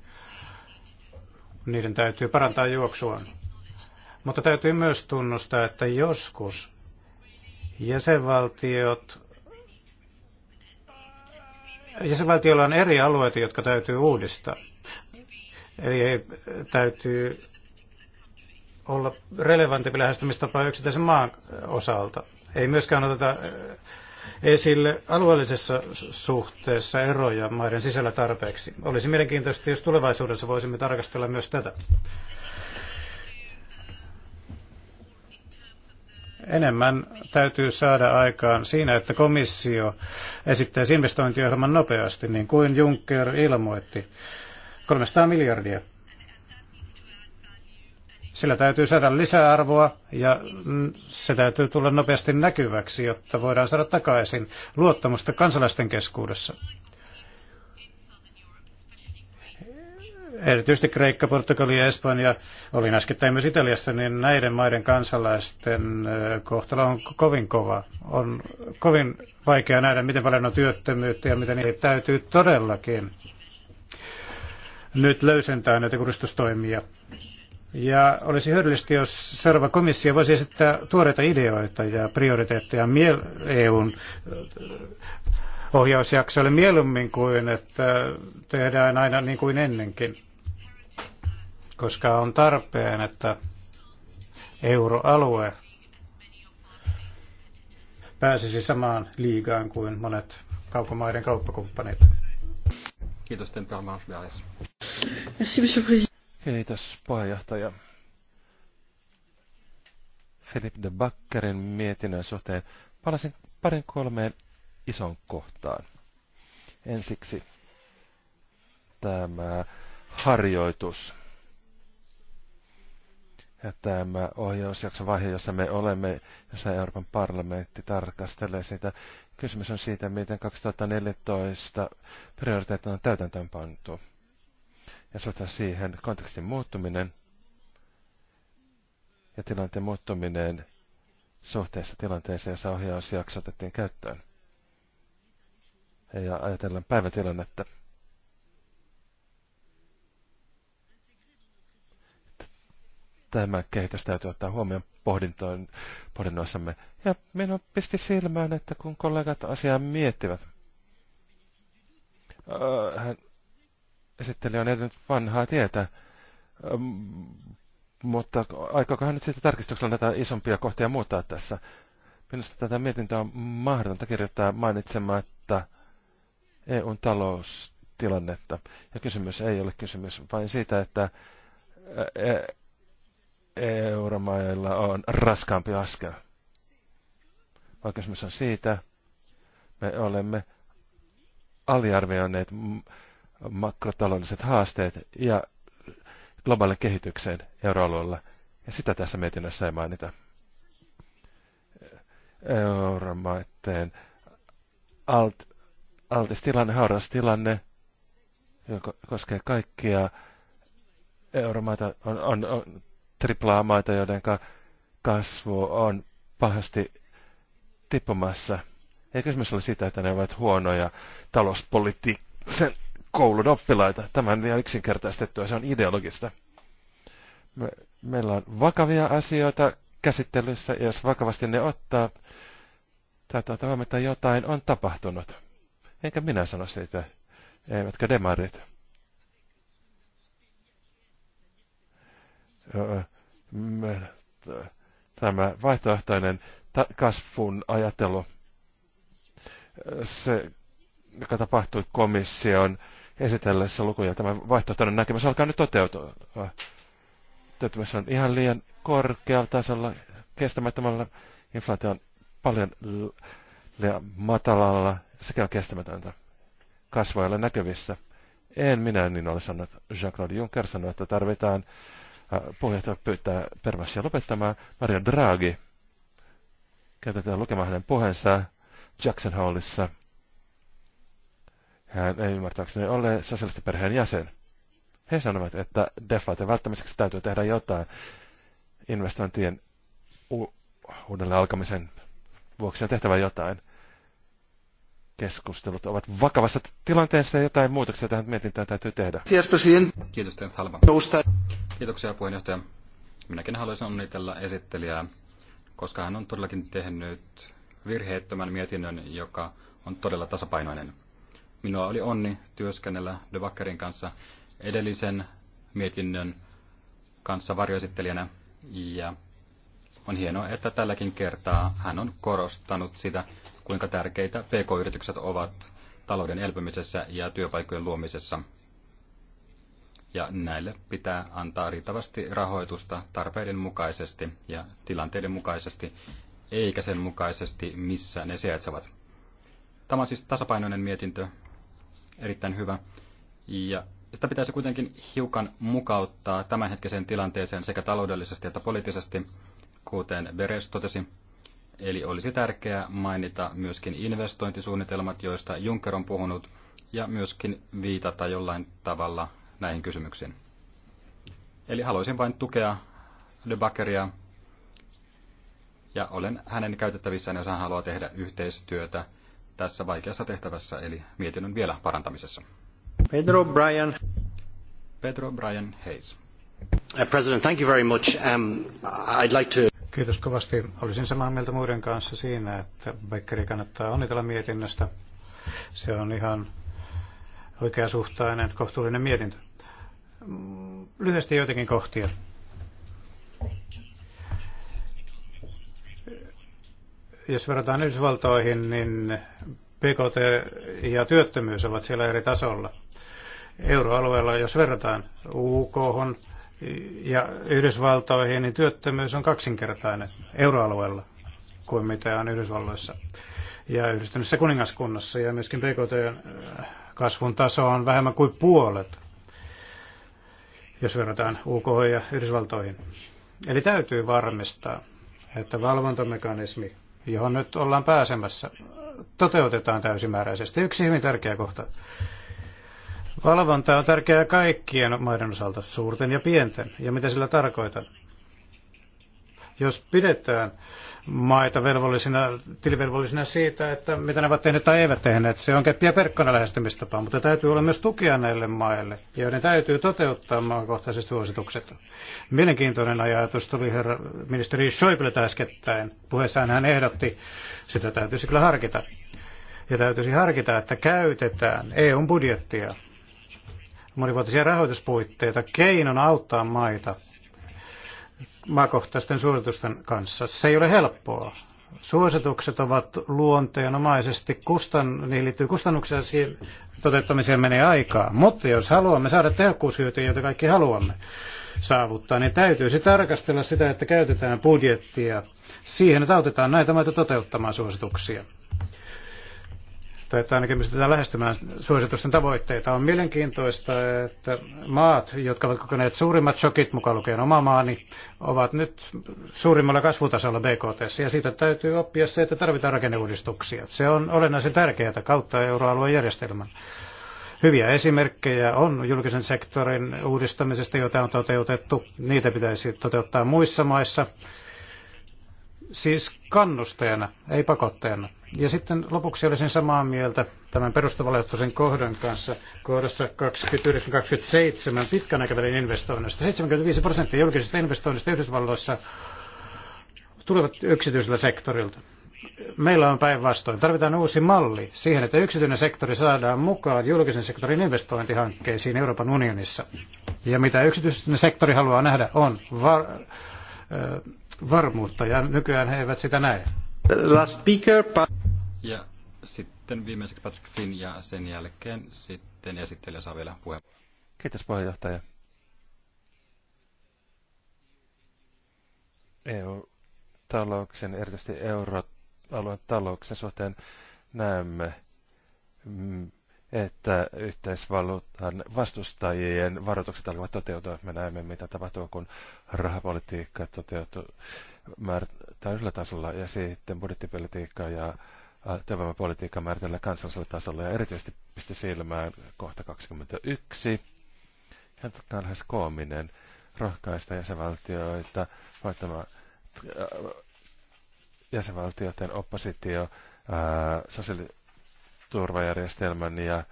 Niiden täytyy parantaa juoksuaan. Mutta täytyy myös tunnustaa, että joskus jäsenvaltiot, jäsenvaltioilla on eri alueita, jotka täytyy uudistaa. Eli ei, täytyy olla relevantimpi lähestymistapa yksittäisen maan osalta. Ei myöskään oteta äh, esille alueellisessa suhteessa eroja maiden sisällä tarpeeksi. Olisi mielenkiintoista, jos tulevaisuudessa voisimme tarkastella myös tätä. Enemmän täytyy saada aikaan siinä, että komissio esittäisi investointiohjelman nopeasti, niin kuin Juncker ilmoitti. 300 miljardia sillä täytyy saada lisäarvoa ja se täytyy tulla nopeasti näkyväksi, jotta voidaan saada takaisin luottamusta kansalaisten keskuudessa. Erityisesti Kreikka, Portugali ja Espanja, olin äskettäin myös Italiassa, niin näiden maiden kansalaisten kohtalo on kovin kova. On kovin vaikea nähdä, miten paljon on työttömyyttä ja miten niitä täytyy todellakin nyt löysentää näitä kuristustoimia ja olisi hyödyllistä, jos seuraava komissio voisi esittää tuoreita ideoita ja prioriteetteja EUn äh, ohjausjaksoille mieluummin kuin, että tehdään aina niin kuin ennenkin, koska on tarpeen, että euroalue pääsisi samaan liigaan kuin monet kaukomaiden kauppakumppanit. Kiitos, Merci, monsieur Kiitos puheenjohtaja. Philip de Backerin mietinnön suhteen palasin parin kolmeen ison kohtaan. Ensiksi tämä harjoitus ja tämä ohjausjakson vaihe, jossa me olemme, jossa Euroopan parlamentti tarkastelee sitä. Kysymys on siitä, miten 2014 prioriteetit on täytäntöönpantu. pantu ja suhtaa siihen kontekstin muuttuminen ja tilanteen muuttuminen suhteessa tilanteeseen, jossa ohjausjakso otettiin käyttöön. Ja ajatellaan päivätilannetta. Tämä kehitys täytyy ottaa huomioon pohdintoon, pohdinnoissamme. Ja minun pisti silmään, että kun kollegat asiaa miettivät, äh, hän esittelijä on edennyt vanhaa tietä, mutta aikakohan hän nyt sitten tarkistuksella näitä isompia kohtia muuttaa tässä? Minusta tätä mietintöä on mahdotonta kirjoittaa mainitsematta EUn taloustilannetta. Ja kysymys ei ole kysymys vain siitä, että euromailla on raskaampi askel. Vaan kysymys on siitä, me olemme aliarvioineet makrotaloudelliset haasteet ja globaalin kehitykseen euroalueella. Ja sitä tässä mietinnössä ei mainita. Euromaitteen alt, altistilanne, haurastilanne, hauras tilanne, joka koskee kaikkia euromaita, on, on, on triplaa maita, joiden kasvu on pahasti tippumassa. Ei kysymys ole sitä, että ne ovat huonoja talouspolitiikan koulun oppilaita. Tämä on ihan yksinkertaistettua, se on ideologista. Me, meillä on vakavia asioita käsittelyssä, ja jos vakavasti ne ottaa, täytyy huomata, että jotain on tapahtunut. Enkä minä sano siitä, eivätkä demarit. Tämä vaihtoehtoinen kasvun ajattelu, se, joka tapahtui komission esitellessä lukuja. Tämä vaihtoehtoinen näkemys alkaa nyt toteutua. Työttömyys on ihan liian korkealla tasolla, kestämättömällä. Inflaatio on paljon liian matalalla. sekä on kestämätöntä. Kasvoilla näkyvissä. En minä niin ole sanonut. Jean-Claude Juncker sanoi, että tarvitaan puheenjohtaja pyytää Pervasia lopettamaan. Maria Draghi käytetään lukemaan hänen puheensa Jackson Hallissa hän ei ymmärtääkseni ole sosiaalisten perheen jäsen. He sanovat, että deflaation välttämiseksi täytyy tehdä jotain investointien u- uudelleen alkamisen vuoksi on tehtävä jotain. Keskustelut ovat vakavassa tilanteessa ja jotain muutoksia tähän mietintään täytyy tehdä. Kiitos, Tent Halva. Kiitoksia, puheenjohtaja. Minäkin haluaisin onnitella esittelijää, koska hän on todellakin tehnyt virheettömän mietinnön, joka on todella tasapainoinen. Minulla oli onni työskennellä De kanssa edellisen mietinnön kanssa varjoesittelijänä ja on hienoa, että tälläkin kertaa hän on korostanut sitä, kuinka tärkeitä pk-yritykset ovat talouden elpymisessä ja työpaikojen luomisessa. Ja näille pitää antaa riittävästi rahoitusta tarpeiden mukaisesti ja tilanteiden mukaisesti, eikä sen mukaisesti, missä ne sijaitsevat. Tämä on siis tasapainoinen mietintö, erittäin hyvä. Ja sitä pitäisi kuitenkin hiukan mukauttaa tämänhetkiseen tilanteeseen sekä taloudellisesti että poliittisesti, kuten Beres totesi. Eli olisi tärkeää mainita myöskin investointisuunnitelmat, joista Juncker on puhunut, ja myöskin viitata jollain tavalla näihin kysymyksiin. Eli haluaisin vain tukea De ja olen hänen käytettävissään, jos hän haluaa tehdä yhteistyötä tässä vaikeassa tehtävässä, eli mietinnön vielä parantamisessa. Pedro Brian. Pedro Brian Hayes. Uh, President, thank you very much. Um, I'd like to... Kiitos kovasti. Olisin samaa mieltä muiden kanssa siinä, että Beckeri kannattaa onnitella mietinnöstä. Se on ihan oikeasuhtainen, kohtuullinen mietintö. Mm, lyhyesti joitakin kohtia. Jos verrataan Yhdysvaltoihin, niin PKT ja työttömyys ovat siellä eri tasolla. Euroalueella, jos verrataan UK ja Yhdysvaltoihin, niin työttömyys on kaksinkertainen euroalueella kuin mitä on Yhdysvalloissa ja yhdistyneessä kuningaskunnassa. Ja myöskin PKT kasvun taso on vähemmän kuin puolet, jos verrataan UK ja Yhdysvaltoihin. Eli täytyy varmistaa, että valvontamekanismi johon nyt ollaan pääsemässä, toteutetaan täysimääräisesti. Yksi hyvin tärkeä kohta. Valvonta on tärkeää kaikkien maiden osalta, suurten ja pienten. Ja mitä sillä tarkoitan? Jos pidetään maita velvollisina, tilivelvollisina siitä, että mitä ne ovat tehneet tai eivät tehneet. Se on keppiä perkkana lähestymistapa, mutta täytyy olla myös tukea näille maille, joiden täytyy toteuttaa maakohtaiset suositukset. Mielenkiintoinen ajatus tuli herra ministeri Schäuble äskettäin. Puheessaan hän ehdotti, sitä täytyisi kyllä harkita. Ja täytyisi harkita, että käytetään EUn budjettia monivuotisia rahoituspuitteita keinon auttaa maita maakohtaisten suositusten kanssa. Se ei ole helppoa. Suositukset ovat luonteenomaisesti, kustan, niihin liittyy kustannuksia, siihen toteuttamiseen menee aikaa. Mutta jos haluamme saada tehokkuushyötyjä, joita kaikki haluamme saavuttaa, niin täytyisi tarkastella sitä, että käytetään budjettia siihen, että autetaan näitä maita toteuttamaan suosituksia tai että ainakin pystytään lähestymään suositusten tavoitteita. On mielenkiintoista, että maat, jotka ovat kokeneet suurimmat shokit, mukaan lukien oma maani, ovat nyt suurimmalla kasvutasolla BKT. Ja siitä täytyy oppia se, että tarvitaan rakenneuudistuksia. Se on olennaisen tärkeää kautta euroalueen järjestelmän. Hyviä esimerkkejä on julkisen sektorin uudistamisesta, jota on toteutettu. Niitä pitäisi toteuttaa muissa maissa. Siis kannusteena, ei pakotteena ja sitten lopuksi olisin samaa mieltä tämän perustavallisuuden kohdan kanssa kohdassa 29-27 pitkän aikavälin investoinnista. 75 prosenttia julkisista investoinnista Yhdysvalloissa tulevat yksityiseltä sektorilta. Meillä on päinvastoin. Tarvitaan uusi malli siihen, että yksityinen sektori saadaan mukaan julkisen sektorin investointihankkeisiin Euroopan unionissa. Ja mitä yksityinen sektori haluaa nähdä on var- varmuutta, ja nykyään he eivät sitä näe. Last speaker, ja sitten viimeiseksi Patrick Finn ja sen jälkeen sitten esittelijä saa vielä puheenvuoron. Kiitos puheenjohtaja. EU-talouksen, erityisesti euroalueen talouksen suhteen näemme, mm, että yhteisvaluutan vastustajien varoitukset alkavat toteutua. Me näemme, mitä tapahtuu, kun rahapolitiikka toteutuu täysillä tasolla ja sitten budjettipolitiikka ja työvoimapolitiikka määritellä kansallisella tasolla ja erityisesti pisti silmään kohta 21. Hän on lähes koominen rohkaista jäsenvaltioita voittamaan jäsenvaltioiden oppositio sosiaaliturvajärjestelmän ja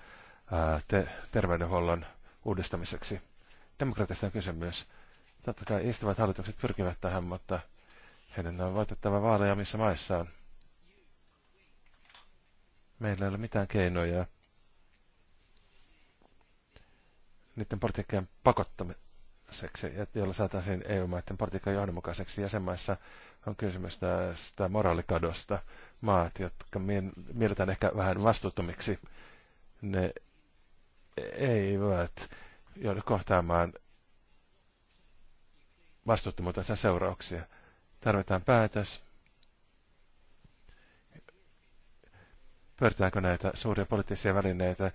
ää, te, terveydenhuollon uudistamiseksi. Demokratista on kyse myös. Totta kai istuvat hallitukset pyrkivät tähän, mutta heidän on voitettava vaaleja missä maissaan. Meillä ei ole mitään keinoja niiden partikkeen pakottamiseksi, jolla saataisiin EU-maiden politiikan johdonmukaiseksi jäsenmaissa, on kysymys tästä moraalikadosta. Maat, jotka mielletään ehkä vähän vastuuttomiksi, ne eivät joudu kohtaamaan vastuuttomuutensa seurauksia. Tarvitaan päätös. Pyöritäänkö näitä suuria poliittisia välineitä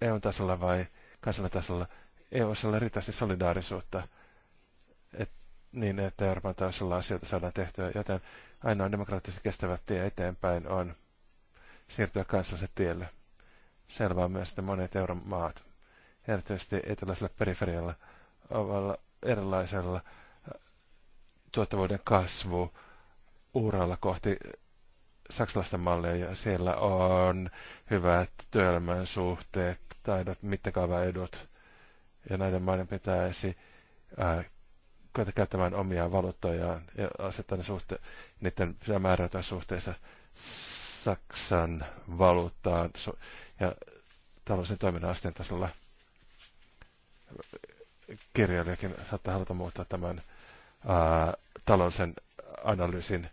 EU-tasolla e vai kansallisella EU-tasolla e riittävästi solidaarisuutta, et, niin että Euroopan tasolla asioita saadaan tehtyä, joten ainoa demokraattisesti kestävä tie eteenpäin on siirtyä kansalliselle tielle. Selvä on myös, että monet euromaat, erityisesti eteläisellä periferialla, ovat erilaisella tuottavuuden kasvu uralla kohti saksalaista mallia ja siellä on hyvät työelämän suhteet, taidot, mittakaavaedut ja näiden maiden pitäisi ää, käyttämään omia valuuttojaan ja asettaa ne suhte, niiden määräytyä suhteessa Saksan valuuttaan su- ja taloudellisen toiminnan asteen tasolla kirjailijakin saattaa haluta muuttaa tämän taloudellisen analyysin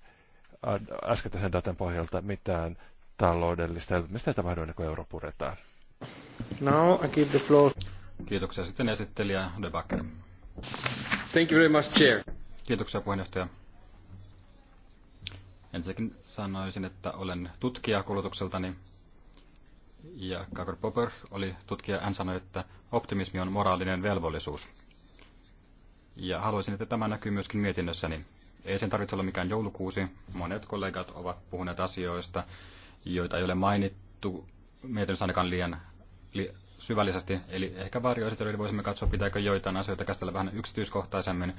äskettäisen datan pohjalta mitään taloudellista elpymistä ei tapahdu ennen kuin euro puretaan. Now I give the floor. Kiitoksia sitten esittelijä Debacker. Thank you very much, Chair. Kiitoksia puheenjohtaja. Ensinnäkin sanoisin, että olen tutkija koulutukseltani. Ja Kakor Popper oli tutkija, hän sanoi, että optimismi on moraalinen velvollisuus. Ja haluaisin, että tämä näkyy myöskin mietinnössäni. Ei sen tarvitse olla mikään joulukuusi. Monet kollegat ovat puhuneet asioista, joita ei ole mainittu mietinnössä ainakaan liian li, syvällisesti. Eli ehkä varjoesittelyiden voisimme katsoa, pitääkö joitain asioita käsitellä vähän yksityiskohtaisemmin.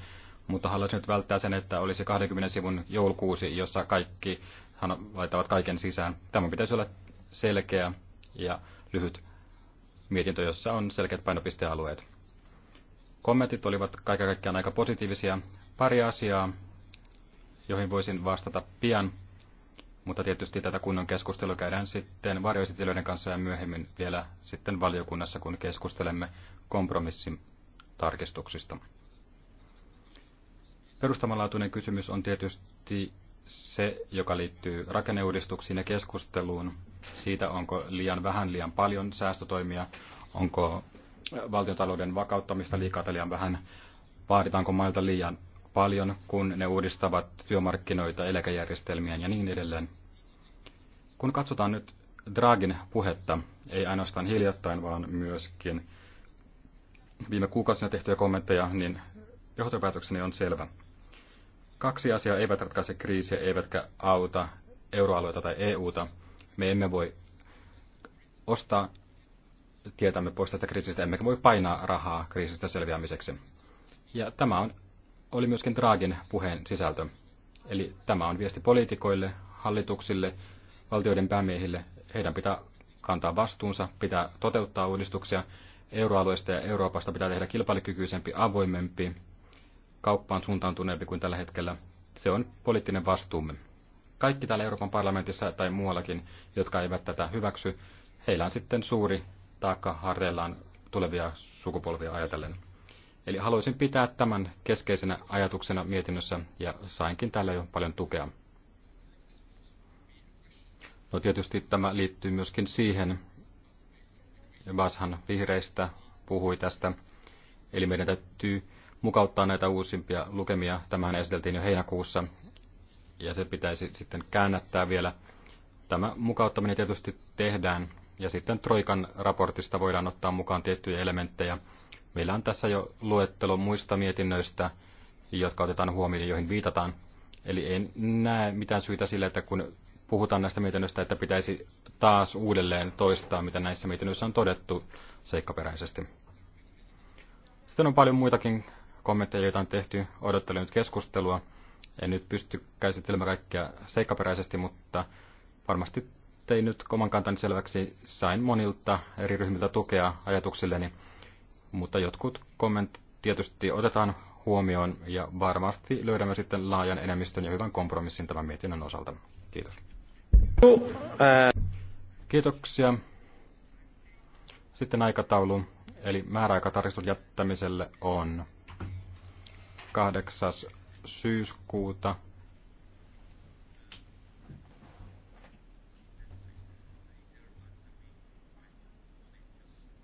Mutta haluaisin nyt välttää sen, että olisi 20 sivun joulukuusi, jossa kaikki laittavat kaiken sisään. Tämä pitäisi olla selkeä ja lyhyt mietintö, jossa on selkeät painopistealueet. Kommentit olivat kaiken kaikkiaan aika positiivisia. Pari asiaa, joihin voisin vastata pian, mutta tietysti tätä kunnon keskustelua käydään sitten varjoesitilöiden kanssa ja myöhemmin vielä sitten valiokunnassa, kun keskustelemme kompromissin tarkistuksista. Perustamanlaatuinen kysymys on tietysti se, joka liittyy rakenneuudistuksiin ja keskusteluun siitä, onko liian vähän, liian paljon säästötoimia, onko valtiontalouden vakauttamista liikaa tai liian vähän? Vaaditaanko mailta liian paljon, kun ne uudistavat työmarkkinoita, eläkejärjestelmiä ja niin edelleen? Kun katsotaan nyt Dragin puhetta, ei ainoastaan hiljattain, vaan myöskin viime kuukausina tehtyjä kommentteja, niin johtopäätökseni on selvä. Kaksi asiaa eivät ratkaise kriisiä, eivätkä auta euroalueita tai EUta. Me emme voi ostaa tietämme pois tästä kriisistä, emmekä voi painaa rahaa kriisistä selviämiseksi. Ja tämä on, oli myöskin Draagin puheen sisältö. Eli tämä on viesti poliitikoille, hallituksille, valtioiden päämiehille. Heidän pitää kantaa vastuunsa, pitää toteuttaa uudistuksia. Euroalueesta ja Euroopasta pitää tehdä kilpailukykyisempi, avoimempi, kauppaan suuntaantuneempi kuin tällä hetkellä. Se on poliittinen vastuumme. Kaikki täällä Euroopan parlamentissa tai muuallakin, jotka eivät tätä hyväksy, heillä on sitten suuri taakka harteillaan tulevia sukupolvia ajatellen. Eli haluaisin pitää tämän keskeisenä ajatuksena mietinnössä ja sainkin tällä jo paljon tukea. No tietysti tämä liittyy myöskin siihen, Vashan vihreistä puhui tästä, eli meidän täytyy mukauttaa näitä uusimpia lukemia. Tämähän esiteltiin jo heinäkuussa, ja se pitäisi sitten käännättää vielä. Tämä mukauttaminen tietysti tehdään ja sitten Troikan raportista voidaan ottaa mukaan tiettyjä elementtejä. Meillä on tässä jo luettelo muista mietinnöistä, jotka otetaan huomioon ja joihin viitataan. Eli en näe mitään syitä sille, että kun puhutaan näistä mietinnöistä, että pitäisi taas uudelleen toistaa, mitä näissä mietinnöissä on todettu seikkaperäisesti. Sitten on paljon muitakin kommentteja, joita on tehty. Odottelen nyt keskustelua. En nyt pysty käsittelemään kaikkia seikkaperäisesti, mutta varmasti tein nyt oman kantani selväksi. Sain monilta eri ryhmiltä tukea ajatuksilleni, mutta jotkut kommentit tietysti otetaan huomioon ja varmasti löydämme sitten laajan enemmistön ja hyvän kompromissin tämän mietinnön osalta. Kiitos. Kiitoksia. Sitten aikataulu. Eli määräaikatarkistus jättämiselle on 8. syyskuuta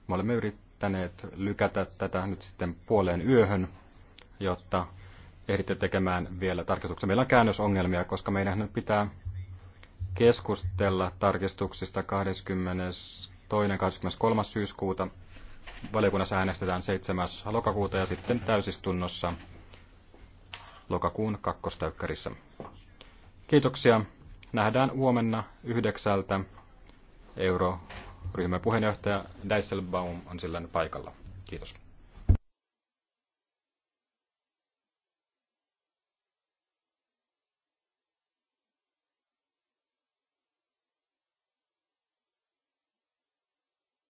Me olemme yrittäneet lykätä tätä nyt sitten puoleen yöhön, jotta ehditte tekemään vielä tarkistuksia. Meillä on käännösongelmia, koska meidän nyt pitää keskustella tarkistuksista 22. 23. syyskuuta. Valiokunnassa äänestetään 7. lokakuuta ja sitten täysistunnossa lokakuun kakkostäykkärissä. Kiitoksia. Nähdään huomenna yhdeksältä euro ryhmäpuheenjohtaja puheenjohtaja on silloin paikalla. Kiitos.